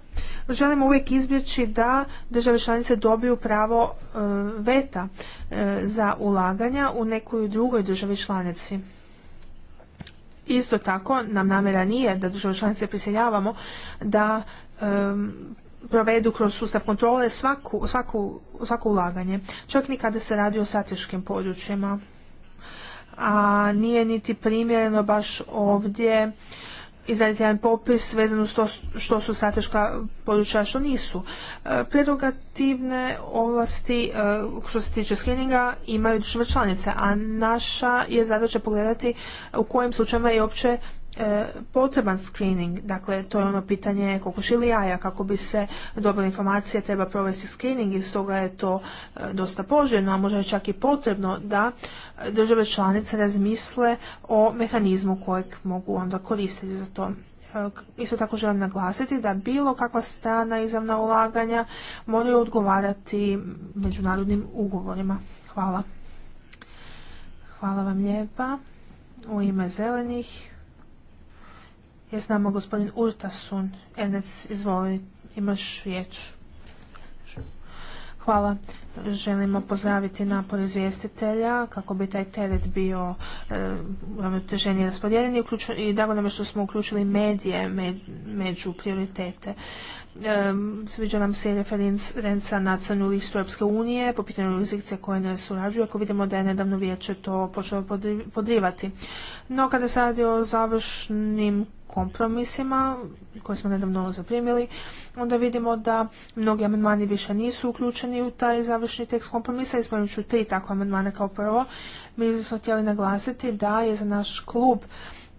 želimo uvijek izbjeći da države članice dobiju pravo e, veta e, za ulaganja u nekoj drugoj državi članici. Isto tako nam namjera nije da države članice prisiljavamo da provedu kroz sustav kontrole svaku, svaku, svako ulaganje, čak ni kada se radi o strateškim područjima. A nije niti primjereno baš ovdje izraditi jedan popis vezan uz to što su strateška područja, što nisu. E, prerogativne ovlasti e, što se tiče screeninga imaju države članice, a naša je zadaća pogledati u kojim slučajevima je uopće E, potreban screening, dakle to je ono pitanje kokoš ili jaja, kako bi se dobile informacije treba provesti screening i stoga je to e, dosta poželjno, a možda je čak i potrebno da države članice razmisle o mehanizmu kojeg mogu onda koristiti za to. E, isto tako želim naglasiti da bilo kakva strana izravna ulaganja moraju odgovarati međunarodnim ugovorima. Hvala. Hvala vam lijepa. U ime zelenih je s nama gospodin Urtasun. Enec, izvoli, imaš riječ. Hvala. Želimo pozdraviti napor izvjestitelja kako bi taj teret bio e, ravnoteženije raspodijeljen i, i drago nam što smo uključili medije među prioritete. E, sviđa nam se referenca na crnu listu Europske unije po pitanju jurisdikcije koje ne surađuju, ako vidimo da je nedavno vijeće to počelo podrivati. No kada se radi o završnim kompromisima koje smo nedavno zaprimili, onda vidimo da mnogi amandmani više nisu uključeni u taj završni tekst kompromisa. Ispravit ću tri takve kao prvo. Mi smo htjeli naglasiti da je za naš klub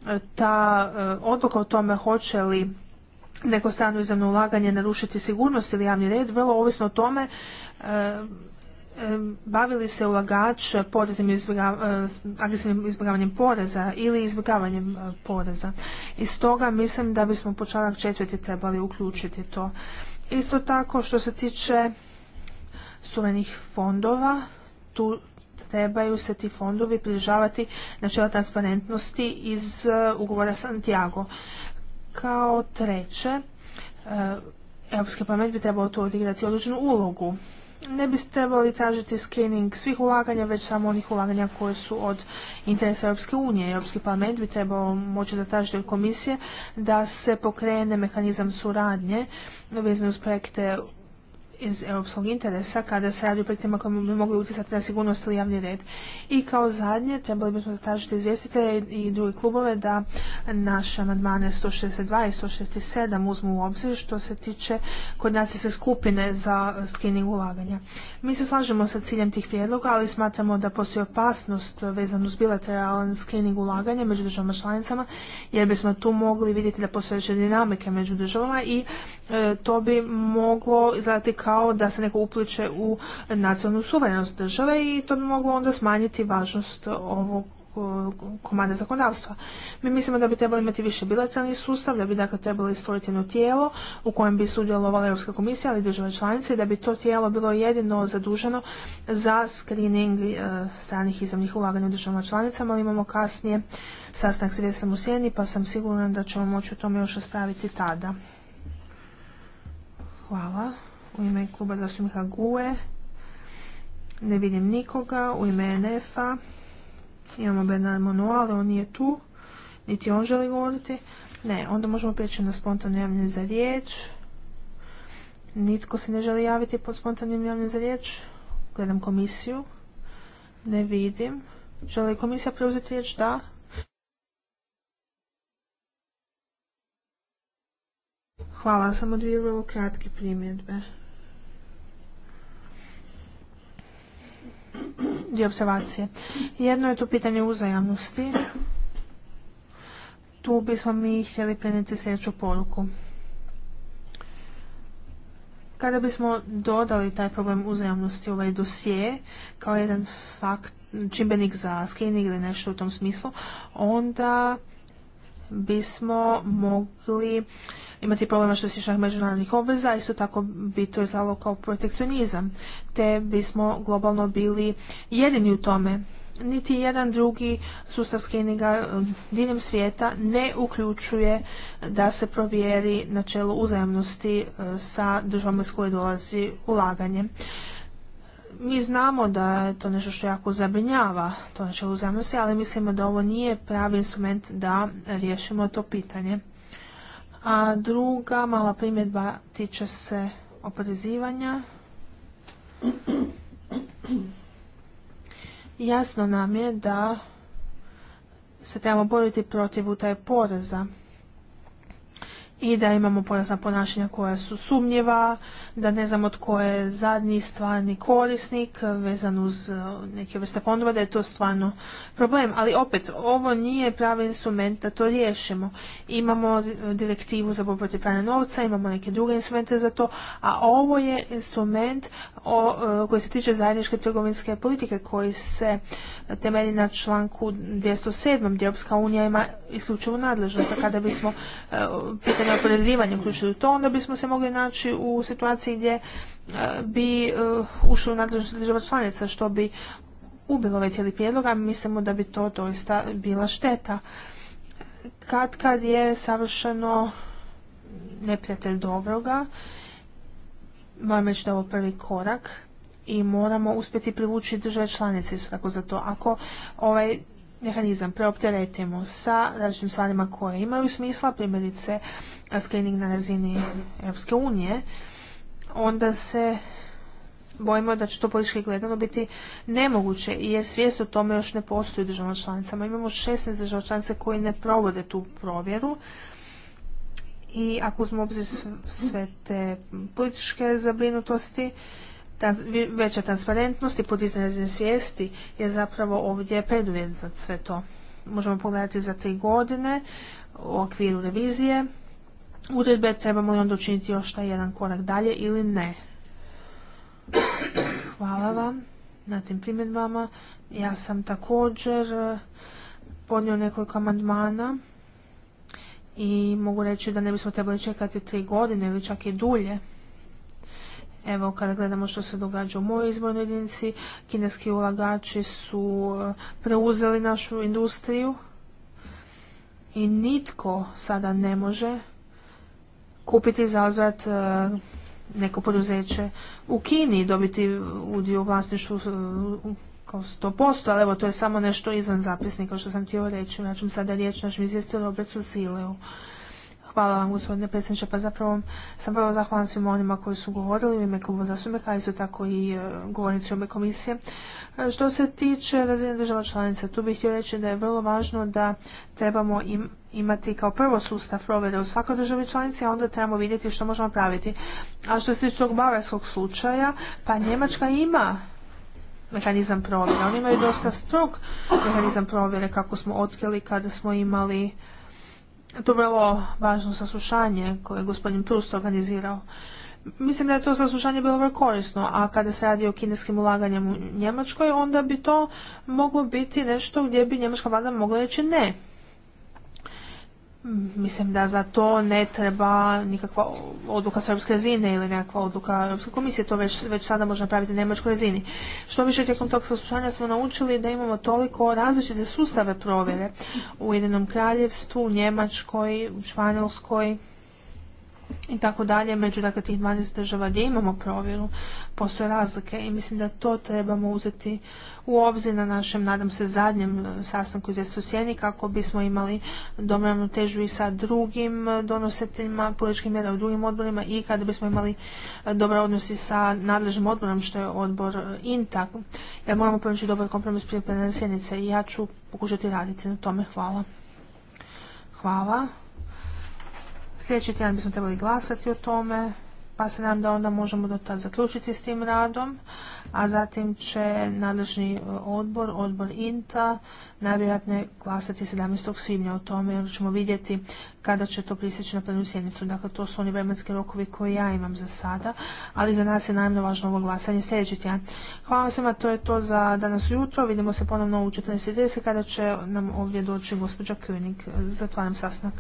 e, ta e, odluka o tome hoće li neko strano izravno ulaganje narušiti sigurnost ili javni red, vrlo ovisno o tome e, bavili se ulagač poreznim e, agresivnim izbjegavanjem poreza ili izbjegavanjem e, poreza. I stoga mislim da bismo po članak četvrti trebali uključiti to. Isto tako što se tiče suvenih fondova, tu trebaju se ti fondovi priježavati načela transparentnosti iz e, ugovora Santiago. Kao treće, Europski parlament bi trebao tu odigrati određenu ulogu ne biste trebali tražiti screening svih ulaganja, već samo onih ulaganja koje su od interesa Europske unije. Europski parlament bi trebao moći zatražiti od komisije da se pokrene mehanizam suradnje vezano uz projekte iz europskog interesa kada se radi o projektima koji bi mogli utjecati na sigurnost ili javni red. I kao zadnje trebali bismo zatražiti izvjestitelje i druge klubove da naše amandmane 162 i 167 uzmu u obzir što se tiče koordinacijske skupine za screening ulaganja. Mi se slažemo sa ciljem tih prijedloga, ali smatramo da postoji opasnost vezanu uz bilateralan screening ulaganja među državama članicama, jer bismo tu mogli vidjeti da postoje dinamike među državama i e, to bi moglo izgledati kao kao da se neko upliče u nacionalnu suverenost države i to bi moglo onda smanjiti važnost ovog komanda zakonodavstva. Mi mislimo da bi trebali imati više bilateralni sustav, da bi dakle trebali stvoriti jedno tijelo u kojem bi sudjelovala Europska komisija ali i države članice i da bi to tijelo bilo jedino zaduženo za screening stranih e, stranih izravnih ulaganja u državama članicama, ali imamo kasnije sastanak s Vjeslom u Sjeni, pa sam sigurna da ćemo moći o tome još raspraviti tada. Hvala u ime kluba zastupnika GUE. Ne vidim nikoga. U ime NF-a imamo Bernard Monod, ali on nije tu. Niti on želi govoriti. Ne, onda možemo prijeći na spontano javljanje za riječ. Nitko se ne želi javiti pod spontanim javljanjem za riječ. Gledam komisiju. Ne vidim. Želi komisija preuzeti riječ? Da. Hvala, sam dvije vrlo kratke primjedbe. dvije observacije. Jedno je tu pitanje uzajamnosti. Tu bismo mi htjeli prenijeti sljedeću poruku. Kada bismo dodali taj problem uzajamnosti u ovaj dosije kao jedan fakt, čimbenik za skin, ili nešto u tom smislu, onda bismo mogli imati problema što se tiče međunarodnih obveza, isto tako bi to izgledalo kao protekcionizam, te bismo globalno bili jedini u tome. Niti jedan drugi sustav screeninga eh, diljem svijeta ne uključuje da se provjeri načelo uzajemnosti eh, sa državama s koje dolazi ulaganje. Mi znamo da je to nešto što jako zabrinjava, to načelo uzajemnosti, ali mislimo da ovo nije pravi instrument da riješimo to pitanje. A druga mala primjedba tiče se oporezivanja. Jasno nam je da se trebamo boriti protiv utaje poreza i da imamo porezna ponašanja koja su sumnjiva, da ne znamo tko je zadnji stvarni korisnik vezan uz e, neke vrste fondova, da je to stvarno problem. Ali opet, ovo nije pravi instrument da to riješimo. Imamo e, direktivu za borbu protiv pranja novca, imamo neke druge instrumente za to, a ovo je instrument e, koji se tiče zajedničke trgovinske politike koji se temelji na članku 207. gdje Europska unija ima isključivu nadležnost. kada bismo pitanje pitanje uključili u to, onda bismo se mogli naći u situaciji gdje e, bi e, ušli u nadležnost država članica, što bi ubilo ovaj cijeli prijedlog, a mislimo da bi to doista bila šteta. Kad kad je savršeno neprijatelj dobroga, moram reći da je ovo prvi korak i moramo uspjeti privući države članice isto tako za to. Ako ovaj mehanizam preopteretimo sa različitim stvarima koje imaju smisla, primjerice screening na razini Europske unije, onda se bojimo da će to politički gledano biti nemoguće jer svijest o tome još ne postoji u državama članicama. Imamo 16 država članica koji ne provode tu provjeru i ako uzmemo obzir sve te političke zabrinutosti, veća transparentnost i podizanje svijesti je zapravo ovdje preduvjet za sve to. Možemo pogledati za tri godine u okviru revizije uredbe, trebamo li onda učiniti još taj jedan korak dalje ili ne. Hvala vam na tim primjedbama. Ja sam također e, podnio nekoliko amandmana i mogu reći da ne bismo trebali čekati tri godine ili čak i dulje. Evo, kada gledamo što se događa u mojoj izbornoj jedinici, kineski ulagači su e, preuzeli našu industriju i nitko sada ne može kupiti izazvat e, neko poduzeće u Kini dobiti udio u vlasništvu e, kao 100%, ali evo to je samo nešto izvan zapisnika što sam htio reći. Znači sada riječ našem izvjestilu Obrecu Sileu. Hvala vam gospodine predsjedniče. Pa zapravo sam vrlo zahvalan svima onima koji su govorili u ime kluba zastupnika, a isto tako i e, govornici u ime komisije. E, što se tiče razine država članica, tu bih htio reći da je vrlo važno da trebamo imati kao prvo sustav provjere u svakoj državi članici, a onda trebamo vidjeti što možemo praviti. A što se tiče tog bavarskog slučaja, pa Njemačka ima mehanizam provjere. Oni imaju dosta strog mehanizam provjere kako smo otkrili kada smo imali to vrlo važno saslušanje koje je gospodin Prust organizirao. Mislim da je to saslušanje bilo vrlo korisno, a kada se radi o kineskim ulaganjem u Njemačkoj, onda bi to moglo biti nešto gdje bi njemačka vlada mogla reći ne. Mislim da za to ne treba nikakva odluka Srpske europske razine ili nekakva odluka Europske komisije, to već, sada može napraviti na njemačkoj razini. Što više tijekom tog saslušanja smo naučili da imamo toliko različite sustave provjere u Jedinom kraljevstvu, Njemačkoj, Španjolskoj, i tako dalje, među dakle tih 12 država gdje imamo provjeru, postoje razlike i mislim da to trebamo uzeti u obzir na našem, nadam se, zadnjem e, sastanku gdje su sjeni kako bismo imali domenu težu i sa drugim e, donositeljima političkih mjera u drugim odborima i kada bismo imali e, dobre odnosi sa nadležnim odborom što je odbor INTA. ja moramo pronaći dobar kompromis prije plenarne sjednice i ja ću pokušati raditi na tome. Hvala. Hvala. Sljedeći tjedan bismo trebali glasati o tome, pa se nam da onda možemo do tada zaključiti s tim radom, a zatim će nadležni e, odbor, odbor INTA, najvjerojatnije glasati 17. svibnja o tome, jer ćemo vidjeti kada će to prisjeći na plenu sjednicu. Dakle, to su oni vremenski rokovi koje ja imam za sada, ali za nas je najmno važno ovo glasanje sljedeći tjedan. Hvala svima, to je to za danas jutro. Vidimo se ponovno u 14.30 kada će nam ovdje doći gospođa König. Zatvaram sastanak.